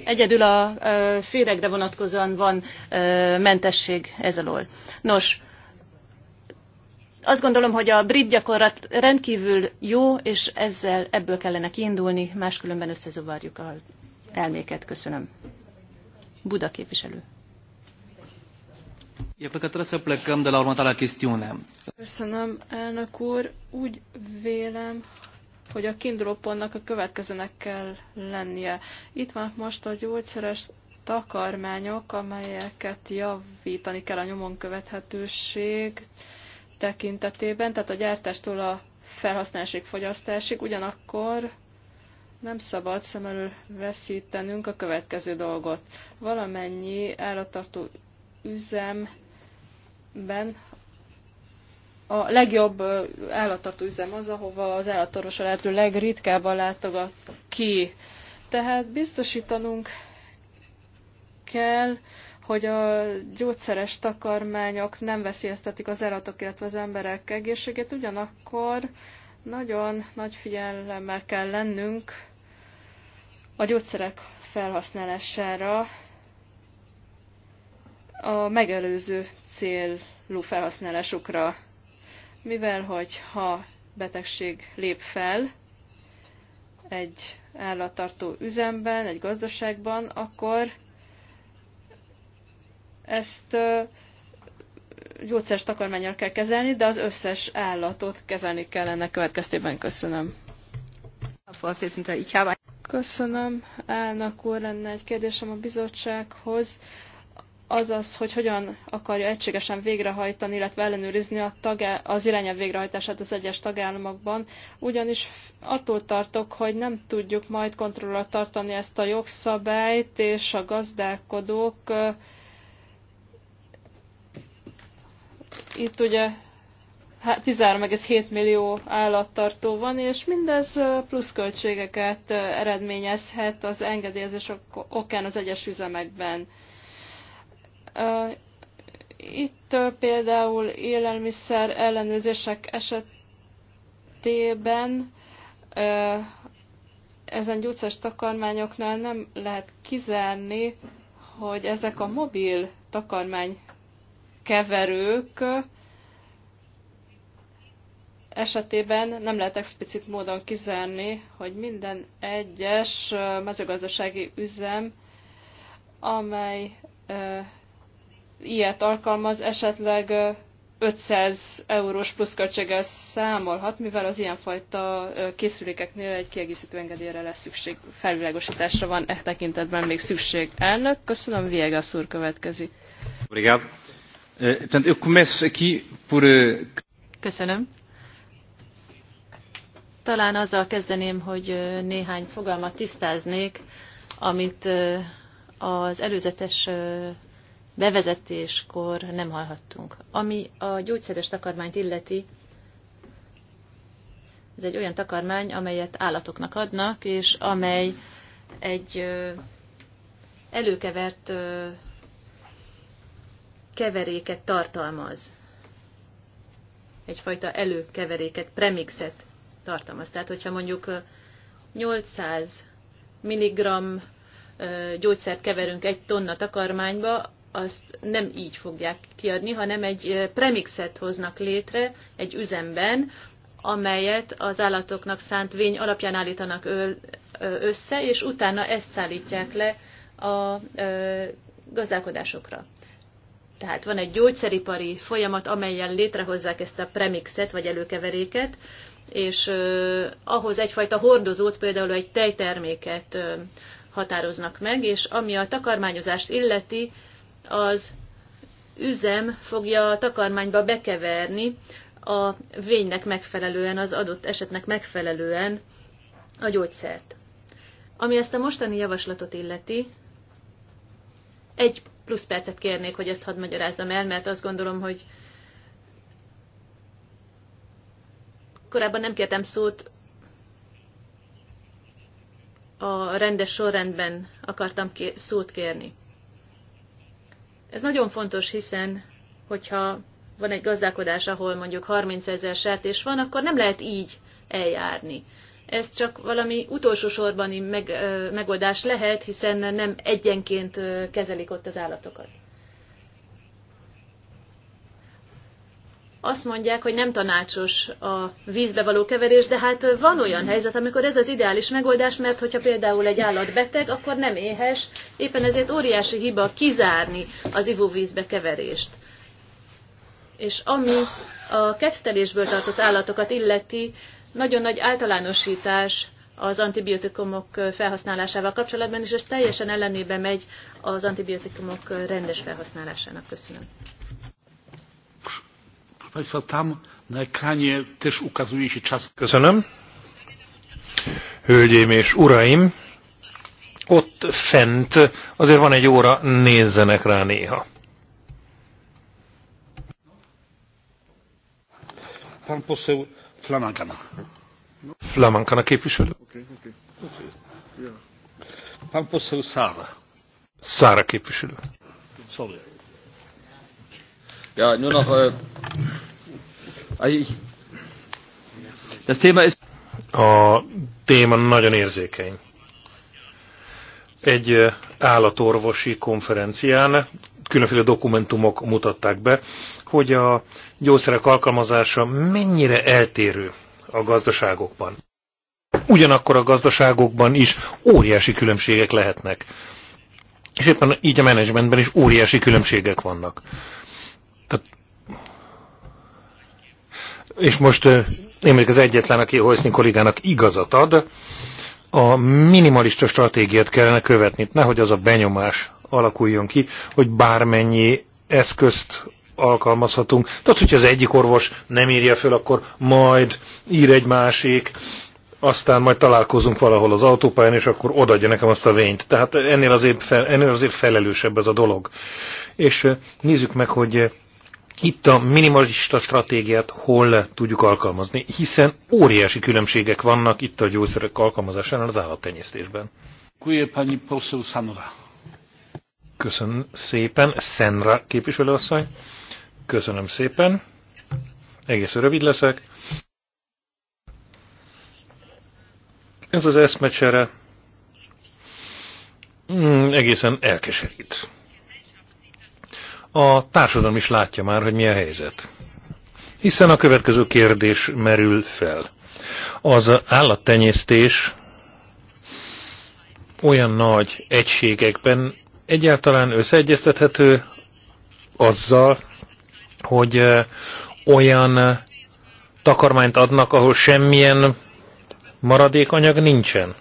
Egyedül a féregre vonatkozóan van mentesség ez alól. Nos, azt gondolom, hogy a brit gyakorlat rendkívül jó, és ezzel ebből kellene kiindulni, máskülönben összezavarjuk az elméket. Köszönöm. Buda képviselő. de Köszönöm, elnök úr. Úgy vélem, hogy a kindróponnak a következőnek kell lennie. Itt vannak most a gyógyszeres takarmányok, amelyeket javítani kell a nyomon követhetőség tekintetében, tehát a gyártástól a felhasználásig, fogyasztásig, ugyanakkor nem szabad szem elől veszítenünk a következő dolgot. Valamennyi állattartó üzemben a legjobb állattartó üzem az, ahova az állatorvos a lehető legritkábban látogat ki. Tehát biztosítanunk kell, hogy a gyógyszeres takarmányok nem veszélyeztetik az állatok, illetve az emberek egészségét, ugyanakkor nagyon nagy figyelemmel kell lennünk a gyógyszerek felhasználására a megelőző célú felhasználásukra, mivel hogy ha betegség lép fel egy állattartó üzemben, egy gazdaságban, akkor ezt gyógyszeres takarmányjal kell kezelni, de az összes állatot kezelni kell ennek következtében. Köszönöm. Köszönöm. Elnök úr, lenne egy kérdésem a bizottsághoz. Azaz, hogy hogyan akarja egységesen végrehajtani, illetve ellenőrizni a tagá- az irányelv végrehajtását az egyes tagállamokban, ugyanis attól tartok, hogy nem tudjuk majd kontrollra tartani ezt a jogszabályt, és a gazdálkodók uh, Itt ugye 13,7 hát millió állattartó van, és mindez pluszköltségeket eredményezhet az engedélyezés okán az egyes üzemekben. Itt például élelmiszer ellenőrzések esetében ezen gyógyszeres takarmányoknál nem lehet kizárni, hogy ezek a mobil takarmány keverők esetében nem lehet explicit módon kizárni, hogy minden egyes mezőgazdasági üzem, amely ilyet alkalmaz, esetleg 500 eurós pluszköltséggel számolhat, mivel az ilyenfajta készülékeknél egy kiegészítő engedélyre lesz szükség, felvilágosításra van e tekintetben még szükség. Elnök, köszönöm, Viegas úr következik. Obrigado. Eh, eh, Köszönöm. Talán azzal kezdeném, hogy eh, néhány fogalmat tisztáznék, amit az előzetes bevezetéskor nem hallhattunk. Ami a gyógyszeres takarmányt illeti, ez egy olyan takarmány, amelyet állatoknak adnak, és amely egy előkevert keveréket tartalmaz. Egyfajta előkeveréket, premixet tartalmaz. Tehát, hogyha mondjuk 800 mg gyógyszert keverünk egy tonna takarmányba, azt nem így fogják kiadni, hanem egy premixet hoznak létre egy üzemben, amelyet az állatoknak szánt vény alapján állítanak össze, és utána ezt szállítják le a gazdálkodásokra. Tehát van egy gyógyszeripari folyamat, amelyen létrehozzák ezt a premixet, vagy előkeveréket, és ahhoz egyfajta hordozót, például egy tejterméket határoznak meg, és ami a takarmányozást illeti, az üzem fogja a takarmányba bekeverni a vénynek megfelelően, az adott esetnek megfelelően a gyógyszert. Ami ezt a mostani javaslatot illeti, egy plusz percet kérnék, hogy ezt hadd magyarázzam el, mert azt gondolom, hogy korábban nem kértem szót, a rendes sorrendben akartam szót kérni. Ez nagyon fontos, hiszen hogyha van egy gazdálkodás, ahol mondjuk 30 ezer sertés van, akkor nem lehet így eljárni ez csak valami utolsó sorbani meg, megoldás lehet, hiszen nem egyenként kezelik ott az állatokat. Azt mondják, hogy nem tanácsos a vízbe való keverés, de hát van olyan helyzet, amikor ez az ideális megoldás, mert hogyha például egy állat beteg, akkor nem éhes, éppen ezért óriási hiba kizárni az ivóvízbe keverést. És ami a kettelésből tartott állatokat illeti, nagyon nagy általánosítás az antibiotikumok felhasználásával kapcsolatban, és ez teljesen ellenébe megy az antibiotikumok rendes felhasználásának. Köszönöm. Köszönöm. Hölgyeim és uraim, ott fent azért van egy óra, nézzenek rá néha. Pan poseł Flamankana. Flamankana képviselő. Okay, okay. Okay. Yeah. Szára. Szára képviselő. Sorry. Ja, nur noch, eh, äh, ich, das Thema ist... A téma nagyon érzékeny. Egy eh, állatorvosi konferencián különféle dokumentumok mutatták be, hogy a gyógyszerek alkalmazása mennyire eltérő a gazdaságokban. Ugyanakkor a gazdaságokban is óriási különbségek lehetnek. És éppen így a menedzsmentben is óriási különbségek vannak. Tehát, és most én még az egyetlen, aki Holszni kollégának igazat ad, a minimalista stratégiát kellene követni, nehogy az a benyomás alakuljon ki, hogy bármennyi eszközt alkalmazhatunk. Tehát, hogyha az egyik orvos nem írja föl, akkor majd ír egy másik, aztán majd találkozunk valahol az autópályán, és akkor odaadja nekem azt a vényt. Tehát ennél azért, fel, ennél azért felelősebb ez a dolog. És nézzük meg, hogy itt a minimalista stratégiát hol tudjuk alkalmazni, hiszen óriási különbségek vannak itt a gyógyszerek alkalmazásánál az állattenyésztésben. Köszönöm, pani poseł Sanora. Köszönöm szépen, Szenra képviselőasszony. Köszönöm szépen. Egész rövid leszek. Ez az eszmecsere mm, egészen elkeserít. A társadalom is látja már, hogy mi a helyzet. Hiszen a következő kérdés merül fel. Az állattenyésztés olyan nagy egységekben egyáltalán összeegyeztethető azzal, hogy olyan takarmányt adnak, ahol semmilyen maradékanyag nincsen.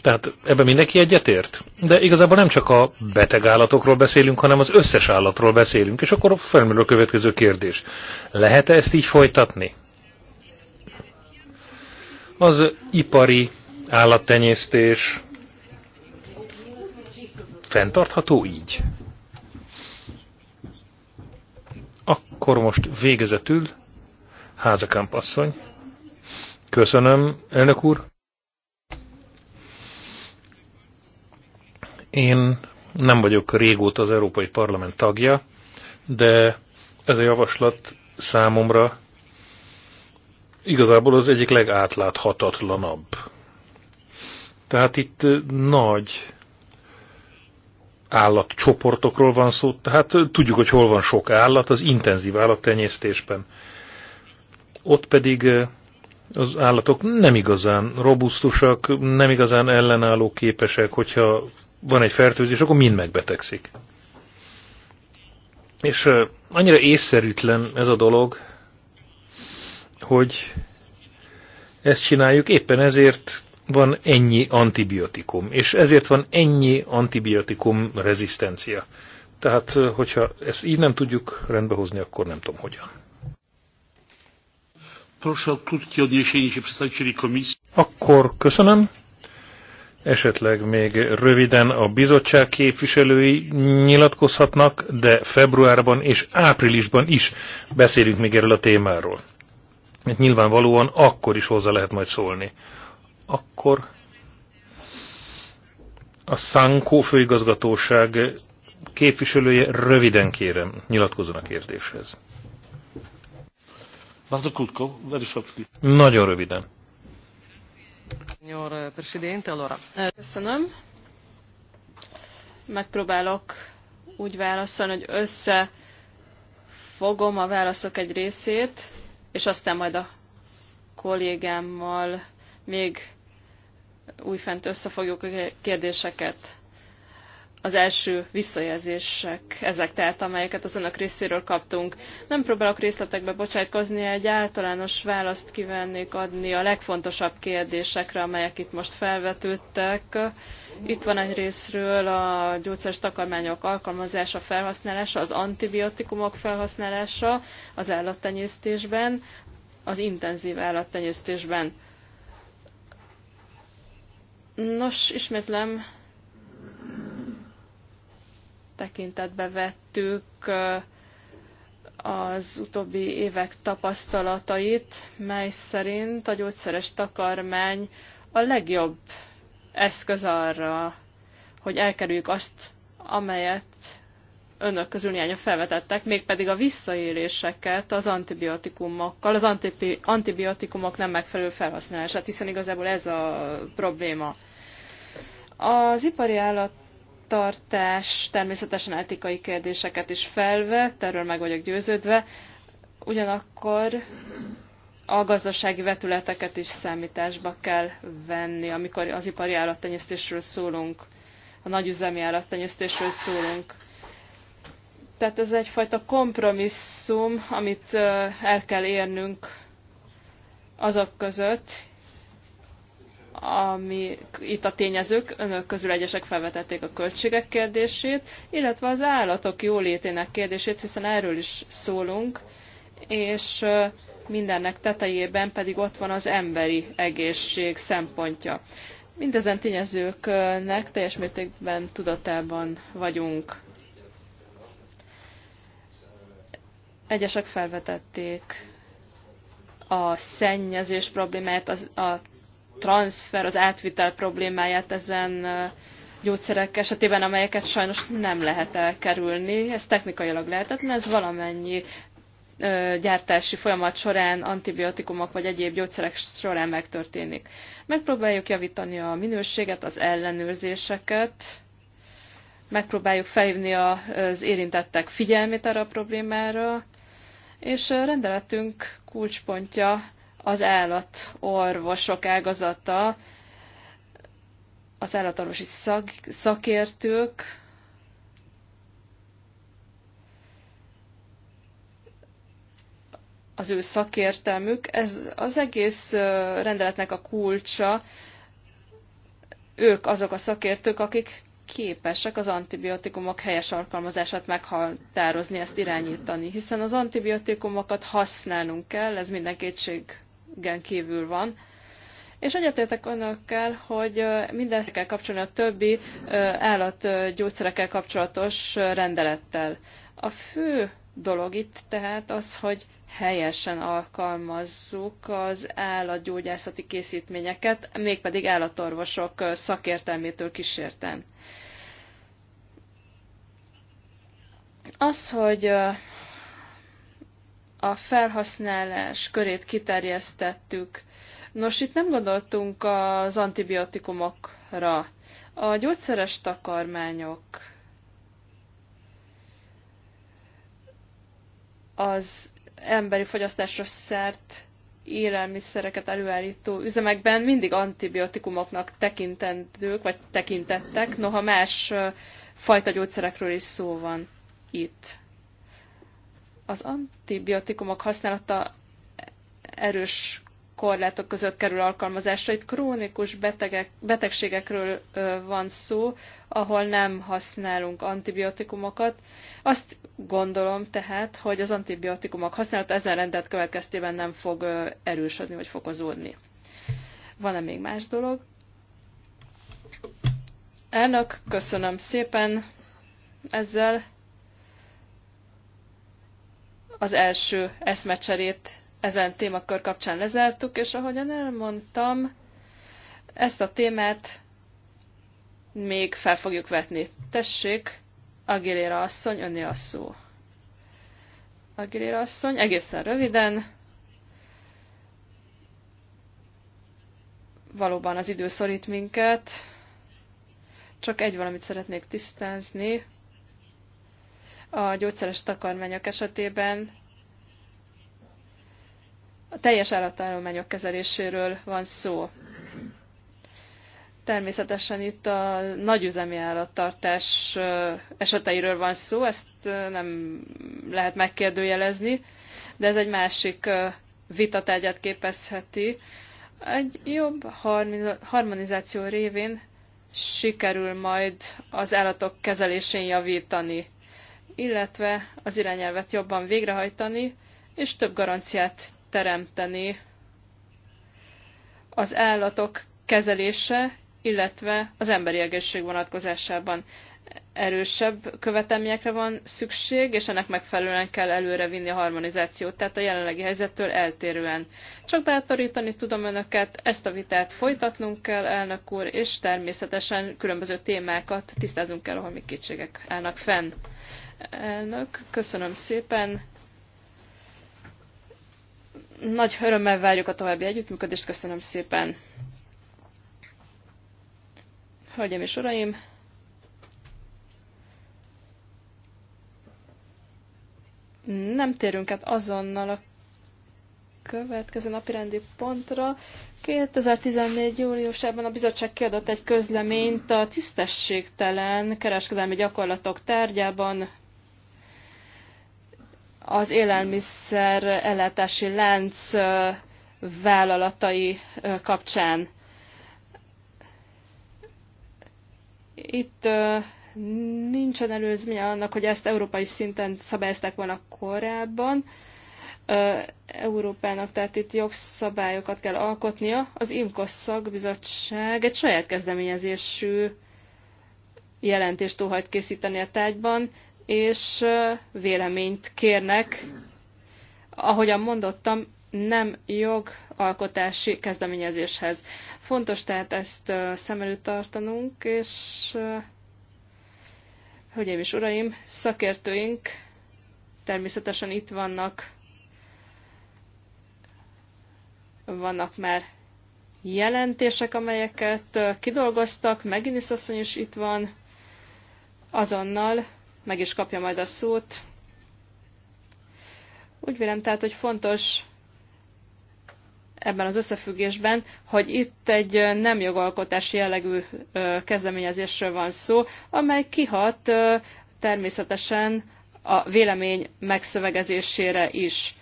Tehát ebben mindenki egyetért? De igazából nem csak a beteg állatokról beszélünk, hanem az összes állatról beszélünk, és akkor felmerül a következő kérdés. Lehet-e ezt így folytatni? Az ipari állattenyésztés, Fentartható így? Akkor most végezetül házakám asszony. Köszönöm, elnök úr. Én nem vagyok régóta az Európai Parlament tagja, de ez a javaslat számomra igazából az egyik legátláthatatlanabb. Tehát itt nagy állatcsoportokról van szó, tehát tudjuk, hogy hol van sok állat az intenzív állattenyésztésben. Ott pedig eh, az állatok nem igazán robusztusak, nem igazán ellenálló képesek, hogyha van egy fertőzés, akkor mind megbetegszik. És eh, annyira észszerűtlen ez a dolog, hogy ezt csináljuk, éppen ezért van ennyi antibiotikum, és ezért van ennyi antibiotikum rezisztencia. Tehát, hogyha ezt így nem tudjuk rendbehozni, akkor nem tudom hogyan. Akkor köszönöm. Esetleg még röviden a bizottság képviselői nyilatkozhatnak, de februárban és áprilisban is beszélünk még erről a témáról. Mert nyilvánvalóan akkor is hozzá lehet majd szólni akkor a Szánkó főigazgatóság képviselője röviden kérem nyilatkozzon a kérdéshez. Nagyon röviden. Eh, Köszönöm. Megpróbálok úgy válaszolni, hogy össze fogom a válaszok egy részét, és aztán majd a kollégámmal még újfent összefogjuk a kérdéseket. Az első visszajelzések, ezek tehát, amelyeket az önök részéről kaptunk. Nem próbálok részletekbe bocsátkozni, egy általános választ kívánnék adni a legfontosabb kérdésekre, amelyek itt most felvetődtek. Itt van egy részről a gyógyszeres takarmányok alkalmazása, felhasználása, az antibiotikumok felhasználása az állattenyésztésben, az intenzív állattenyésztésben Nos, ismétlem, tekintetbe vettük az utóbbi évek tapasztalatait, mely szerint a gyógyszeres takarmány a legjobb eszköz arra, hogy elkerüljük azt, amelyet önök közül néhányan felvetettek, mégpedig a visszaéléseket az antibiotikumokkal, az antibiotikumok nem megfelelő felhasználását, hiszen igazából ez a probléma. Az ipari állattartás természetesen etikai kérdéseket is felvet, erről meg vagyok győződve, ugyanakkor a gazdasági vetületeket is számításba kell venni, amikor az ipari állattenyésztésről szólunk, a nagyüzemi állattenyésztésről szólunk tehát ez egyfajta kompromisszum, amit el kell érnünk azok között, ami itt a tényezők, önök közül egyesek felvetették a költségek kérdését, illetve az állatok jólétének kérdését, hiszen erről is szólunk, és mindennek tetejében pedig ott van az emberi egészség szempontja. Mindezen tényezőknek teljes mértékben tudatában vagyunk. Egyesek felvetették a szennyezés problémáját, az, a transfer, az átvitel problémáját ezen gyógyszerek esetében, amelyeket sajnos nem lehet elkerülni. Ez technikailag lehetetlen, ez valamennyi gyártási folyamat során antibiotikumok vagy egyéb gyógyszerek során megtörténik. Megpróbáljuk javítani a minőséget, az ellenőrzéseket, megpróbáljuk felhívni az érintettek figyelmét erre a problémára, és rendeletünk kulcspontja az állatorvosok ágazata, az állatorvosi szak, szakértők, az ő szakértelmük, ez az egész rendeletnek a kulcsa, ők azok a szakértők, akik képesek az antibiotikumok helyes alkalmazását meghatározni, ezt irányítani, hiszen az antibiotikumokat használnunk kell, ez minden kétségen kívül van. És egyetértek önökkel, hogy mindenekkel kapcsolni a többi állatgyógyszerekkel kapcsolatos rendelettel. A fő dolog itt tehát az, hogy helyesen alkalmazzuk az állatgyógyászati készítményeket, mégpedig állatorvosok szakértelmétől kísérten. Az, hogy a felhasználás körét kiterjesztettük. Nos, itt nem gondoltunk az antibiotikumokra. A gyógyszeres takarmányok az emberi fogyasztásra szert élelmiszereket előállító üzemekben mindig antibiotikumoknak tekintendők, vagy tekintettek, noha más fajta gyógyszerekről is szó van itt. Az antibiotikumok használata erős korlátok között kerül alkalmazásra. Itt krónikus betegek, betegségekről van szó, ahol nem használunk antibiotikumokat. Azt gondolom tehát, hogy az antibiotikumok használata ezen rendet következtében nem fog erősödni vagy fokozódni. Van-e még más dolog? Elnök, köszönöm szépen. Ezzel az első eszmecserét ezen témakör kapcsán lezártuk, és ahogyan elmondtam, ezt a témát még fel fogjuk vetni. Tessék, Agiléra asszony, önné a szó. Agiléra asszony, egészen röviden. Valóban az idő szorít minket. Csak egy valamit szeretnék tisztázni. A gyógyszeres takarmányok esetében a teljes állatállományok kezeléséről van szó. Természetesen itt a nagyüzemi állattartás eseteiről van szó, ezt nem lehet megkérdőjelezni, de ez egy másik vitatágyát képezheti. Egy jobb harmonizáció révén sikerül majd az állatok kezelésén javítani, illetve az irányelvet jobban végrehajtani, és több garanciát teremteni az állatok kezelése, illetve az emberi egészség vonatkozásában erősebb követelményekre van szükség, és ennek megfelelően kell előre vinni a harmonizációt, tehát a jelenlegi helyzettől eltérően. Csak bátorítani tudom önöket, ezt a vitát folytatnunk kell, elnök úr, és természetesen különböző témákat tisztáznunk kell, ahol még kétségek állnak fenn. Elnök, köszönöm szépen. Nagy örömmel várjuk a további együttműködést, köszönöm szépen. Hölgyeim és Uraim! Nem térünk át azonnal a következő napirendi pontra. 2014. júliusában a bizottság kiadott egy közleményt a tisztességtelen kereskedelmi gyakorlatok tárgyában az élelmiszer ellátási lánc vállalatai kapcsán. Itt nincsen előzménye annak, hogy ezt európai szinten szabályozták volna korábban. Európának, tehát itt jogszabályokat kell alkotnia. Az IMKOS bizottság egy saját kezdeményezésű jelentést óhajt készíteni a tárgyban és véleményt kérnek. Ahogyan mondottam, nem jogalkotási kezdeményezéshez. Fontos tehát ezt szem előtt tartanunk, és hölgyeim és uraim, szakértőink természetesen itt vannak, vannak már jelentések, amelyeket kidolgoztak, megint is asszony is itt van, azonnal meg is kapja majd a szót. Úgy vélem tehát, hogy fontos ebben az összefüggésben, hogy itt egy nem jogalkotási jellegű kezdeményezésről van szó, amely kihat természetesen a vélemény megszövegezésére is.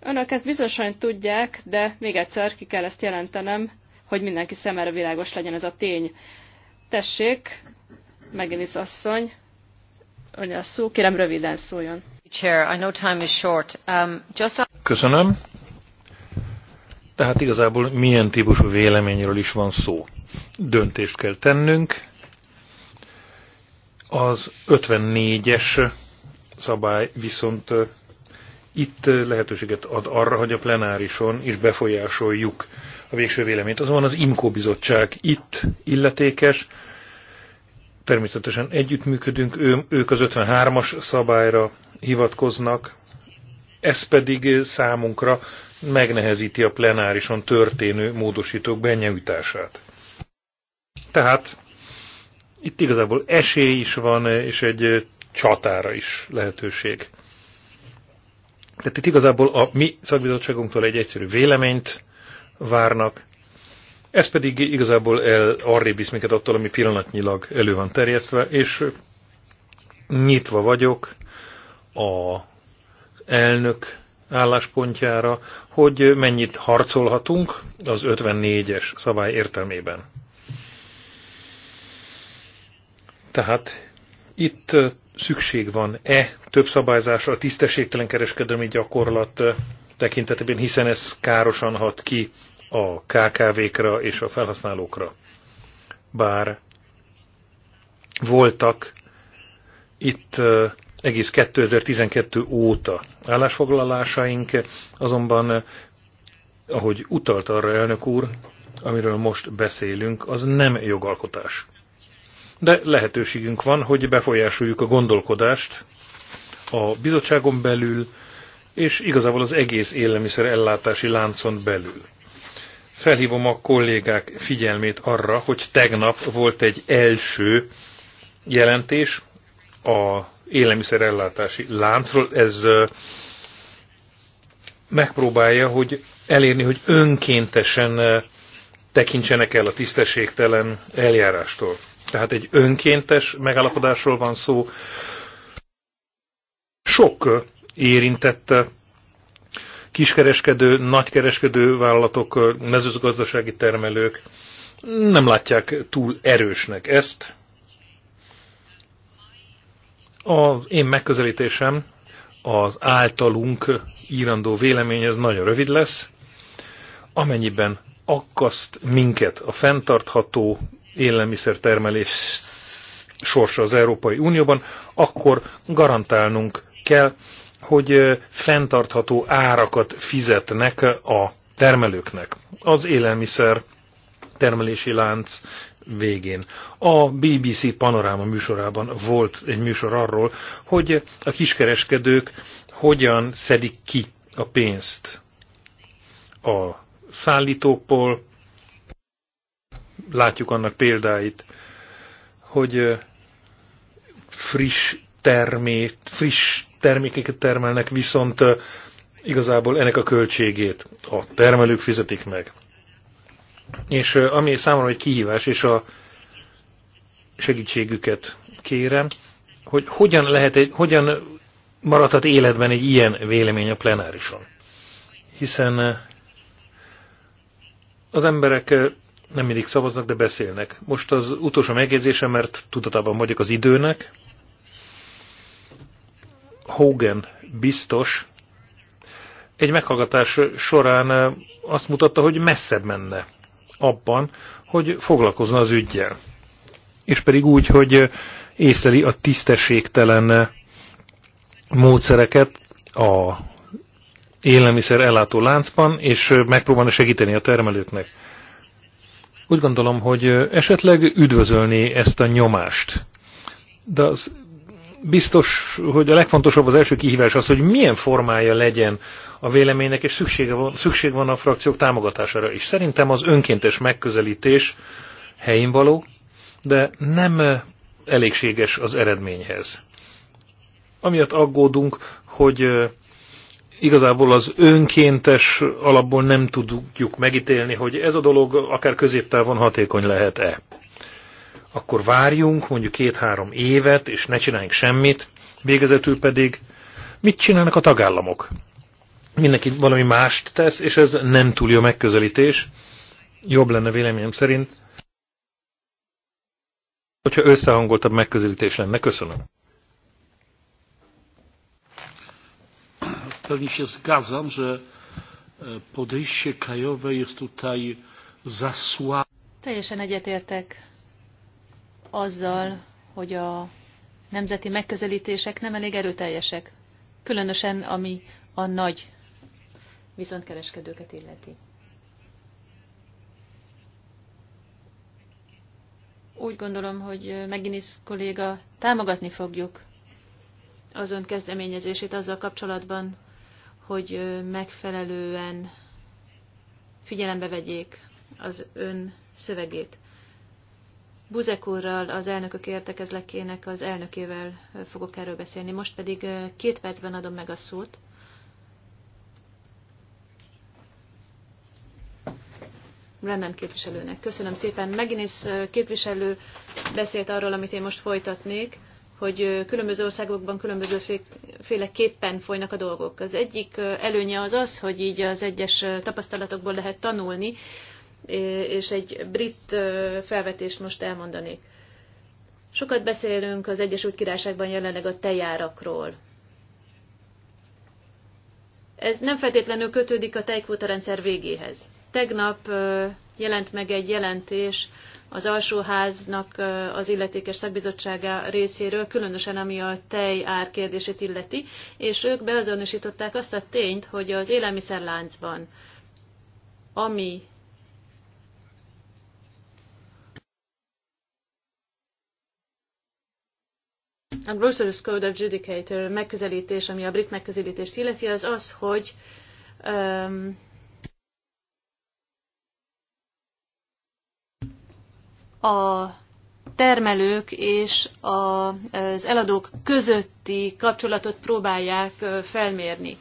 Önök ezt bizonyosan tudják, de még egyszer ki kell ezt jelentenem, hogy mindenki szemére világos legyen ez a tény. Tessék, is asszony, szó, kérem röviden szóljon. Um, Köszönöm. Tehát igazából milyen típusú véleményről is van szó. Döntést kell tennünk. Az 54-es szabály viszont itt lehetőséget ad arra, hogy a plenárison is befolyásoljuk a végső véleményt. Azonban az IMCO bizottság itt illetékes, Természetesen együttműködünk, ő, ők az 53-as szabályra hivatkoznak, ez pedig számunkra megnehezíti a plenárison történő módosítók benyújtását. Tehát itt igazából esély is van, és egy csatára is lehetőség. Tehát itt igazából a mi szakbizottságunktól egy egyszerű véleményt várnak, ez pedig igazából el, arrébb visz minket attól, ami pillanatnyilag elő van terjesztve, és nyitva vagyok a elnök álláspontjára, hogy mennyit harcolhatunk az 54-es szabály értelmében. Tehát itt szükség van-e több szabályzásra a tisztességtelen kereskedelmi gyakorlat tekintetében, hiszen ez károsan hat ki a KKV-kra és a felhasználókra. Bár voltak itt egész 2012 óta állásfoglalásaink, azonban, ahogy utalt arra elnök úr, amiről most beszélünk, az nem jogalkotás. De lehetőségünk van, hogy befolyásoljuk a gondolkodást a bizottságon belül, és igazából az egész élelmiszer ellátási láncon belül. Felhívom a kollégák figyelmét arra, hogy tegnap volt egy első jelentés a élelmiszerellátási láncról. Ez megpróbálja, hogy elérni, hogy önkéntesen tekintsenek el a tisztességtelen eljárástól. Tehát egy önkéntes megállapodásról van szó. Sok érintette kiskereskedő, nagykereskedő vállalatok, mezőgazdasági termelők nem látják túl erősnek ezt. Az én megközelítésem az általunk írandó vélemény ez nagyon rövid lesz. Amennyiben akaszt minket a fenntartható élelmiszertermelés sorsa az Európai Unióban, akkor garantálnunk kell, hogy fenntartható árakat fizetnek a termelőknek az élelmiszer termelési lánc végén. A BBC Panoráma műsorában volt egy műsor arról, hogy a kiskereskedők hogyan szedik ki a pénzt a szállítókból. Látjuk annak példáit, hogy friss termét, friss termékeket termelnek, viszont igazából ennek a költségét a termelők fizetik meg. És ami számomra egy kihívás, és a segítségüket kérem, hogy hogyan, lehet egy, hogyan maradhat életben egy ilyen vélemény a plenárison. Hiszen az emberek nem mindig szavaznak, de beszélnek. Most az utolsó megjegyzésem, mert tudatában vagyok az időnek, Hogan biztos egy meghallgatás során azt mutatta, hogy messzebb menne abban, hogy foglalkozna az ügyjel. És pedig úgy, hogy észleli a tisztességtelen módszereket a élelmiszer ellátó láncban, és megpróbálna segíteni a termelőknek. Úgy gondolom, hogy esetleg üdvözölni ezt a nyomást. De az biztos, hogy a legfontosabb az első kihívás az, hogy milyen formája legyen a véleménynek, és szüksége van, szükség van a frakciók támogatására is. Szerintem az önkéntes megközelítés helyén való, de nem elégséges az eredményhez. Amiatt aggódunk, hogy igazából az önkéntes alapból nem tudjuk megítélni, hogy ez a dolog akár középtávon hatékony lehet-e akkor várjunk mondjuk két-három évet, és ne csináljunk semmit, végezetül pedig mit csinálnak a tagállamok? Mindenki valami mást tesz, és ez nem túl jó megközelítés. Jobb lenne véleményem szerint, hogyha összehangoltabb megközelítés lenne. Köszönöm. Pewnie się zgadzam, że e, podejście krajowe jest tutaj zasłane. Teljesen egyetértek azzal, hogy a nemzeti megközelítések nem elég erőteljesek, különösen ami a nagy viszontkereskedőket illeti. Úgy gondolom, hogy Meginis kolléga támogatni fogjuk az ön kezdeményezését azzal kapcsolatban, hogy megfelelően figyelembe vegyék az ön szövegét. Buzek úrral, az elnökök értekezlekének az elnökével fogok erről beszélni. Most pedig két percben adom meg a szót. Brennan képviselőnek. Köszönöm szépen. Meginis képviselő beszélt arról, amit én most folytatnék, hogy különböző országokban féleképpen folynak a dolgok. Az egyik előnye az az, hogy így az egyes tapasztalatokból lehet tanulni, és egy brit felvetést most elmondanék. Sokat beszélünk az Egyesült Királyságban jelenleg a tejárakról. Ez nem feltétlenül kötődik a tejkvóta rendszer végéhez. Tegnap jelent meg egy jelentés az alsóháznak az illetékes szakbizottsága részéről, különösen ami a tej ár kérdését illeti, és ők beazonosították azt a tényt, hogy az élelmiszerláncban, ami A Brussels Code judicator megközelítés, ami a brit megközelítést illeti, az az, hogy um, a termelők és az eladók közötti kapcsolatot próbálják felmérni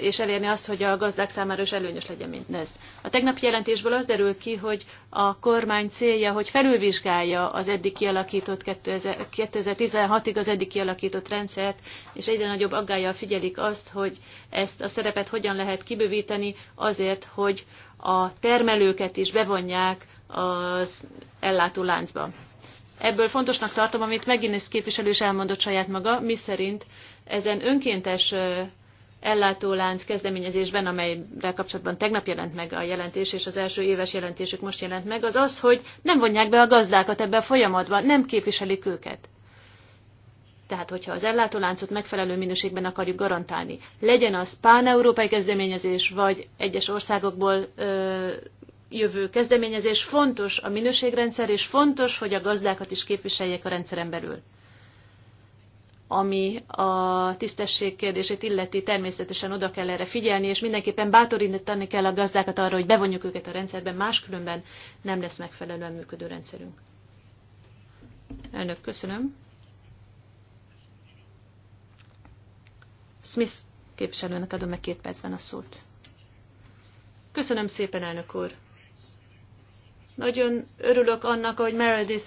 és elérni azt, hogy a gazdák számára is előnyös legyen mindez. A tegnapi jelentésből az derül ki, hogy a kormány célja, hogy felülvizsgálja az eddig kialakított 2016-ig az eddig kialakított rendszert, és egyre nagyobb aggájjal figyelik azt, hogy ezt a szerepet hogyan lehet kibővíteni azért, hogy a termelőket is bevonják az láncba. Ebből fontosnak tartom, amit megint képviselő is elmondott saját maga, miszerint ezen önkéntes ellátólánc kezdeményezésben, amelyre kapcsolatban tegnap jelent meg a jelentés, és az első éves jelentésük most jelent meg, az az, hogy nem vonják be a gazdákat ebbe a folyamatba, nem képviselik őket. Tehát, hogyha az ellátóláncot megfelelő minőségben akarjuk garantálni, legyen az pán-európai kezdeményezés, vagy egyes országokból ö, jövő kezdeményezés, fontos a minőségrendszer, és fontos, hogy a gazdákat is képviseljék a rendszeren belül ami a tisztesség kérdését illeti, természetesen oda kell erre figyelni, és mindenképpen bátorítani kell a gazdákat arra, hogy bevonjuk őket a rendszerben, máskülönben nem lesz megfelelően működő rendszerünk. Elnök, köszönöm. Smith képviselőnek adom meg két percben a szót. Köszönöm szépen, elnök úr. Nagyon örülök annak, hogy Meredith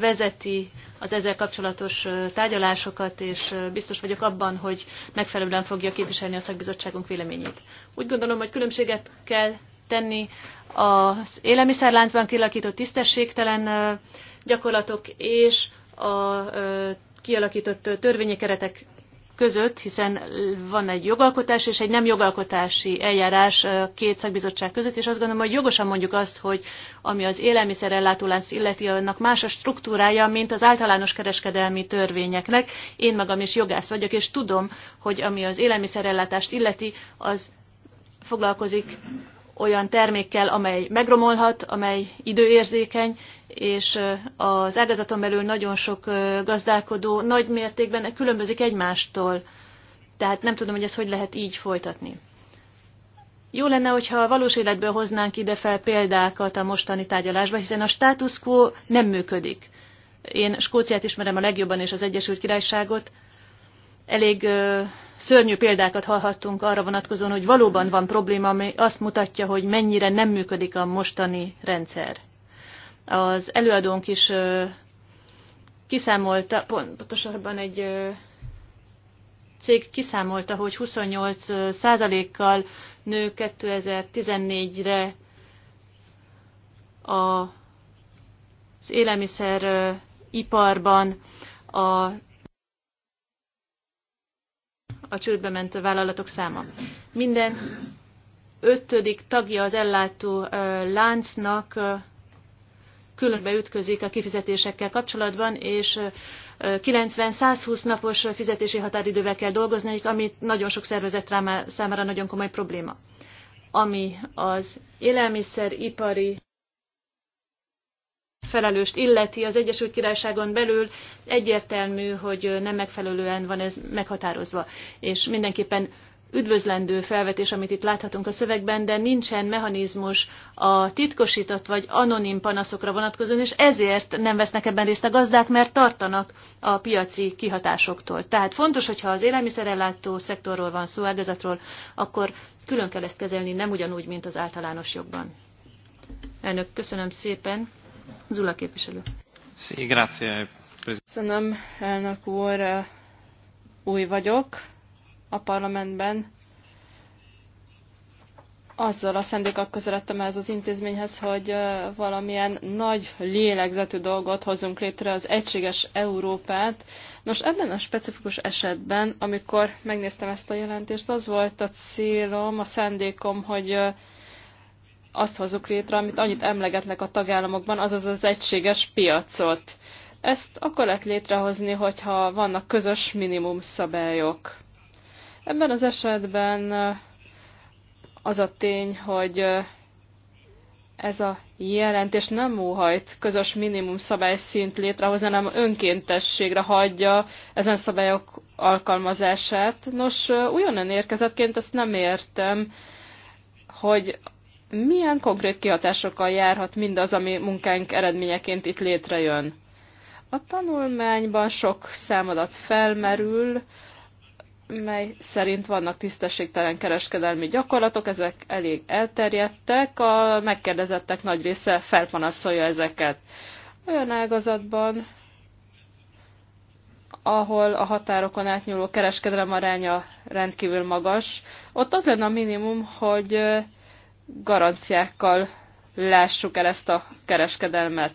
vezeti az ezzel kapcsolatos tárgyalásokat, és biztos vagyok abban, hogy megfelelően fogja képviselni a szakbizottságunk véleményét. Úgy gondolom, hogy különbséget kell tenni az élelmiszerláncban kialakított tisztességtelen gyakorlatok és a kialakított törvényi keretek között, hiszen van egy jogalkotás és egy nem jogalkotási eljárás két szakbizottság között, és azt gondolom, hogy jogosan mondjuk azt, hogy ami az élelmiszerellátólánc illeti, annak más a struktúrája, mint az általános kereskedelmi törvényeknek. Én magam is jogász vagyok, és tudom, hogy ami az élelmiszerellátást illeti, az foglalkozik olyan termékkel, amely megromolhat, amely időérzékeny, és az ágazaton belül nagyon sok gazdálkodó nagy mértékben különbözik egymástól. Tehát nem tudom, hogy ez hogy lehet így folytatni. Jó lenne, hogyha a valós életből hoznánk ide fel példákat a mostani tárgyalásba, hiszen a status quo nem működik. Én Skóciát ismerem a legjobban, és az Egyesült Királyságot. Elég Szörnyű példákat hallhattunk arra vonatkozóan, hogy valóban van probléma, ami azt mutatja, hogy mennyire nem működik a mostani rendszer. Az előadónk is kiszámolta, pontosabban egy cég kiszámolta, hogy 28 százalékkal nő 2014-re az élelmiszer iparban a a csődbe ment vállalatok száma. Minden ötödik tagja az ellátó láncnak különbe ütközik a kifizetésekkel kapcsolatban, és 90-120 napos fizetési határidővel kell dolgozni, ami nagyon sok szervezet számára nagyon komoly probléma. Ami az élelmiszeripari felelőst illeti az Egyesült Királyságon belül, egyértelmű, hogy nem megfelelően van ez meghatározva. És mindenképpen üdvözlendő felvetés, amit itt láthatunk a szövegben, de nincsen mechanizmus a titkosított vagy anonim panaszokra vonatkozóan, és ezért nem vesznek ebben részt a gazdák, mert tartanak a piaci kihatásoktól. Tehát fontos, hogyha az élelmiszerellátó szektorról van szó, ágazatról, akkor külön kell ezt kezelni, nem ugyanúgy, mint az általános jogban. Elnök, köszönöm szépen. Zula képviselő. Köszönöm, elnök úr. Új vagyok a parlamentben. Azzal a szendékkal közeledtem ez az intézményhez, hogy valamilyen nagy lélegzetű dolgot hozunk létre, az egységes Európát. Nos, ebben a specifikus esetben, amikor megnéztem ezt a jelentést, az volt a célom, a szendékom, hogy azt hozzuk létre, amit annyit emlegetnek a tagállamokban, azaz az egységes piacot. Ezt akkor lehet létrehozni, hogyha vannak közös minimum szabályok. Ebben az esetben eh, az a tény, hogy eh, ez a jelentés nem óhajt közös minimum szabályszint létrehozni, hanem önkéntességre hagyja ezen szabályok alkalmazását. Nos, eh, újonnan érkezetként ezt nem értem, hogy milyen konkrét kihatásokkal járhat mindaz, ami munkánk eredményeként itt létrejön. A tanulmányban sok számadat felmerül, mely szerint vannak tisztességtelen kereskedelmi gyakorlatok, ezek elég elterjedtek, a megkérdezettek nagy része felpanaszolja ezeket. Olyan ágazatban, ahol a határokon átnyúló kereskedelem aránya rendkívül magas, ott az lenne a minimum, hogy garanciákkal lássuk el ezt a kereskedelmet.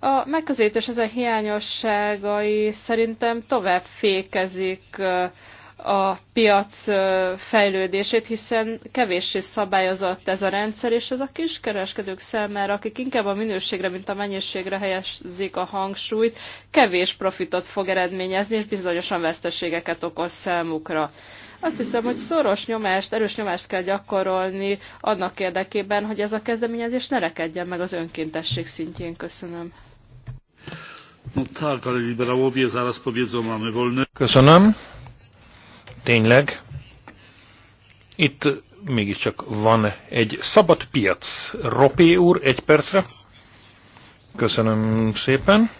A megközelítés ezen hiányosságai szerintem tovább fékezik a piac fejlődését, hiszen kevéssé szabályozott ez a rendszer, és ez a kiskereskedők számára, akik inkább a minőségre, mint a mennyiségre helyezik a hangsúlyt, kevés profitot fog eredményezni, és bizonyosan veszteségeket okoz számukra. Azt hiszem, hogy szoros nyomást, erős nyomást kell gyakorolni annak érdekében, hogy ez a kezdeményezés ne rekedjen meg az önkéntesség szintjén. Köszönöm. Köszönöm. Tényleg. Itt mégiscsak van egy szabad piac. Ropé úr, egy percre. Köszönöm szépen.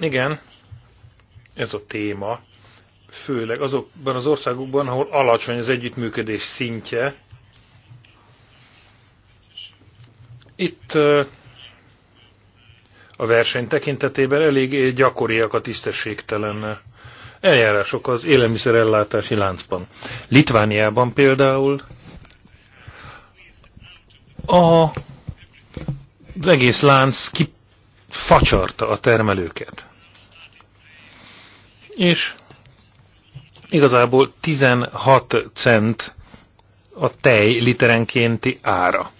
Igen, ez a téma főleg azokban az országokban, ahol alacsony az együttműködés szintje. Itt a verseny tekintetében elég gyakoriak a tisztességtelen eljárások az élelmiszerellátási láncban. Litvániában például a, az egész lánc kifacsarta a termelőket. És Igazából 16 cent a tej literenkénti ára.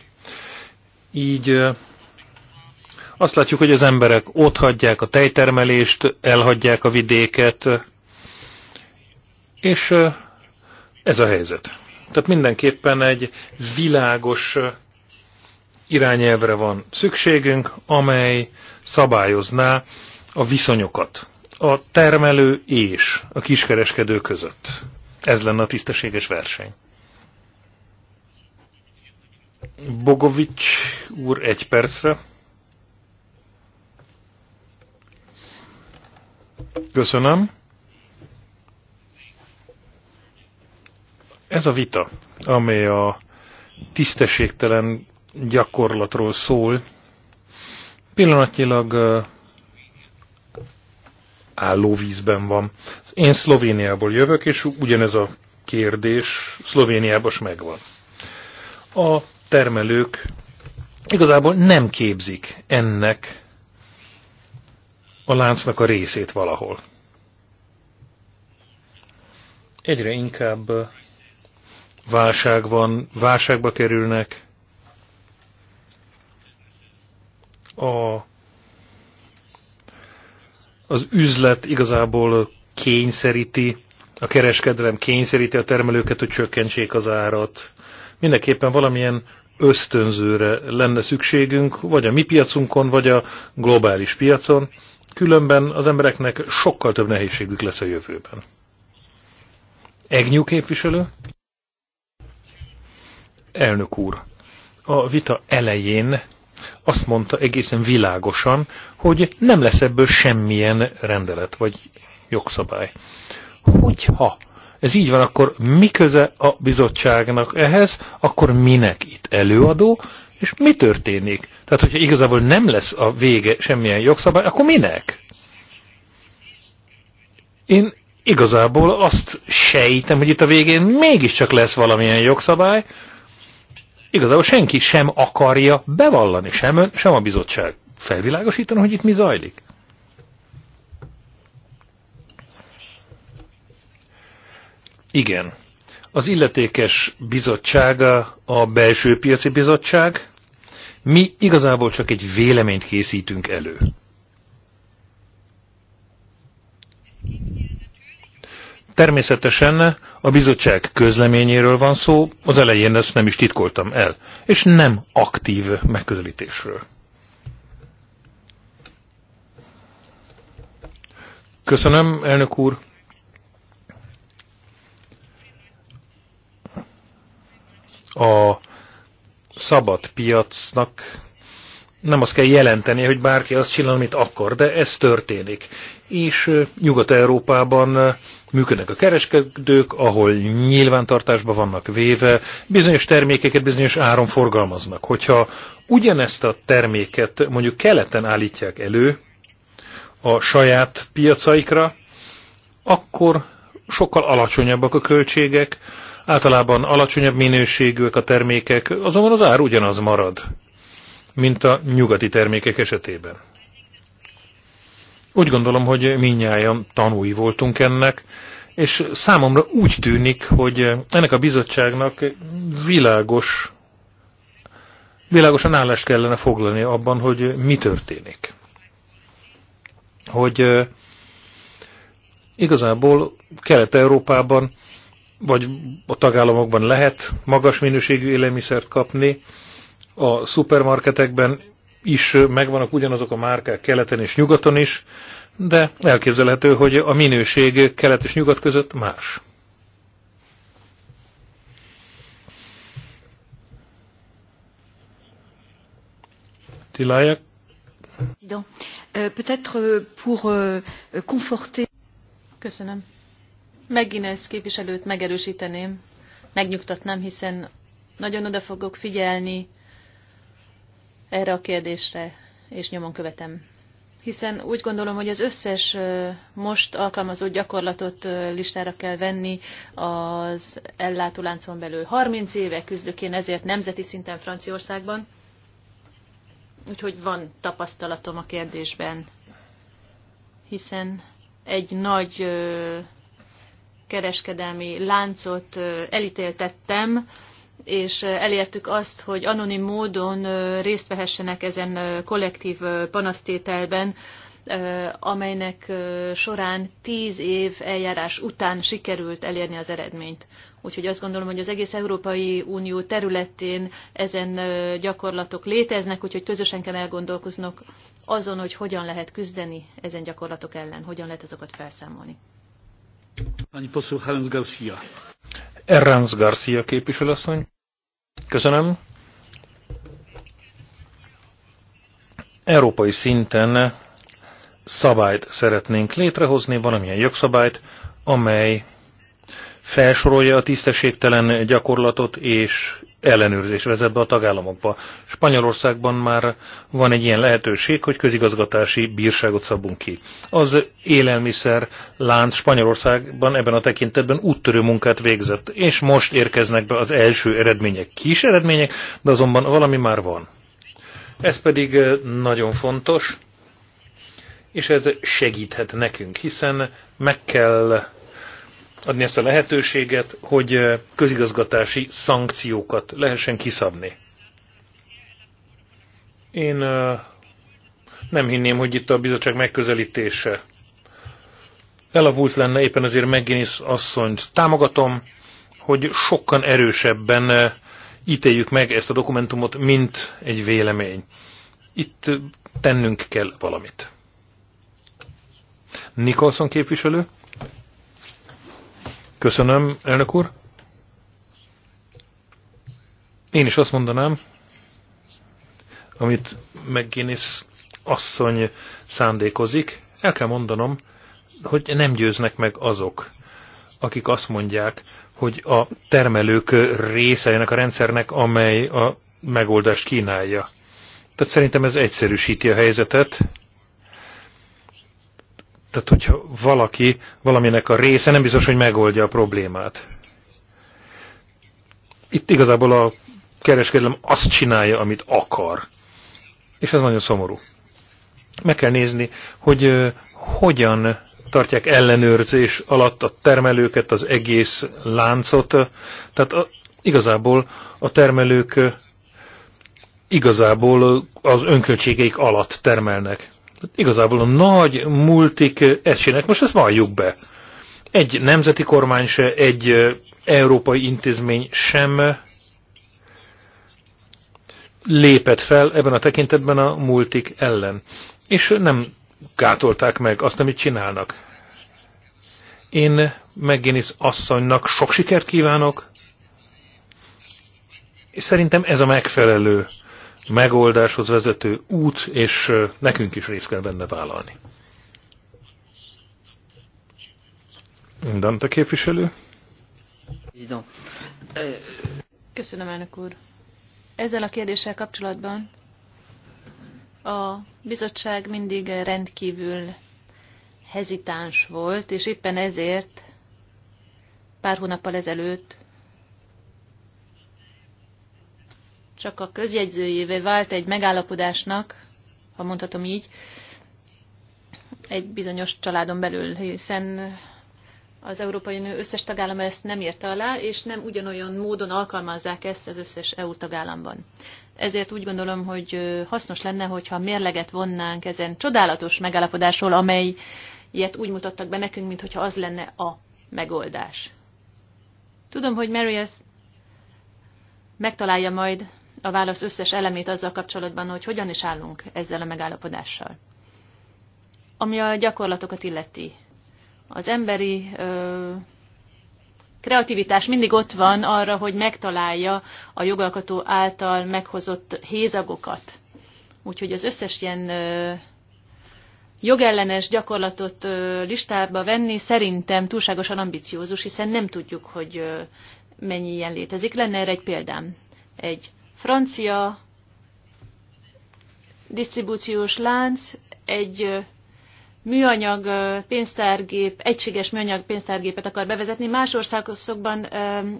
Így azt látjuk, hogy az emberek ott hagyják a tejtermelést, elhagyják a vidéket, és ez a helyzet. Tehát mindenképpen egy világos irányelvre van szükségünk, amely szabályozná a viszonyokat a termelő és a kiskereskedő között. Ez lenne a tisztességes verseny. Bogovics úr egy percre. Köszönöm. Ez a vita, amely a tisztességtelen gyakorlatról szól, pillanatnyilag állóvízben van. Én Szlovéniából jövök, és ugyanez a kérdés Szlovéniában is megvan. A termelők igazából nem képzik ennek a láncnak a részét valahol. Egyre inkább válság van, válságba kerülnek, a az üzlet igazából kényszeríti, a kereskedelem kényszeríti a termelőket, hogy csökkentsék az árat. Mindenképpen valamilyen ösztönzőre lenne szükségünk, vagy a mi piacunkon, vagy a globális piacon, különben az embereknek sokkal több nehézségük lesz a jövőben. Egnyú képviselő? Elnök úr, a vita elején azt mondta egészen világosan, hogy nem lesz ebből semmilyen rendelet vagy jogszabály. Hogyha ez így van, akkor miköze a bizottságnak ehhez, akkor minek itt előadó, és mi történik? Tehát, hogyha igazából nem lesz a vége semmilyen jogszabály, akkor minek? Én igazából azt sejtem, hogy itt a végén mégiscsak lesz valamilyen jogszabály, igazából senki sem akarja bevallani, sem ön, sem a bizottság felvilágosítani, hogy itt mi zajlik. Igen. Az illetékes bizottsága a belső piaci bizottság. Mi igazából csak egy véleményt készítünk elő. Természetesen a bizottság közleményéről van szó, az elején ezt nem is titkoltam el, és nem aktív megközelítésről. Köszönöm, elnök úr. A szabad piacnak nem azt kell jelenteni, hogy bárki azt csinál, amit akar, de ez történik. És Nyugat-Európában működnek a kereskedők, ahol nyilvántartásba vannak véve, bizonyos termékeket bizonyos áron forgalmaznak. Hogyha ugyanezt a terméket mondjuk keleten állítják elő a saját piacaikra, akkor sokkal alacsonyabbak a költségek, általában alacsonyabb minőségűek a termékek, azonban az ár ugyanaz marad mint a nyugati termékek esetében. Úgy gondolom, hogy minnyáján tanúi voltunk ennek, és számomra úgy tűnik, hogy ennek a bizottságnak világos, világosan állást kellene foglalni abban, hogy mi történik. Hogy igazából Kelet-Európában, vagy a tagállamokban lehet magas minőségű élelmiszert kapni, a szupermarketekben is megvannak ugyanazok a márkák keleten és nyugaton is, de elképzelhető, hogy a minőség kelet és nyugat között más. Tilájak. Euh, euh, euh, Köszönöm. Megint ezt képviselőt megerősíteném, megnyugtatnám, hiszen nagyon oda fogok figyelni erre a kérdésre, és nyomon követem. Hiszen úgy gondolom, hogy az összes most alkalmazott gyakorlatot listára kell venni az ellátuláncon belül. 30 éve küzdök én ezért nemzeti szinten Franciaországban, úgyhogy van tapasztalatom a kérdésben, hiszen egy nagy kereskedelmi láncot elítéltettem, és elértük azt, hogy anonim módon részt vehessenek ezen kollektív panasztételben, amelynek során tíz év eljárás után sikerült elérni az eredményt. Úgyhogy azt gondolom, hogy az egész Európai Unió területén ezen gyakorlatok léteznek, úgyhogy közösen kell elgondolkoznunk azon, hogy hogyan lehet küzdeni ezen gyakorlatok ellen, hogyan lehet azokat felszámolni. Pani poseł Hans Garcia. Garcia képviselőasszony. Köszönöm. Európai szinten szabályt szeretnénk létrehozni, valamilyen jogszabályt, amely felsorolja a tisztességtelen gyakorlatot és ellenőrzés vezet be a tagállamokba. Spanyolországban már van egy ilyen lehetőség, hogy közigazgatási bírságot szabunk ki. Az élelmiszer lánc Spanyolországban ebben a tekintetben úttörő munkát végzett, és most érkeznek be az első eredmények. Kis eredmények, de azonban valami már van. Ez pedig eh, nagyon fontos, és ez segíthet nekünk, hiszen meg kell adni ezt a lehetőséget, hogy közigazgatási szankciókat lehessen kiszabni. Én nem hinném, hogy itt a bizottság megközelítése elavult lenne, éppen azért McGinnis asszonyt támogatom, hogy sokkal erősebben ítéljük meg ezt a dokumentumot, mint egy vélemény. Itt tennünk kell valamit. Nikolson képviselő? Köszönöm, elnök úr. Én is azt mondanám, amit McGuinness asszony szándékozik, el kell mondanom, hogy nem győznek meg azok, akik azt mondják, hogy a termelők részeinek a rendszernek, amely a megoldást kínálja. Tehát szerintem ez egyszerűsíti a helyzetet, tehát, hogyha valaki valaminek a része nem biztos, hogy megoldja a problémát. Itt igazából a kereskedelem azt csinálja, amit akar. És ez nagyon szomorú. Meg kell nézni, hogy uh, hogyan tartják ellenőrzés alatt a termelőket, az egész láncot. Tehát a, igazából a termelők uh, igazából az önköltségeik alatt termelnek. Igazából a nagy multik eh, ezt most ezt valljuk be. Egy nemzeti kormány se, egy eh, európai intézmény sem eh, lépett fel ebben a tekintetben a multik ellen. És nem gátolták meg azt, amit csinálnak. Én McGinnis asszonynak sok sikert kívánok, és szerintem ez a megfelelő megoldáshoz vezető út, és nekünk is részt kell benne vállalni. Dante képviselő. Köszönöm, elnök úr. Ezzel a kérdéssel kapcsolatban a bizottság mindig rendkívül hezitáns volt, és éppen ezért pár hónappal ezelőtt csak a közjegyzőjévé vált egy megállapodásnak, ha mondhatom így, egy bizonyos családon belül, hiszen az Európai Unió összes tagállama ezt nem írta alá, és nem ugyanolyan módon alkalmazzák ezt az összes EU tagállamban. Ezért úgy gondolom, hogy hasznos lenne, hogyha mérleget vonnánk ezen csodálatos megállapodásról, amely ilyet úgy mutattak be nekünk, mintha az lenne a megoldás. Tudom, hogy Mary ezt megtalálja majd a válasz összes elemét azzal kapcsolatban, hogy hogyan is állunk ezzel a megállapodással. Ami a gyakorlatokat illeti. Az emberi ö, kreativitás mindig ott van arra, hogy megtalálja a jogalkotó által meghozott hézagokat. Úgyhogy az összes ilyen ö, jogellenes gyakorlatot listába venni szerintem túlságosan ambiciózus, hiszen nem tudjuk, hogy mennyi ilyen létezik. Lenne erre egy példám. Egy francia disztribúciós lánc egy műanyag pénztárgép, egységes műanyag pénztárgépet akar bevezetni. Más országokban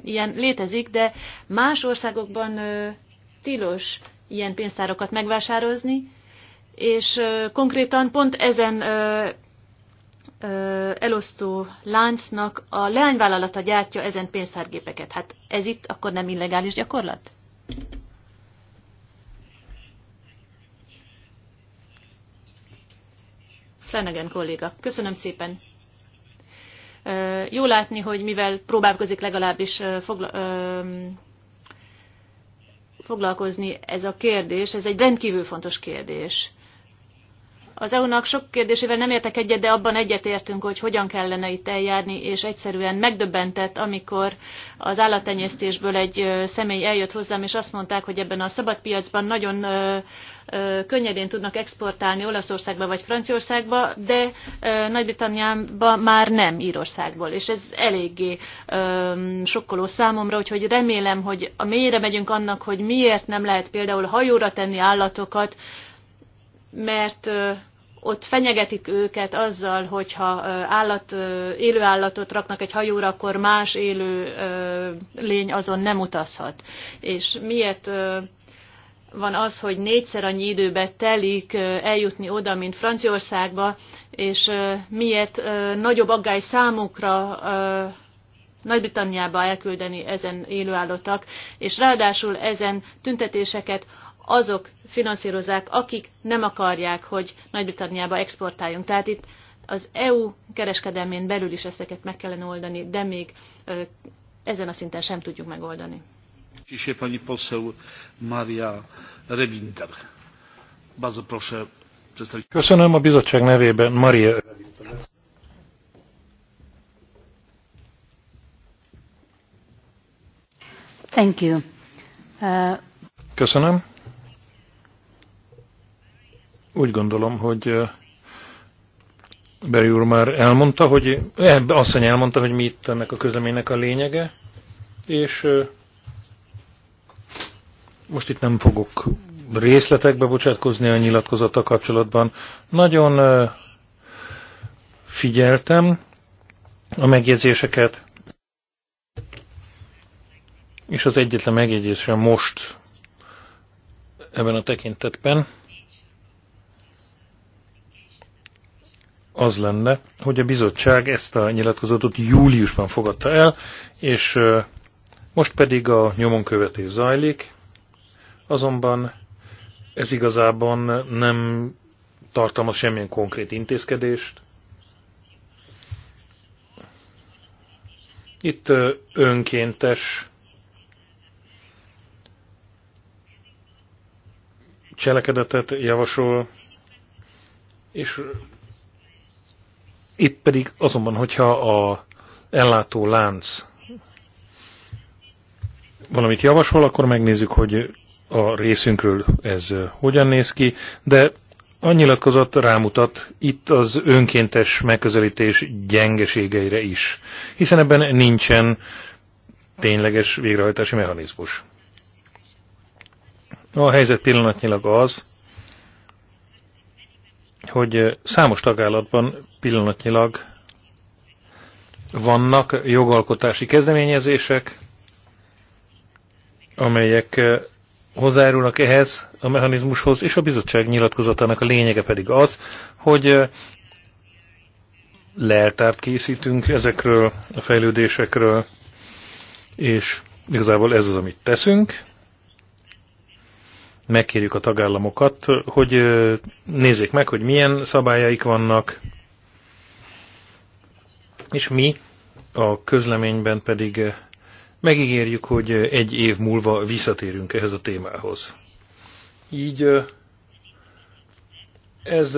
ilyen létezik, de más országokban tilos ilyen pénztárokat megvásározni, és konkrétan pont ezen elosztó láncnak a leányvállalata gyártja ezen pénztárgépeket. Hát ez itt akkor nem illegális gyakorlat? Flanagan kolléga. Köszönöm szépen. Jó látni, hogy mivel próbálkozik legalábbis fogla, foglalkozni ez a kérdés, ez egy rendkívül fontos kérdés. Az EU-nak sok kérdésével nem értek egyet, de abban egyetértünk, hogy hogyan kellene itt eljárni, és egyszerűen megdöbbentett, amikor az állattenyésztésből egy személy eljött hozzám, és azt mondták, hogy ebben a szabadpiacban nagyon könnyedén tudnak exportálni Olaszországba vagy Franciaországba, de Nagy-Britanniában már nem Írországból. És ez eléggé sokkoló számomra, úgyhogy remélem, hogy a mélyre megyünk annak, hogy miért nem lehet például hajóra tenni állatokat, mert ott fenyegetik őket azzal, hogyha állat, élő állatot raknak egy hajóra, akkor más élő lény azon nem utazhat. És miért van az, hogy négyszer annyi időbe telik eljutni oda, mint Franciaországba, és miért nagyobb aggály számukra Nagy-Britanniába elküldeni ezen élőállottak, és ráadásul ezen tüntetéseket azok finanszírozzák, akik nem akarják, hogy Nagy-Britanniába exportáljunk. Tehát itt az EU kereskedelmén belül is ezeket meg kellene oldani, de még ezen a szinten sem tudjuk megoldani. Dzisiaj pani poseł Maria Rebinder. Bardzo proszę przedstawić. Köszönöm a bizottság nevében Maria Thank you. Uh... Köszönöm. Úgy gondolom, hogy uh, Beri úr már elmondta, hogy eh, asszony elmondta, hogy mi itt ennek a közleménynek a lényege, és uh, most itt nem fogok részletekbe bocsátkozni a nyilatkozata kapcsolatban. Nagyon figyeltem a megjegyzéseket, és az egyetlen megjegyzésem most ebben a tekintetben az lenne, hogy a bizottság ezt a nyilatkozatot júliusban fogadta el, és most pedig a nyomonkövetés zajlik, azonban ez igazában nem tartalmaz semmilyen konkrét intézkedést. Itt önkéntes cselekedetet javasol, és itt pedig azonban, hogyha a ellátó lánc valamit javasol, akkor megnézzük, hogy a részünkről ez hogyan néz ki, de a nyilatkozat rámutat itt az önkéntes megközelítés gyengeségeire is, hiszen ebben nincsen tényleges végrehajtási mechanizmus. A helyzet pillanatnyilag az, hogy számos tagállatban pillanatnyilag vannak jogalkotási kezdeményezések, amelyek hozzájárulnak ehhez a mechanizmushoz, és a bizottság nyilatkozatának a lényege pedig az, hogy leltárt készítünk ezekről a fejlődésekről, és igazából ez az, amit teszünk. Megkérjük a tagállamokat, hogy nézzék meg, hogy milyen szabályaik vannak, és mi a közleményben pedig Megígérjük, hogy egy év múlva visszatérünk ehhez a témához. Így ez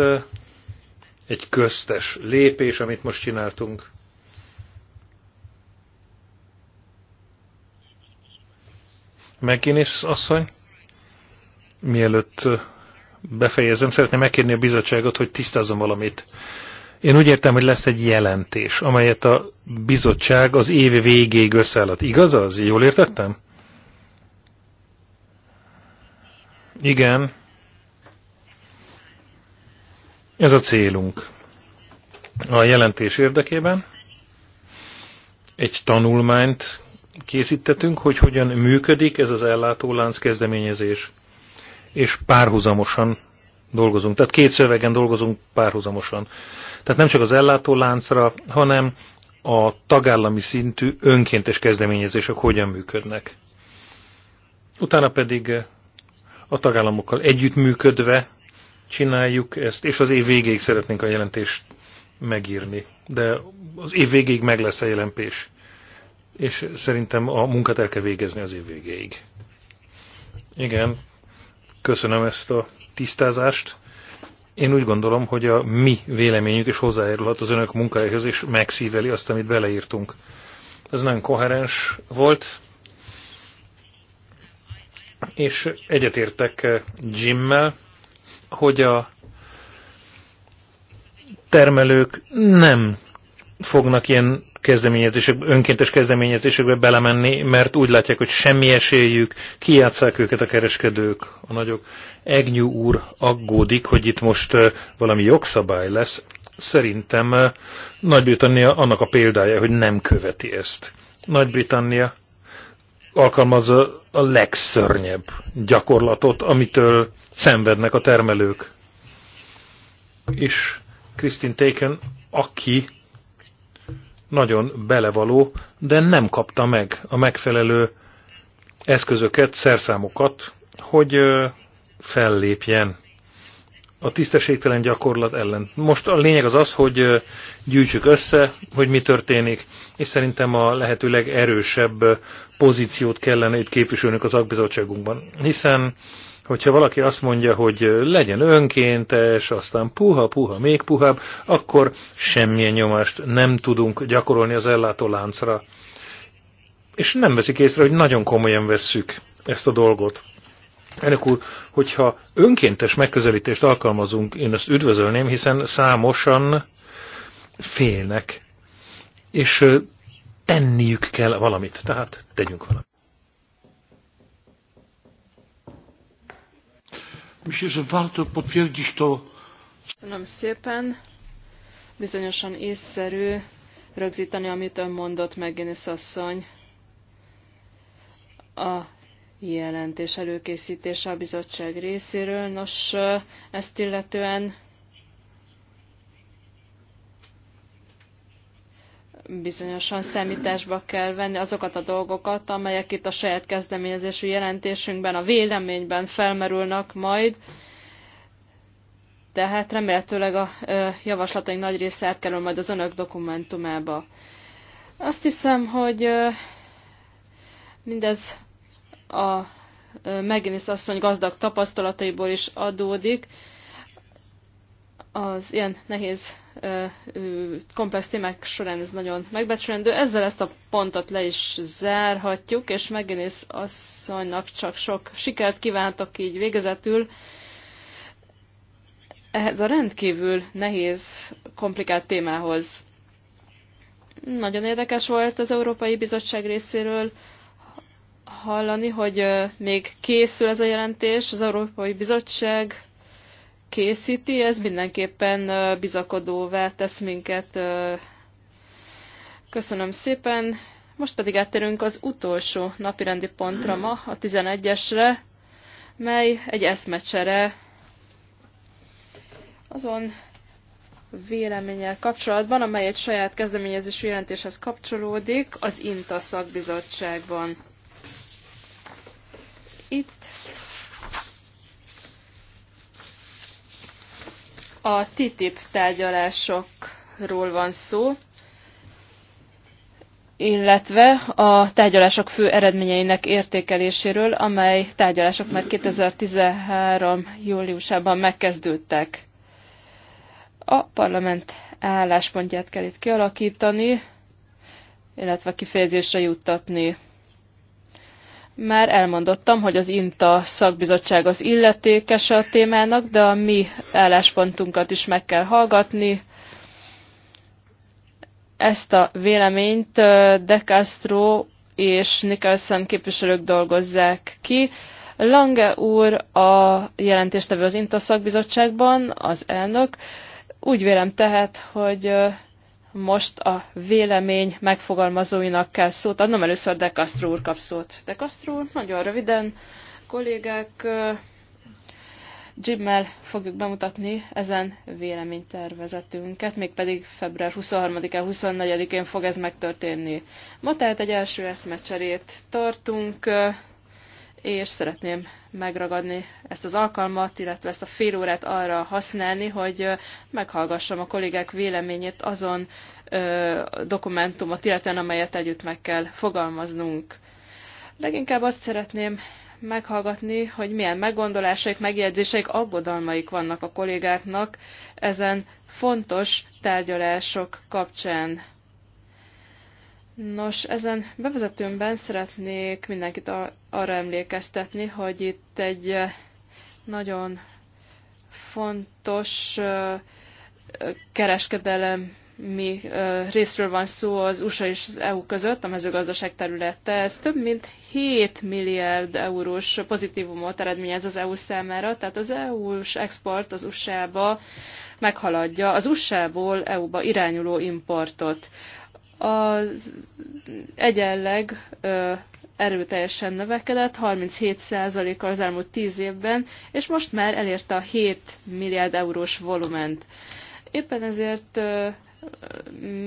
egy köztes lépés, amit most csináltunk. Megkinész asszony, mielőtt befejezem, szeretném megkérni a bizottságot, hogy tisztázzon valamit. Én úgy értem, hogy lesz egy jelentés, amelyet a bizottság az év végéig összeállat. Igaz az? Jól értettem? Igen. Ez a célunk. A jelentés érdekében egy tanulmányt készítettünk, hogy hogyan működik ez az ellátólánc kezdeményezés, és párhuzamosan dolgozunk. Tehát két szövegen dolgozunk párhuzamosan. Tehát nem csak az ellátóláncra, hanem a tagállami szintű önkéntes kezdeményezések hogyan működnek. Utána pedig eh, a tagállamokkal együttműködve csináljuk ezt, és az év végéig szeretnénk a jelentést megírni. De az év végéig meg lesz a jelentés. És szerintem a munkát el kell végezni az év végéig. Igen, köszönöm ezt a tisztázást. Én úgy gondolom, hogy a mi véleményük is hozzájárulhat az önök munkájához, és megszíveli azt, amit beleírtunk. Ez nagyon koherens volt, és egyetértek eh, Jimmel, hogy a termelők nem fognak ilyen kezdeményezések, önkéntes kezdeményezésekbe belemenni, mert úgy látják, hogy semmi esélyük, kiátszák őket a kereskedők, a nagyok. Egnyú úr aggódik, hogy itt most valami jogszabály lesz. Szerintem Nagy-Britannia annak a példája, hogy nem követi ezt. Nagy-Britannia alkalmazza a legszörnyebb gyakorlatot, amitől szenvednek a termelők. És Christine Taken, aki nagyon belevaló, de nem kapta meg a megfelelő eszközöket, szerszámokat, hogy fellépjen a tisztességtelen gyakorlat ellen. Most a lényeg az az, hogy gyűjtsük össze, hogy mi történik, és szerintem a lehető legerősebb pozíciót kellene itt képviselnünk az agbizottságunkban, hiszen hogyha valaki azt mondja, hogy legyen önkéntes, aztán puha, puha, még puhább, akkor semmilyen nyomást nem tudunk gyakorolni az ellátóláncra. És nem veszik észre, hogy nagyon komolyan vesszük ezt a dolgot. Ennek úr, hogyha önkéntes megközelítést alkalmazunk, én ezt üdvözölném, hiszen számosan félnek, és tenniük kell valamit, tehát tegyünk valamit. Köszönöm szépen. Bizonyosan észszerű rögzíteni, amit ön mondott, Megénisz asszony. A jelentés előkészítése a bizottság részéről. Nos, ezt illetően bizonyosan számításba kell venni azokat a dolgokat, amelyek itt a saját kezdeményezésű jelentésünkben, a véleményben felmerülnek majd, tehát remélhetőleg a javaslataink nagy része átkerül majd az önök dokumentumába. Azt hiszem, hogy mindez a Meginis asszony gazdag tapasztalataiból is adódik, az ilyen nehéz komplex témák során ez nagyon megbecsülendő. Ezzel ezt a pontot le is zárhatjuk, és Megénész asszonynak csak sok sikert kívántok így végezetül. Ehhez a rendkívül nehéz, komplikált témához. Nagyon érdekes volt az Európai Bizottság részéről hallani, hogy még készül ez a jelentés. Az Európai Bizottság készíti, ez mindenképpen bizakodóvá tesz minket. Köszönöm szépen. Most pedig átterünk az utolsó napirendi pontra ma, a 11-esre, mely egy eszmecsere azon véleménnyel kapcsolatban, amely egy saját kezdeményezésű jelentéshez kapcsolódik az INTA szakbizottságban. Itt A TTIP tárgyalásokról van szó, illetve a tárgyalások fő eredményeinek értékeléséről, amely tárgyalások már 2013. júliusában megkezdődtek. A parlament álláspontját kell itt kialakítani, illetve kifejezésre juttatni. Már elmondottam, hogy az INTA szakbizottság az illetékes a témának, de a mi álláspontunkat is meg kell hallgatni. Ezt a véleményt De Castro és Nicholson képviselők dolgozzák ki. Lange úr a jelentéstevő az INTA szakbizottságban, az elnök. Úgy vélem tehát, hogy most a vélemény megfogalmazóinak kell szót adnom. Először De Castro úr kap szót. De Castro úr, nagyon röviden, kollégák, Jimmel fogjuk bemutatni ezen véleménytervezetünket, mégpedig február 23-án, 24-én fog ez megtörténni. Ma tehát egy első eszmecserét tartunk, és szeretném megragadni ezt az alkalmat, illetve ezt a fél órát arra használni, hogy meghallgassam a kollégák véleményét azon dokumentumot, illetve amelyet együtt meg kell fogalmaznunk. Leginkább azt szeretném meghallgatni, hogy milyen meggondolásaik, megjegyzéseik, aggodalmaik vannak a kollégáknak ezen fontos tárgyalások kapcsán. Nos, ezen bevezetőmben szeretnék mindenkit a arra emlékeztetni, hogy itt egy eh, nagyon fontos eh, kereskedelem mi eh, részről van szó az USA és az EU között, a mezőgazdaság területe. Ez több mint 7 milliárd eurós pozitívumot eredményez az EU számára, tehát az EU-s export az USA-ba meghaladja az USA-ból EU-ba irányuló importot. Az egyenleg erőteljesen növekedett, 37%-kal az elmúlt 10 évben, és most már elérte a 7 milliárd eurós volument. Éppen ezért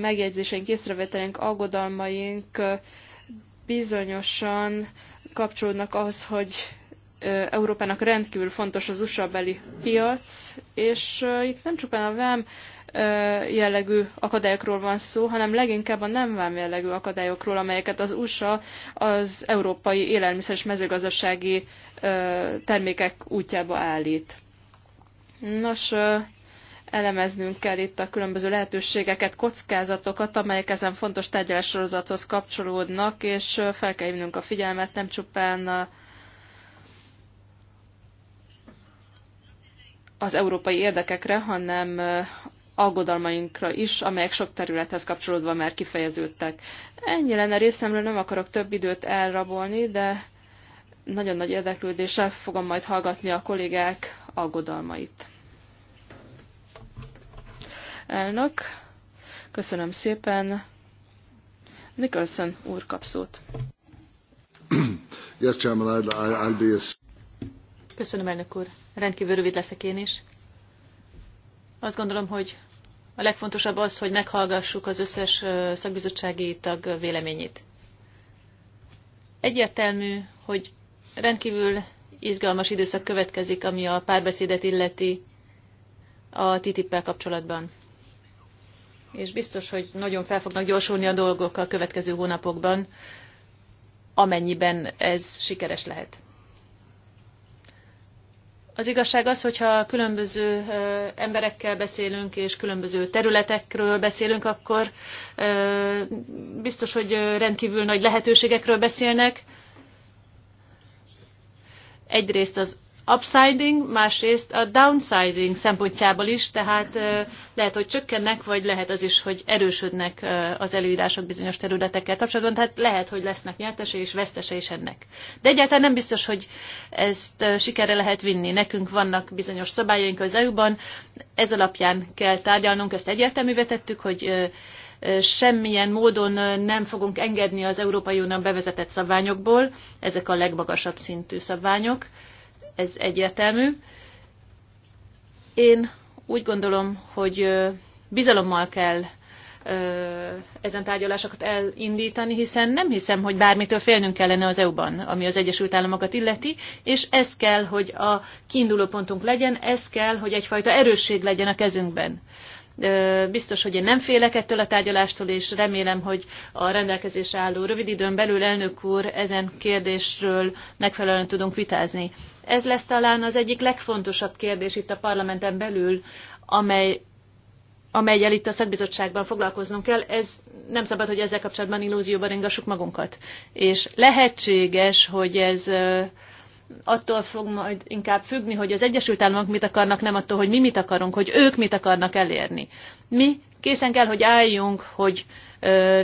megjegyzéseink, észrevételünk, aggodalmaink bizonyosan kapcsolódnak ahhoz, hogy Európának rendkívül fontos az USA beli piac, és itt nem csupán a VEM, jellegű akadályokról van szó, hanem leginkább a nem vám jellegű akadályokról, amelyeket az USA az európai élelmiszer és mezőgazdasági termékek útjába állít. Nos, elemeznünk kell itt a különböző lehetőségeket, kockázatokat, amelyek ezen fontos tárgyalássorozathoz kapcsolódnak, és fel kell hívnunk a figyelmet nem csupán a az európai érdekekre, hanem aggodalmainkra is, amelyek sok területhez kapcsolódva már kifejeződtek. Ennyi lenne részemről, nem akarok több időt elrabolni, de nagyon nagy érdeklődéssel fogom majd hallgatni a kollégák aggodalmait. Elnök, köszönöm szépen. Nicholson úr kap szót. Yes, Chairman, I'll, I'll be a... Köszönöm, elnök úr. Rendkívül rövid leszek én is. Azt gondolom, hogy a legfontosabb az, hogy meghallgassuk az összes szakbizottsági tag véleményét. Egyértelmű, hogy rendkívül izgalmas időszak következik, ami a párbeszédet illeti a ttip kapcsolatban. És biztos, hogy nagyon fel fognak gyorsulni a dolgok a következő hónapokban, amennyiben ez sikeres lehet. Az igazság az, hogyha különböző emberekkel beszélünk, és különböző területekről beszélünk, akkor biztos, hogy rendkívül nagy lehetőségekről beszélnek. Egyrészt az upsiding, másrészt a downsiding szempontjából is, tehát lehet, hogy csökkennek, vagy lehet az is, hogy erősödnek az előírások bizonyos területekkel kapcsolatban, tehát lehet, hogy lesznek nyertese és vesztese is ennek. De egyáltalán nem biztos, hogy ezt sikerre lehet vinni. Nekünk vannak bizonyos szabályaink az EU-ban, ez alapján kell tárgyalnunk, ezt egyértelművé tettük, hogy semmilyen módon nem fogunk engedni az Európai Unió bevezetett szabványokból, ezek a legmagasabb szintű szabványok, ez egyértelmű. Én úgy gondolom, hogy bizalommal kell ezen tárgyalásokat elindítani, hiszen nem hiszem, hogy bármitől félnünk kellene az EU-ban, ami az Egyesült Államokat illeti, és ez kell, hogy a kiinduló pontunk legyen, ez kell, hogy egyfajta erősség legyen a kezünkben. Biztos, hogy én nem félek ettől a tárgyalástól, és remélem, hogy a rendelkezésre álló rövid időn belül elnök úr ezen kérdésről megfelelően tudunk vitázni. Ez lesz talán az egyik legfontosabb kérdés itt a parlamenten belül, amely amelyel itt a szakbizottságban foglalkoznunk kell, ez nem szabad, hogy ezzel kapcsolatban illúzióban ringassuk magunkat. És lehetséges, hogy ez attól fog majd inkább függni, hogy az Egyesült Államok mit akarnak, nem attól, hogy mi mit akarunk, hogy ők mit akarnak elérni. Mi készen kell, hogy álljunk, hogy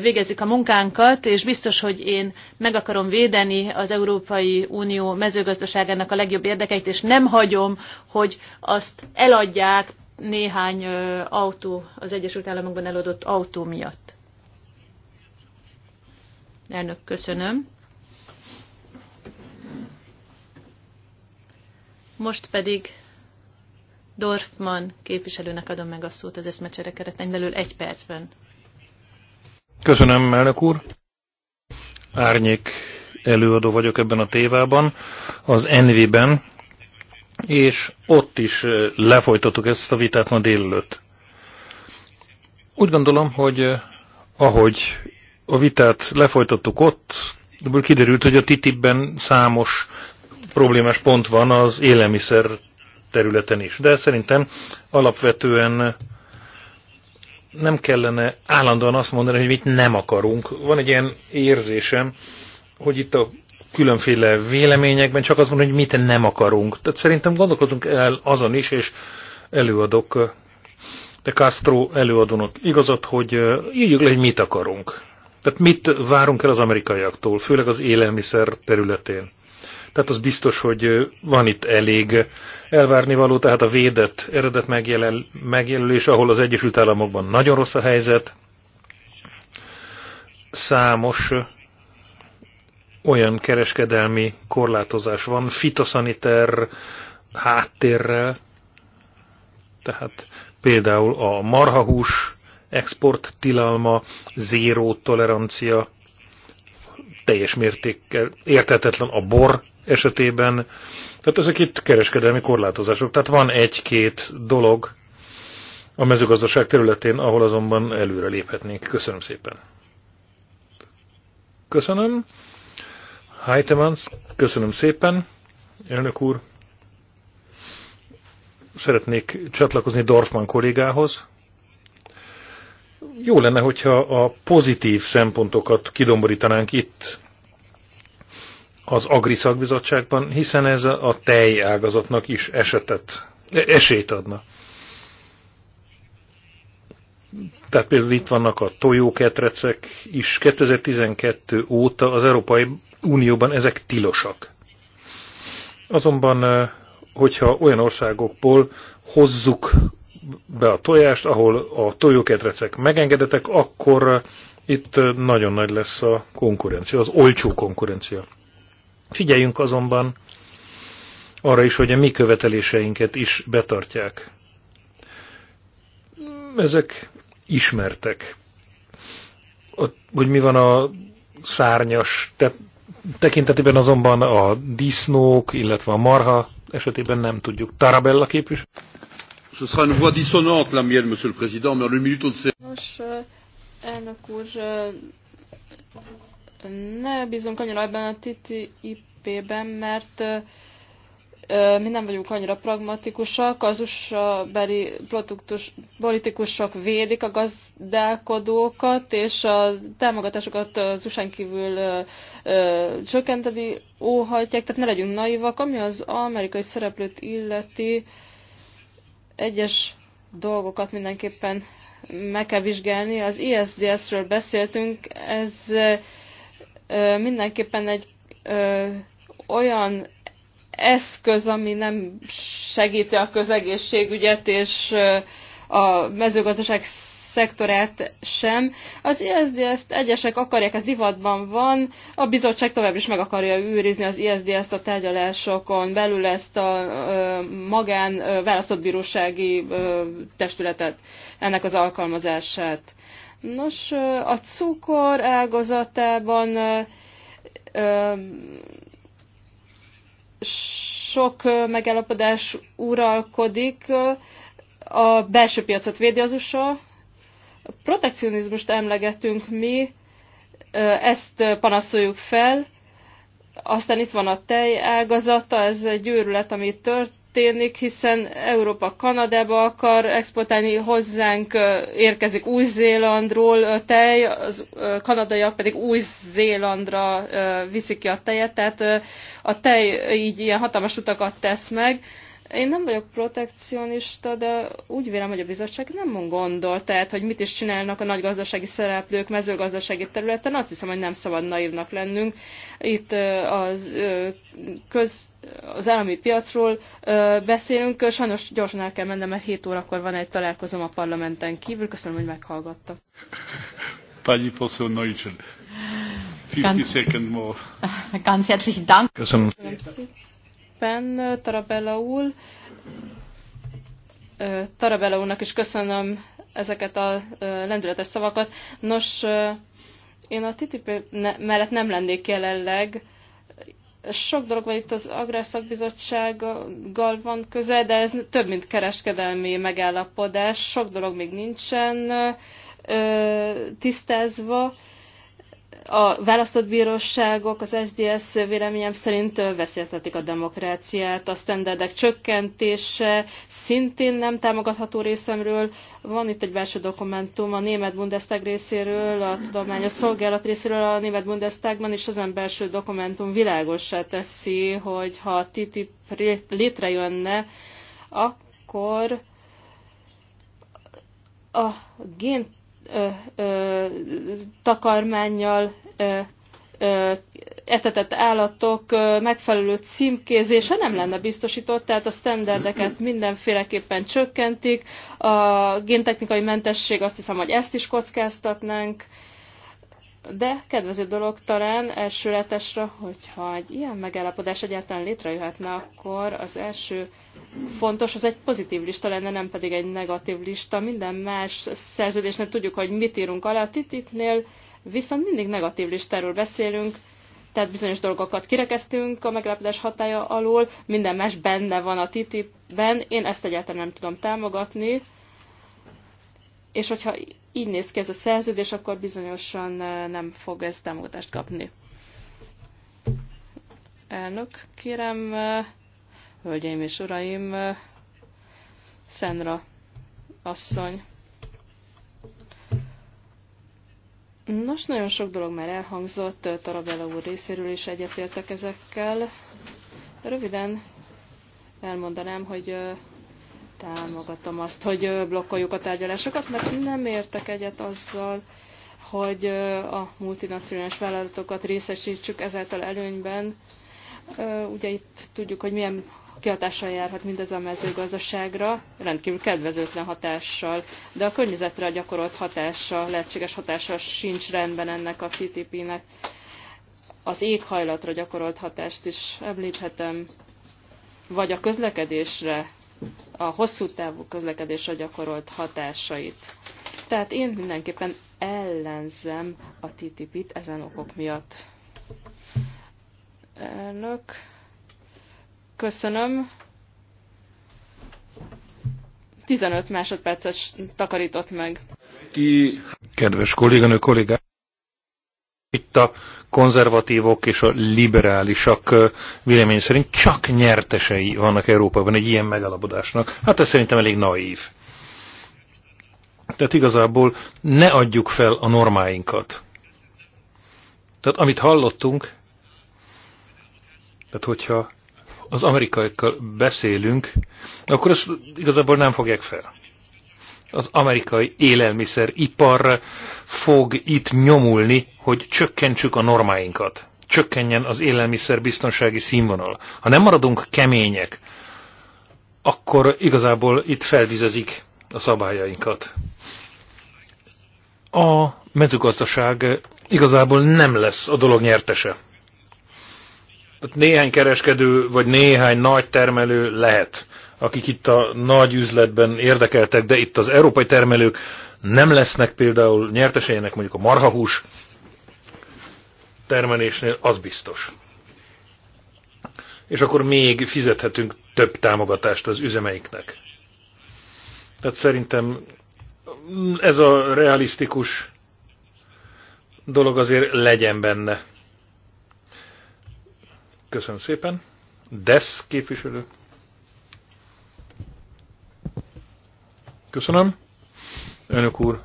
végezzük a munkánkat, és biztos, hogy én meg akarom védeni az Európai Unió mezőgazdaságának a legjobb érdekeit, és nem hagyom, hogy azt eladják néhány autó, az Egyesült Államokban eladott autó miatt. Elnök, köszönöm. Most pedig Dorfman képviselőnek adom meg a szót az eszmecsere keretén belül egy percben. Köszönöm, elnök úr. Árnyék előadó vagyok ebben a tévában, az Envi-ben, és ott is lefolytattuk ezt a vitát ma délelőtt. Úgy gondolom, hogy ahogy a vitát lefolytattuk ott, kiderült, hogy a TTIP-ben számos problémás pont van az élelmiszer területen is. De szerintem alapvetően nem kellene állandóan azt mondani, hogy mit nem akarunk. Van egy ilyen érzésem, hogy itt a különféle véleményekben csak az van, hogy mit nem akarunk. Tehát szerintem gondolkozunk el azon is, és előadok de Castro előadónak igazat, hogy írjuk le, hogy mit akarunk. Tehát mit várunk el az amerikaiaktól, főleg az élelmiszer területén. Tehát az biztos, hogy van itt elég elvárni való, tehát a védett eredet megjelen, megjelölés, ahol az Egyesült Államokban nagyon rossz a helyzet, számos olyan kereskedelmi korlátozás van, fitoszaniter háttérrel, tehát például a marhahús export tilalma, zéró tolerancia, teljes mértékkel értetetlen a bor esetében. Tehát ezek itt kereskedelmi korlátozások. Tehát van egy-két dolog a mezőgazdaság területén, ahol azonban előre léphetnénk. Köszönöm szépen. Köszönöm. Heitemans, köszönöm szépen. Elnök úr, szeretnék csatlakozni Dorfman kollégához jó lenne, hogyha a pozitív szempontokat kidomborítanánk itt az Agri szakbizottságban, hiszen ez a tej ágazatnak is esetet, e, esélyt adna. Tehát például itt vannak a tojóketrecek is. 2012 óta az Európai Unióban ezek tilosak. Azonban, e, hogyha olyan országokból hozzuk be a tojást, ahol a tojóketrecek megengedetek, akkor itt nagyon nagy lesz a konkurencia, az olcsó konkurencia. Figyeljünk azonban arra is, hogy a mi követeléseinket is betartják. Ezek ismertek. A, hogy mi van a szárnyas te, tekintetében azonban a disznók, illetve a marha esetében nem tudjuk. Tarabella képviselő? Nos, euh, elnök úr, euh, ne bízunk annyira ebben a TTIP-ben, mert mi nem vagyunk annyira pragmatikusak, az USA beli politikusok védik a gazdálkodókat, és a támogatásokat az usa kívül csökkenteni óhajtják, tehát ne legyünk naivak, ami az amerikai szereplőt illeti, egyes dolgokat mindenképpen meg kell vizsgálni. Az ISDS-ről beszéltünk, ez mindenképpen egy olyan eszköz, ami nem segíti a közegészségügyet és a mezőgazdaság szektorát sem. Az ISDS-t egyesek akarják, ez divatban van, a bizottság továbbra is meg akarja őrizni az ISDS-t a tárgyalásokon belül ezt a magán választott bírósági testületet, ennek az alkalmazását. Nos, a cukor ágazatában sok megállapodás uralkodik, a belső piacot védi az USA, Protekcionizmust emlegetünk mi, ezt panaszoljuk fel, aztán itt van a tej ágazata, ez egy őrület, ami történik, hiszen Európa Kanadába akar exportálni, hozzánk érkezik Új-Zélandról tej, az kanadaiak pedig Új-Zélandra viszik ki a tejet, tehát a tej így ilyen hatalmas utakat tesz meg, én nem vagyok protekcionista, de úgy vélem, hogy a bizottság nem gondol, tehát, hogy mit is csinálnak a nagy gazdasági szereplők mezőgazdasági területen, azt hiszem, hogy nem szabad naívnak lennünk. Itt az, köz, az állami piacról beszélünk, sajnos gyorsan el kell mennem, mert 7 órakor van egy találkozom a parlamenten kívül. Köszönöm, hogy meghallgattak. Pányi poszol Neuchel. second more. Ganz herzlichen Dank. Köszönöm. szépen szépen, Tarabellaul. Tarabellaulnak is köszönöm ezeket a lendületes szavakat. Nos, én a TTIP mellett nem lennék jelenleg. Sok dolog van itt az Agrárszakbizottsággal van köze, de ez több, mint kereskedelmi megállapodás. Sok dolog még nincsen tisztázva a választott bíróságok az SDS véleményem szerint veszélyeztetik a demokráciát, a standardek csökkentése szintén nem támogatható részemről. Van itt egy belső dokumentum a német Bundestag részéről, a tudományos szolgálat részéről a német Bundestagban, és ezen belső dokumentum világosá teszi, hogy ha a TTIP létrejönne, akkor a gént takarmányjal etetett állatok megfelelő címkézése nem lenne biztosított, tehát a standardeket mindenféleképpen csökkentik. A géntechnikai mentesség azt hiszem, hogy ezt is kockáztatnánk. De kedvező dolog talán elsőletesre, hogyha egy ilyen megállapodás egyáltalán létrejöhetne, akkor az első fontos, az egy pozitív lista lenne, nem pedig egy negatív lista. Minden más szerződésnél tudjuk, hogy mit írunk alá. A TTIP-nél viszont mindig negatív listáról beszélünk, tehát bizonyos dolgokat kirekeztünk a megállapodás hatája alól, minden más benne van a TTIP-ben, én ezt egyáltalán nem tudom támogatni, és hogyha így néz ki ez a szerződés, akkor bizonyosan nem fog ez támogatást kapni. Elnök, kérem, hölgyeim és uraim, Szenra asszony. Nos, nagyon sok dolog már elhangzott, Tarabella úr részéről is egyetértek ezekkel. Röviden elmondanám, hogy támogatom azt, hogy blokkoljuk a tárgyalásokat, mert nem értek egyet azzal, hogy a multinacionális vállalatokat részesítsük ezáltal előnyben. Ugye itt tudjuk, hogy milyen kihatással járhat mindez a mezőgazdaságra, rendkívül kedvezőtlen hatással, de a környezetre gyakorolt hatása, lehetséges hatása sincs rendben ennek a TTP-nek. Az éghajlatra gyakorolt hatást is említhetem, vagy a közlekedésre, a hosszú távú közlekedésre gyakorolt hatásait. Tehát én mindenképpen ellenzem a TTIP-it ezen okok miatt. Elnök, köszönöm. 15 másodpercet takarított meg. Ki... Kedves kolléganő, kollégák! itt a konzervatívok és a liberálisak vélemény szerint csak nyertesei vannak Európában egy ilyen megalapodásnak. Hát ez szerintem elég naív. Tehát igazából ne adjuk fel a normáinkat. Tehát amit hallottunk, tehát hogyha az amerikaiakkal beszélünk, akkor ezt igazából nem fogják fel az amerikai élelmiszeripar fog itt nyomulni, hogy csökkentsük a normáinkat. Csökkenjen az élelmiszerbiztonsági színvonal. Ha nem maradunk kemények, akkor igazából itt felvizezik a szabályainkat. A mezőgazdaság igazából nem lesz a dolog nyertese. Néhány kereskedő vagy néhány nagy termelő lehet akik itt a nagy üzletben érdekeltek, de itt az európai termelők nem lesznek például nyertesének mondjuk a marhahús termelésnél, az biztos. És akkor még fizethetünk több támogatást az üzemeiknek. Tehát szerintem ez a realisztikus dolog azért legyen benne. Köszönöm szépen. DESZ képviselő. Köszönöm. Önök úr,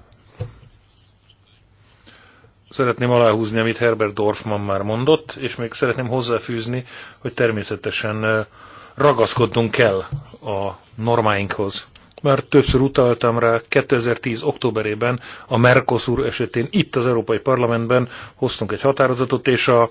szeretném aláhúzni, amit Herbert Dorfman már mondott, és még szeretném hozzáfűzni, hogy természetesen eh, ragaszkodnunk kell a normáinkhoz. Már többször utaltam rá, 2010. októberében a Mercosur esetén itt az Európai Parlamentben hoztunk egy határozatot, és a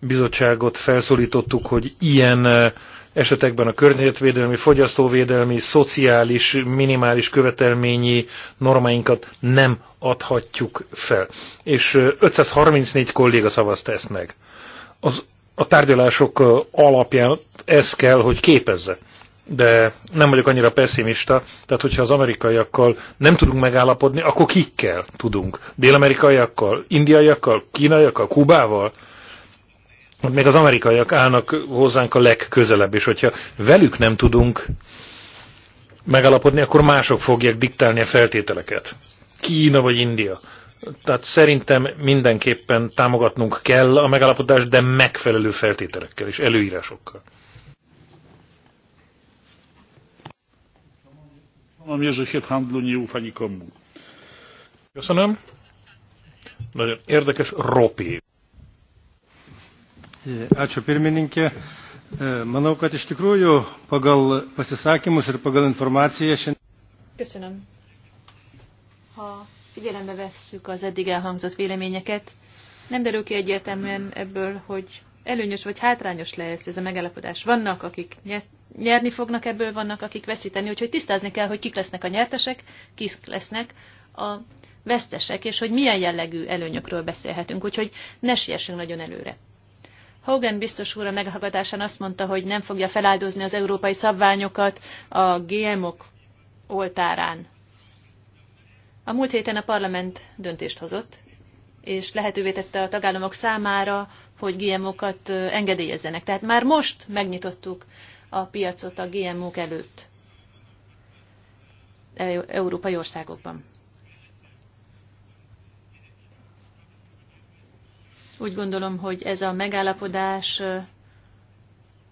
bizottságot felszólítottuk, hogy ilyen eh, esetekben a környezetvédelmi, fogyasztóvédelmi, szociális, minimális követelményi normáinkat nem adhatjuk fel. És 534 kolléga szavazta ezt meg. Az, a tárgyalások alapján ez kell, hogy képezze. De nem vagyok annyira pessimista, tehát hogyha az amerikaiakkal nem tudunk megállapodni, akkor kikkel tudunk? Dél-amerikaiakkal, indiaiakkal, kínaiakkal, Kubával? még az amerikaiak állnak hozzánk a legközelebb, és hogyha velük nem tudunk megalapodni, akkor mások fogják diktálni a feltételeket. Kína vagy India. Tehát szerintem mindenképpen támogatnunk kell a megalapodást, de megfelelő feltételekkel és előírásokkal. Köszönöm. Nagyon érdekes, Ropi Ačiū pirmininkė. E, manau, kad iš tikrųjų pagal pasisakymus ir pagal informaciją šiandien. Köszönöm. Ha figyelembe vesszük az eddig elhangzott véleményeket, nem derül ki egyértelműen ebből, hogy előnyös vagy hátrányos lesz ez a megállapodás. Vannak, akik nyerni fognak ebből, vannak, akik veszíteni, úgyhogy tisztázni kell, hogy kik lesznek a nyertesek, kik lesznek a vesztesek, és hogy milyen jellegű előnyökről beszélhetünk, úgyhogy ne siessünk nagyon előre. Hogan biztos úr a meghallgatásán azt mondta, hogy nem fogja feláldozni az európai szabványokat a GMO-k -ok oltárán. A múlt héten a parlament döntést hozott, és lehetővé tette a tagállamok számára, hogy GMO-kat engedélyezzenek. Tehát már most megnyitottuk a piacot a GMO-k előtt e-, európai országokban. Úgy gondolom, hogy ez a megállapodás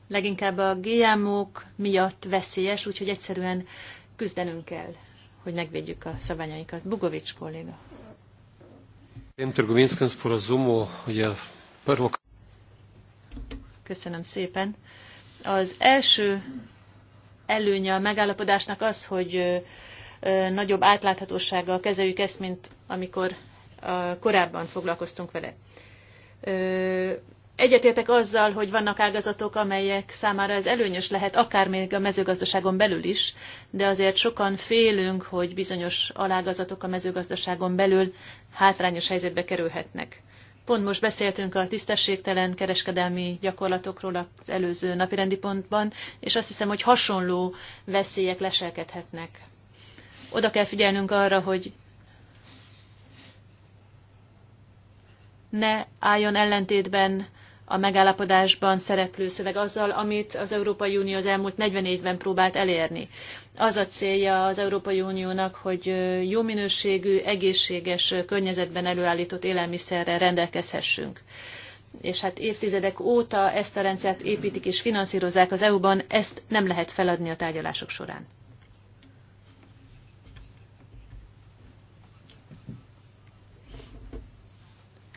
leginkább a gmo miatt veszélyes, úgyhogy egyszerűen küzdenünk kell, hogy megvédjük a szabályainkat. Bugovics kolléga. Köszönöm szépen. Az első előnye a megállapodásnak az, hogy nagyobb átláthatósággal kezeljük ezt, mint amikor korábban foglalkoztunk vele. Egyetértek azzal, hogy vannak ágazatok, amelyek számára ez előnyös lehet, akár még a mezőgazdaságon belül is, de azért sokan félünk, hogy bizonyos alágazatok a mezőgazdaságon belül hátrányos helyzetbe kerülhetnek. Pont most beszéltünk a tisztességtelen kereskedelmi gyakorlatokról az előző napirendi pontban, és azt hiszem, hogy hasonló veszélyek leselkedhetnek. Oda kell figyelnünk arra, hogy ne álljon ellentétben a megállapodásban szereplő szöveg azzal, amit az Európai Unió az elmúlt 40 évben próbált elérni. Az a célja az Európai Uniónak, hogy jó minőségű, egészséges környezetben előállított élelmiszerrel rendelkezhessünk. És hát évtizedek óta ezt a rendszert építik és finanszírozzák az EU-ban, ezt nem lehet feladni a tárgyalások során.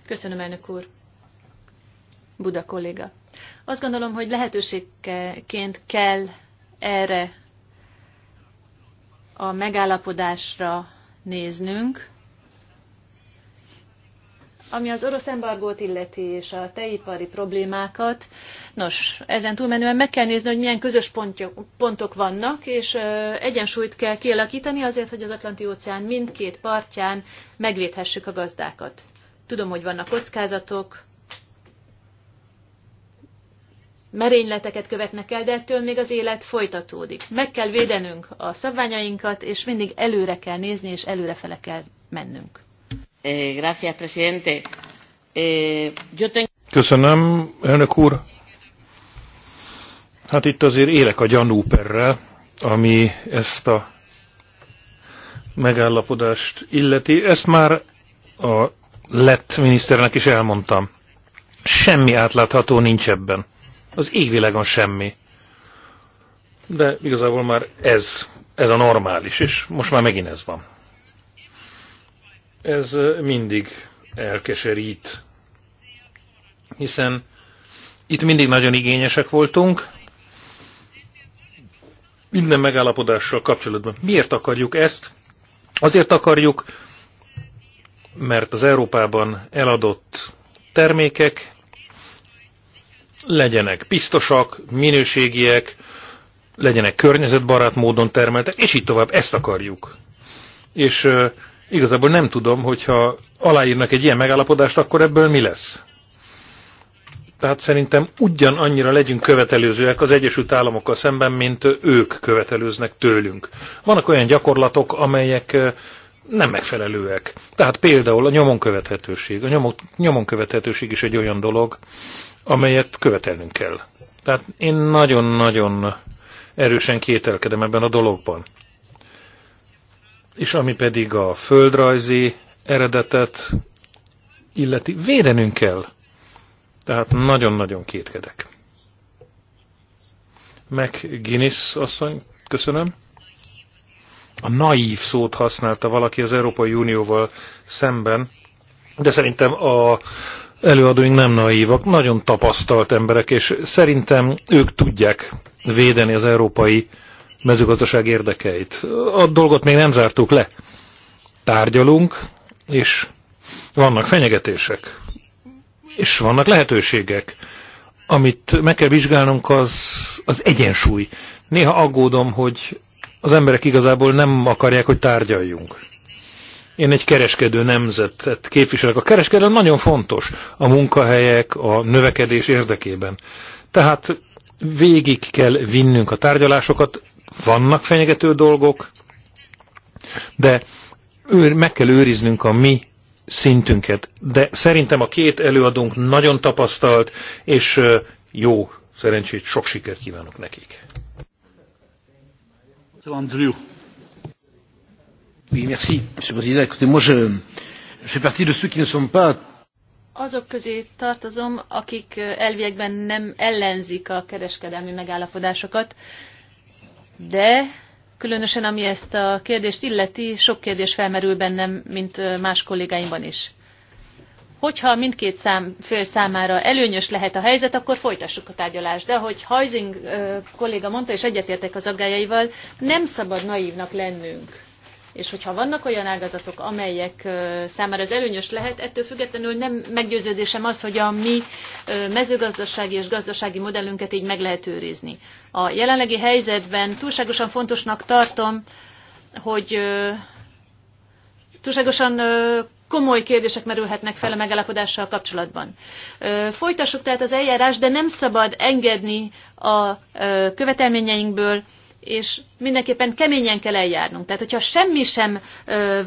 Köszönöm, elnök úr. Buda kolléga. Azt gondolom, hogy lehetőségként kell erre a megállapodásra néznünk, ami az orosz embargót illeti és a teipari problémákat. Nos, ezen túlmenően meg kell nézni, hogy milyen közös pontok vannak, és egyensúlyt kell kialakítani azért, hogy az Atlanti-óceán mindkét partján megvédhessük a gazdákat. Tudom, hogy vannak kockázatok, merényleteket követnek el, de ettől még az élet folytatódik. Meg kell védenünk a szabványainkat, és mindig előre kell nézni, és előrefele kell mennünk. Eh, presidente. Eh, Köszönöm, elnök úr. Hát itt azért élek a gyanúperrel, ami ezt a megállapodást illeti. Ezt már a lett miniszternek is elmondtam. Semmi átlátható nincs ebben. Az égvilágon semmi. De igazából már ez, ez a normális, és most már megint ez van. Ez mindig elkeserít, hiszen itt mindig nagyon igényesek voltunk, minden megállapodással kapcsolatban. Miért akarjuk ezt? Azért akarjuk, mert az Európában eladott termékek legyenek biztosak, minőségiek, legyenek környezetbarát módon termeltek, és így tovább, ezt akarjuk. És uh, igazából nem tudom, hogyha aláírnak egy ilyen megállapodást, akkor ebből mi lesz? Tehát szerintem ugyanannyira legyünk követelőzőek az Egyesült Államokkal szemben, mint ők követelőznek tőlünk. Vannak olyan gyakorlatok, amelyek nem megfelelőek. Tehát például a nyomon követhetőség. A nyomon, nyomon követhetőség is egy olyan dolog, amelyet követelnünk kell. Tehát én nagyon-nagyon erősen kételkedem ebben a dologban. És ami pedig a földrajzi eredetet illeti, védenünk kell. Tehát nagyon-nagyon kétkedek. Meg Guinness asszony, köszönöm a naív szót használta valaki az Európai Unióval szemben, de szerintem a előadóink nem naívak, nagyon tapasztalt emberek, és szerintem ők tudják védeni az európai mezőgazdaság érdekeit. A dolgot még nem zártuk le. Tárgyalunk, és vannak fenyegetések, és vannak lehetőségek. Amit meg kell vizsgálnunk, az, az egyensúly. Néha aggódom, hogy az emberek igazából nem akarják, hogy tárgyaljunk. Én egy kereskedő nemzetet képviselek. A kereskedő nagyon fontos a munkahelyek, a növekedés érdekében. Tehát végig kell vinnünk a tárgyalásokat, vannak fenyegető dolgok, de meg kell őriznünk a mi szintünket. De szerintem a két előadónk nagyon tapasztalt, és jó szerencsét, sok sikert kívánok nekik azok közé tartozom, akik euh, elviekben nem ellenzik a kereskedelmi megállapodásokat, de különösen ami ezt a kérdést illeti, sok kérdés felmerül bennem, mint más kollégáimban is. Hogyha mindkét szám, fél számára előnyös lehet a helyzet, akkor folytassuk a tárgyalást. De ahogy Heising ö, kolléga mondta, és egyetértek az aggájaival, nem szabad naívnak lennünk. És hogyha vannak olyan ágazatok, amelyek számára az előnyös lehet, ettől függetlenül nem meggyőződésem az, hogy a mi mezőgazdasági és gazdasági modellünket így meg lehet őrizni. A jelenlegi helyzetben túlságosan fontosnak tartom, hogy túlságosan komoly kérdések merülhetnek fel a megállapodással kapcsolatban. Folytassuk tehát az eljárás, de nem szabad engedni a követelményeinkből, és mindenképpen keményen kell eljárnunk. Tehát, hogyha semmi sem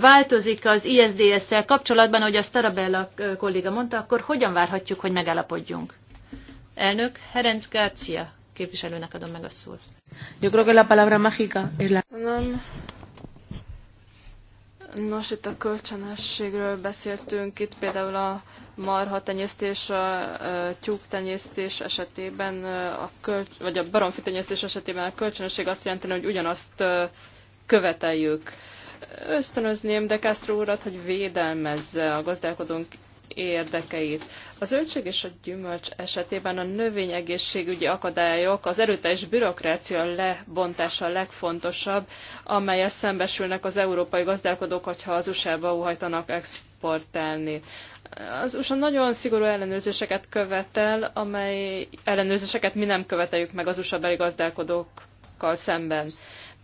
változik az ISDS-szel kapcsolatban, ahogy a Starabella kolléga mondta, akkor hogyan várhatjuk, hogy megállapodjunk? Elnök Herenc Garcia képviselőnek adom meg a szót. Yo creo que la palabra mágica es la... Nem, Nos, itt a kölcsönösségről beszéltünk, itt például a marha tenyésztés, a tyúk tenyésztés esetében, a köl, vagy a baromfi tenyésztés esetében a kölcsönösség azt jelenti, hogy ugyanazt követeljük. Ösztönözném de Castro urat, hogy védelmezze a gazdálkodónk érdekeit. A zöldség és a gyümölcs esetében a növényegészségügyi akadályok, az erőteljes bürokrácia lebontása a legfontosabb, amelyel szembesülnek az európai gazdálkodók, hogyha az USA-ba uhajtanak exportálni. Az USA nagyon szigorú ellenőrzéseket követel, amely ellenőrzéseket mi nem követeljük meg az USA beli gazdálkodókkal szemben.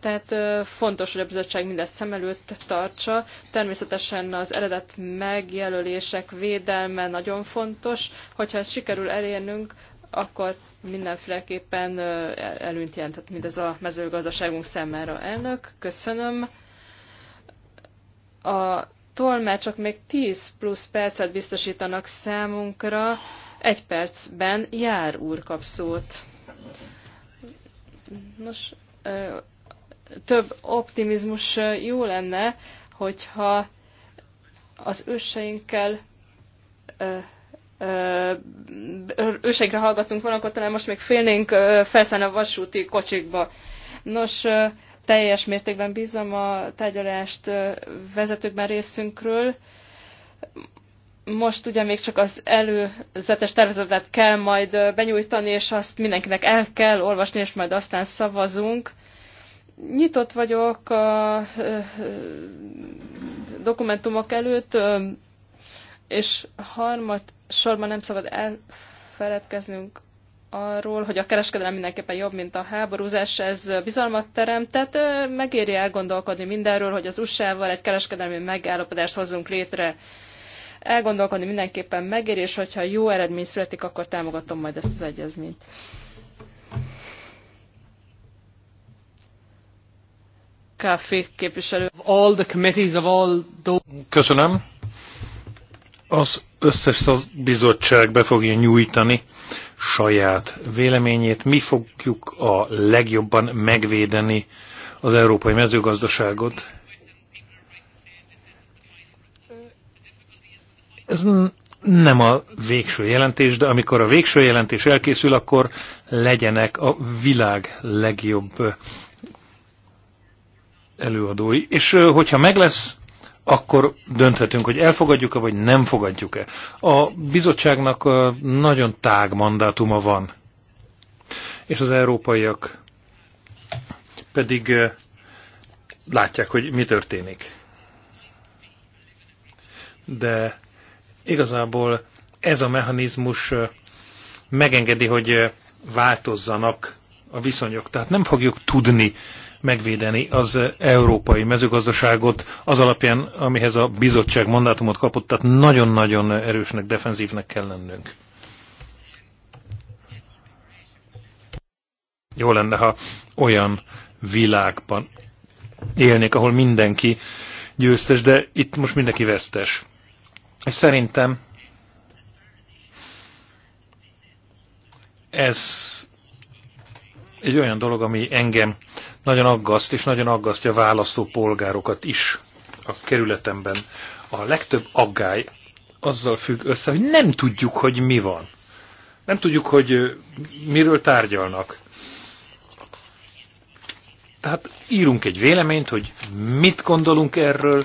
Tehát fontos, hogy a bizottság mindezt szem előtt tartsa. Természetesen az eredet megjelölések védelme nagyon fontos. Hogyha ezt sikerül elérnünk, akkor mindenféleképpen előnyt jelentett mindez a mezőgazdaságunk számára. Elnök, köszönöm. A csak még 10 plusz percet biztosítanak számunkra. Egy percben jár úr kap szót. Nos, több optimizmus jó lenne, hogyha az őseinkkel őseinkre hallgatunk volna, akkor talán most még félnénk felszállni a vasúti kocsikba. Nos, teljes mértékben bízom a tárgyalást vezetőkben részünkről. Most ugye még csak az előzetes tervezetet kell majd benyújtani, és azt mindenkinek el kell olvasni, és majd aztán szavazunk nyitott vagyok a dokumentumok előtt, és harmad sorban nem szabad elfeledkeznünk arról, hogy a kereskedelem mindenképpen jobb, mint a háborúzás, ez bizalmat teremt, tehát megéri elgondolkodni mindenről, hogy az USA-val egy kereskedelmi megállapodást hozzunk létre. Elgondolkodni mindenképpen megéri, és hogyha jó eredmény születik, akkor támogatom majd ezt az egyezményt. képviselő. All the committees of all those... Köszönöm. Az összes bizottság be fogja nyújtani saját véleményét. Mi fogjuk a legjobban megvédeni az európai mezőgazdaságot. Ez nem a végső jelentés, de amikor a végső jelentés elkészül, akkor legyenek a világ legjobb előadói, és hogyha meg lesz, akkor dönthetünk, hogy elfogadjuk-e, vagy nem fogadjuk-e. A bizottságnak nagyon tág mandátuma van, és az európaiak pedig látják, hogy mi történik. De igazából ez a mechanizmus megengedi, hogy változzanak a viszonyok. Tehát nem fogjuk tudni, megvédeni az európai mezőgazdaságot az alapján, amihez a bizottság mandátumot kapott, tehát nagyon-nagyon erősnek, defenzívnek kell lennünk. Jó lenne, ha olyan világban élnék, ahol mindenki győztes, de itt most mindenki vesztes. És szerintem ez egy olyan dolog, ami engem nagyon aggaszt, és nagyon aggasztja a választó polgárokat is a kerületemben. A legtöbb aggály azzal függ össze, hogy nem tudjuk, hogy mi van. Nem tudjuk, hogy miről tárgyalnak. Tehát írunk egy véleményt, hogy mit gondolunk erről,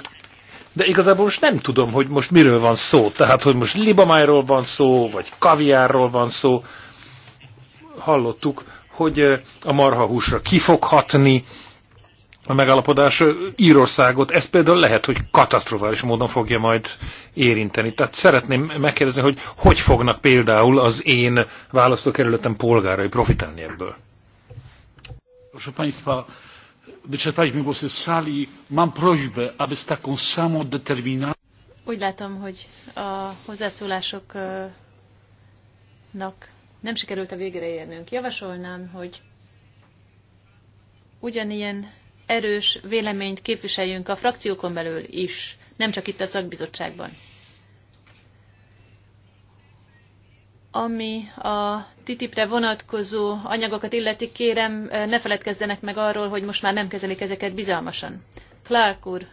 de igazából most nem tudom, hogy most miről van szó. Tehát, hogy most libamájról van szó, vagy kaviárról van szó. Hallottuk, hogy a marhahúsra kifoghatni a megállapodás Írországot. Ez például lehet, hogy katasztrofális módon fogja majd érinteni. Tehát szeretném megkérdezni, hogy hogy fognak például az én választókerületem polgárai profitálni ebből. Proszę Państwa, wyczerpaliśmy głosy z sali. Mam prośbę, aby z taką samą determinacją... Úgy látom, hogy a hozzászólásoknak nem sikerült a végére érnünk. Javasolnám, hogy ugyanilyen erős véleményt képviseljünk a frakciókon belül is, nem csak itt a szakbizottságban. Ami a TTIP-re vonatkozó anyagokat illeti, kérem, ne feledkezzenek meg arról, hogy most már nem kezelik ezeket bizalmasan. Clark úr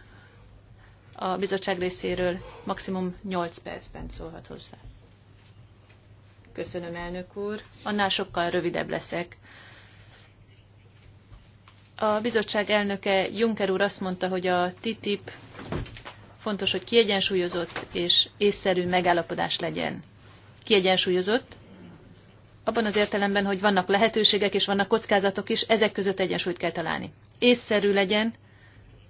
a bizottság részéről maximum 8 percben szólhat hozzá. Köszönöm, elnök úr. Annál sokkal rövidebb leszek. A bizottság elnöke Juncker úr azt mondta, hogy a TTIP fontos, hogy kiegyensúlyozott és észszerű megállapodás legyen. Kiegyensúlyozott, abban az értelemben, hogy vannak lehetőségek és vannak kockázatok is, ezek között egyensúlyt kell találni. Észszerű legyen,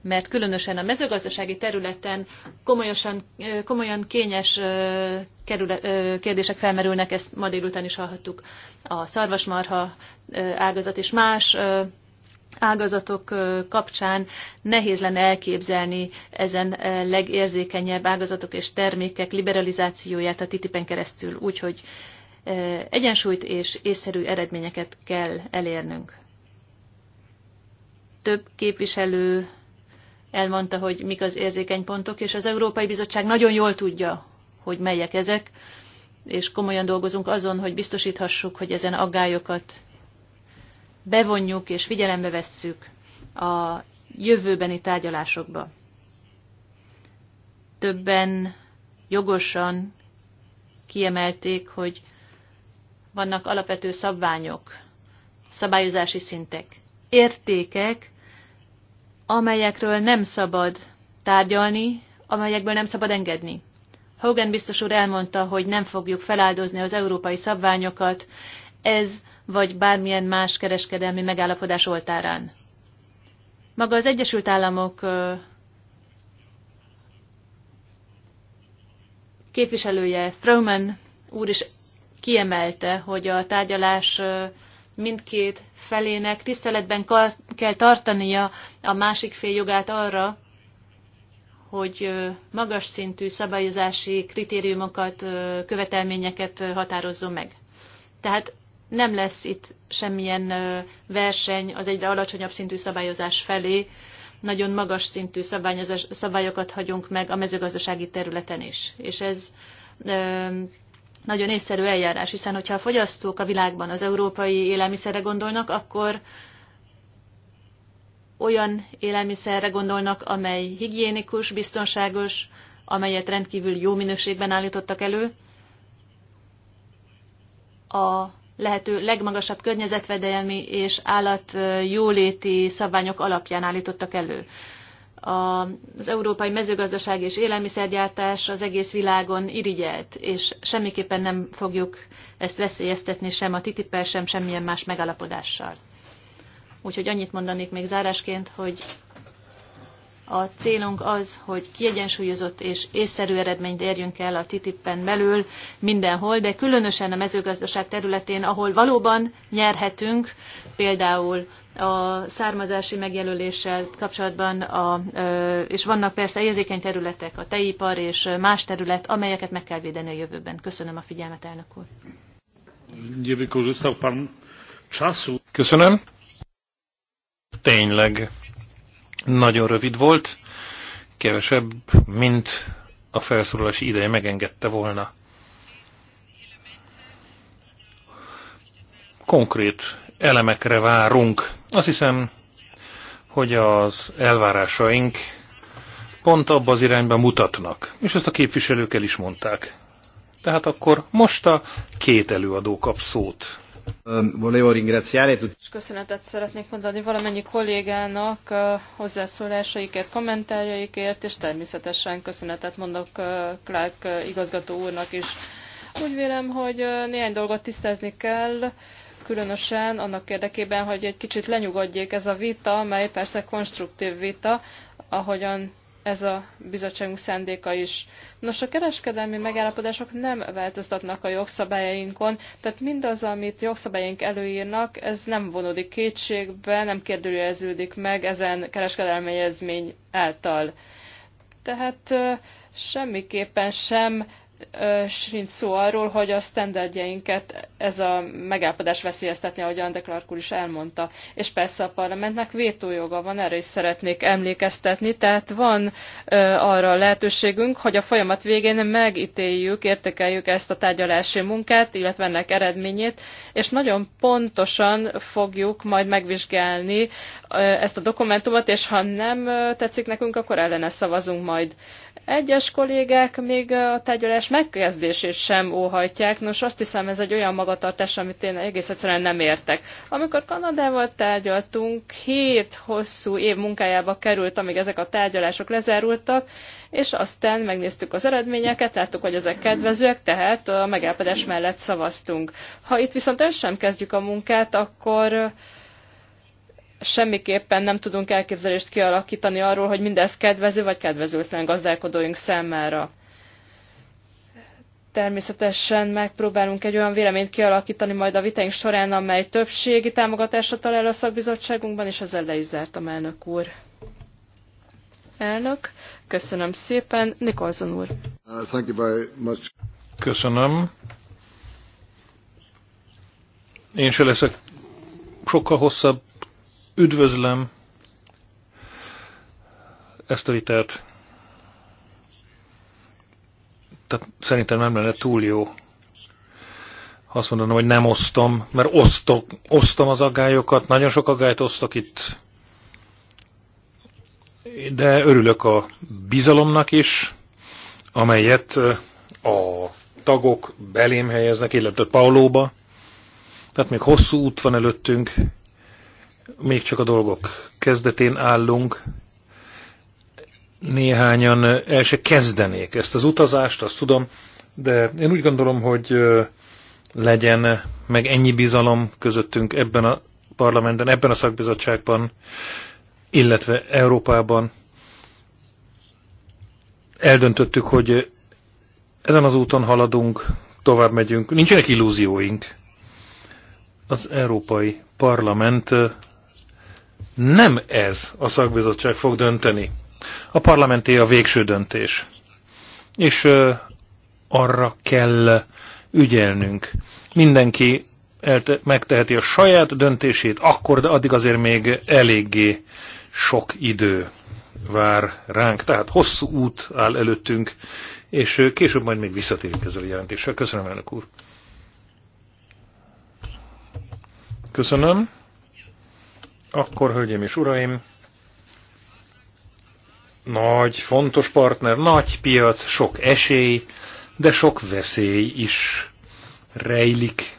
mert különösen a mezőgazdasági területen komolyosan, komolyan kényes kérdések felmerülnek, ezt ma délután is hallhattuk, a szarvasmarha ágazat és más ágazatok kapcsán nehéz lenne elképzelni ezen legérzékenyebb ágazatok és termékek liberalizációját a TTIP-en keresztül, úgyhogy egyensúlyt és észszerű eredményeket kell elérnünk. Több képviselő elmondta, hogy mik az érzékeny pontok, és az Európai Bizottság nagyon jól tudja, hogy melyek ezek, és komolyan dolgozunk azon, hogy biztosíthassuk, hogy ezen aggályokat bevonjuk és figyelembe vesszük a jövőbeni tárgyalásokba. Többen jogosan kiemelték, hogy vannak alapvető szabványok, szabályozási szintek, értékek, amelyekről nem szabad tárgyalni, amelyekből nem szabad engedni. Hogan biztos úr elmondta, hogy nem fogjuk feláldozni az európai szabványokat, ez vagy bármilyen más kereskedelmi megállapodás oltárán. Maga az Egyesült Államok képviselője, Froman úr is kiemelte, hogy a tárgyalás mindkét felének tiszteletben kell tartania a másik fél jogát arra, hogy magas szintű szabályozási kritériumokat, követelményeket határozzon meg. Tehát nem lesz itt semmilyen verseny az egyre alacsonyabb szintű szabályozás felé, nagyon magas szintű szabályokat hagyunk meg a mezőgazdasági területen is. És ez nagyon észszerű eljárás, hiszen hogyha a fogyasztók a világban az európai élelmiszerre gondolnak, akkor olyan élelmiszerre gondolnak, amely higiénikus, biztonságos, amelyet rendkívül jó minőségben állítottak elő, a lehető legmagasabb környezetvedelmi és állat jóléti szabványok alapján állítottak elő az európai mezőgazdaság és élelmiszergyártás az egész világon irigyelt, és semmiképpen nem fogjuk ezt veszélyeztetni sem a ttip sem semmilyen más megállapodással. Úgyhogy annyit mondanék még zárásként, hogy a célunk az, hogy kiegyensúlyozott és észszerű eredményt érjünk el a TTIP-en belül mindenhol, de különösen a mezőgazdaság területén, ahol valóban nyerhetünk, például a származási megjelöléssel kapcsolatban, a, és vannak persze érzékeny területek, a teipar és más terület, amelyeket meg kell védeni a jövőben. Köszönöm a figyelmet, elnök úr. Köszönöm. Tényleg nagyon rövid volt, kevesebb, mint a felszólalási ideje megengedte volna. Konkrét elemekre várunk. Azt hiszem, hogy az elvárásaink pont abba az irányba mutatnak, és ezt a képviselők el is mondták. Tehát akkor most a két előadó kap szót. És köszönetet szeretnék mondani valamennyi kollégának hozzászólásaikért, kommentárjaikért, és természetesen köszönetet mondok Clark igazgató úrnak is. Úgy vélem, hogy néhány dolgot tisztázni kell különösen annak érdekében, hogy egy kicsit lenyugodjék ez a vita, mely persze konstruktív vita, ahogyan ez a bizottságunk szendéka is. Nos, a kereskedelmi megállapodások nem változtatnak a jogszabályainkon, tehát mindaz, amit jogszabályaink előírnak, ez nem vonódik kétségbe, nem kérdőjeleződik meg ezen kereskedelmi egyezmény által. Tehát semmiképpen sem sincs szó arról, hogy a standardjeinket ez a megállapodás veszélyeztetni, ahogy Ande Clark úr is elmondta. És persze a parlamentnek vétójoga van, erre is szeretnék emlékeztetni, tehát van ö, arra a lehetőségünk, hogy a folyamat végén megítéljük, értékeljük ezt a tárgyalási munkát, illetve ennek eredményét, és nagyon pontosan fogjuk majd megvizsgálni ö, ezt a dokumentumot, és ha nem ö, tetszik nekünk, akkor ellene szavazunk majd. Ö, egyes kollégák még a tárgyalás megkezdését sem óhajtják, nos azt hiszem ez egy olyan magatartás, amit én egész egyszerűen nem értek. Amikor Kanadával tárgyaltunk, hét hosszú év munkájába került, amíg ezek a tárgyalások lezárultak, és aztán megnéztük az eredményeket, láttuk, hogy ezek kedvezőek, tehát a megállapodás mellett szavaztunk. Ha itt viszont el sem kezdjük a munkát, akkor semmiképpen nem tudunk elképzelést kialakítani arról, hogy mindez kedvező vagy kedvezőtlen gazdálkodóink számára. Természetesen megpróbálunk egy olyan véleményt kialakítani majd a vitáink során, amely többségi támogatásra talál a szakbizottságunkban, és ezzel le is zártam, elnök úr. Elnök, köszönöm szépen. Nikolson úr. Uh, köszönöm. Én se leszek sokkal hosszabb Üdvözlöm ezt a vitát. Tehát szerintem nem lenne túl jó azt mondanom, hogy nem osztom, mert osztok, osztom az agályokat, nagyon sok agályt osztok itt, de örülök a bizalomnak is, amelyet a tagok belém helyeznek, illetve Paulóba. Tehát még hosszú út van előttünk, még csak a dolgok kezdetén állunk. Néhányan eh, el se kezdenék ezt az utazást, azt tudom, de én úgy gondolom, hogy eh, legyen eh, meg ennyi bizalom közöttünk ebben a parlamentben, ebben a szakbizottságban, illetve Európában. Eldöntöttük, hogy ezen az úton haladunk, tovább megyünk, nincsenek illúzióink. Az Európai Parlament nem ez a szakbizottság fog dönteni. A parlamenté a végső döntés. És arra kell ügyelnünk. Mindenki megteheti a saját döntését, akkor, de addig azért még eléggé sok idő vár ránk. Tehát hosszú út áll előttünk, és később majd még visszatérünk ezzel a jelentéssel. Köszönöm, elnök úr. Köszönöm. Akkor, hölgyeim és uraim, nagy, fontos partner, nagy piac, sok esély, de sok veszély is rejlik.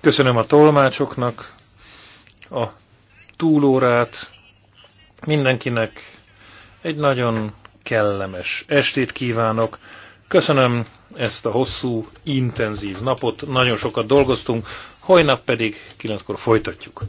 Köszönöm a tolmácsoknak a túlórát, mindenkinek egy nagyon kellemes estét kívánok. Köszönöm ezt a hosszú, intenzív napot, nagyon sokat dolgoztunk, holnap pedig kilenckor folytatjuk.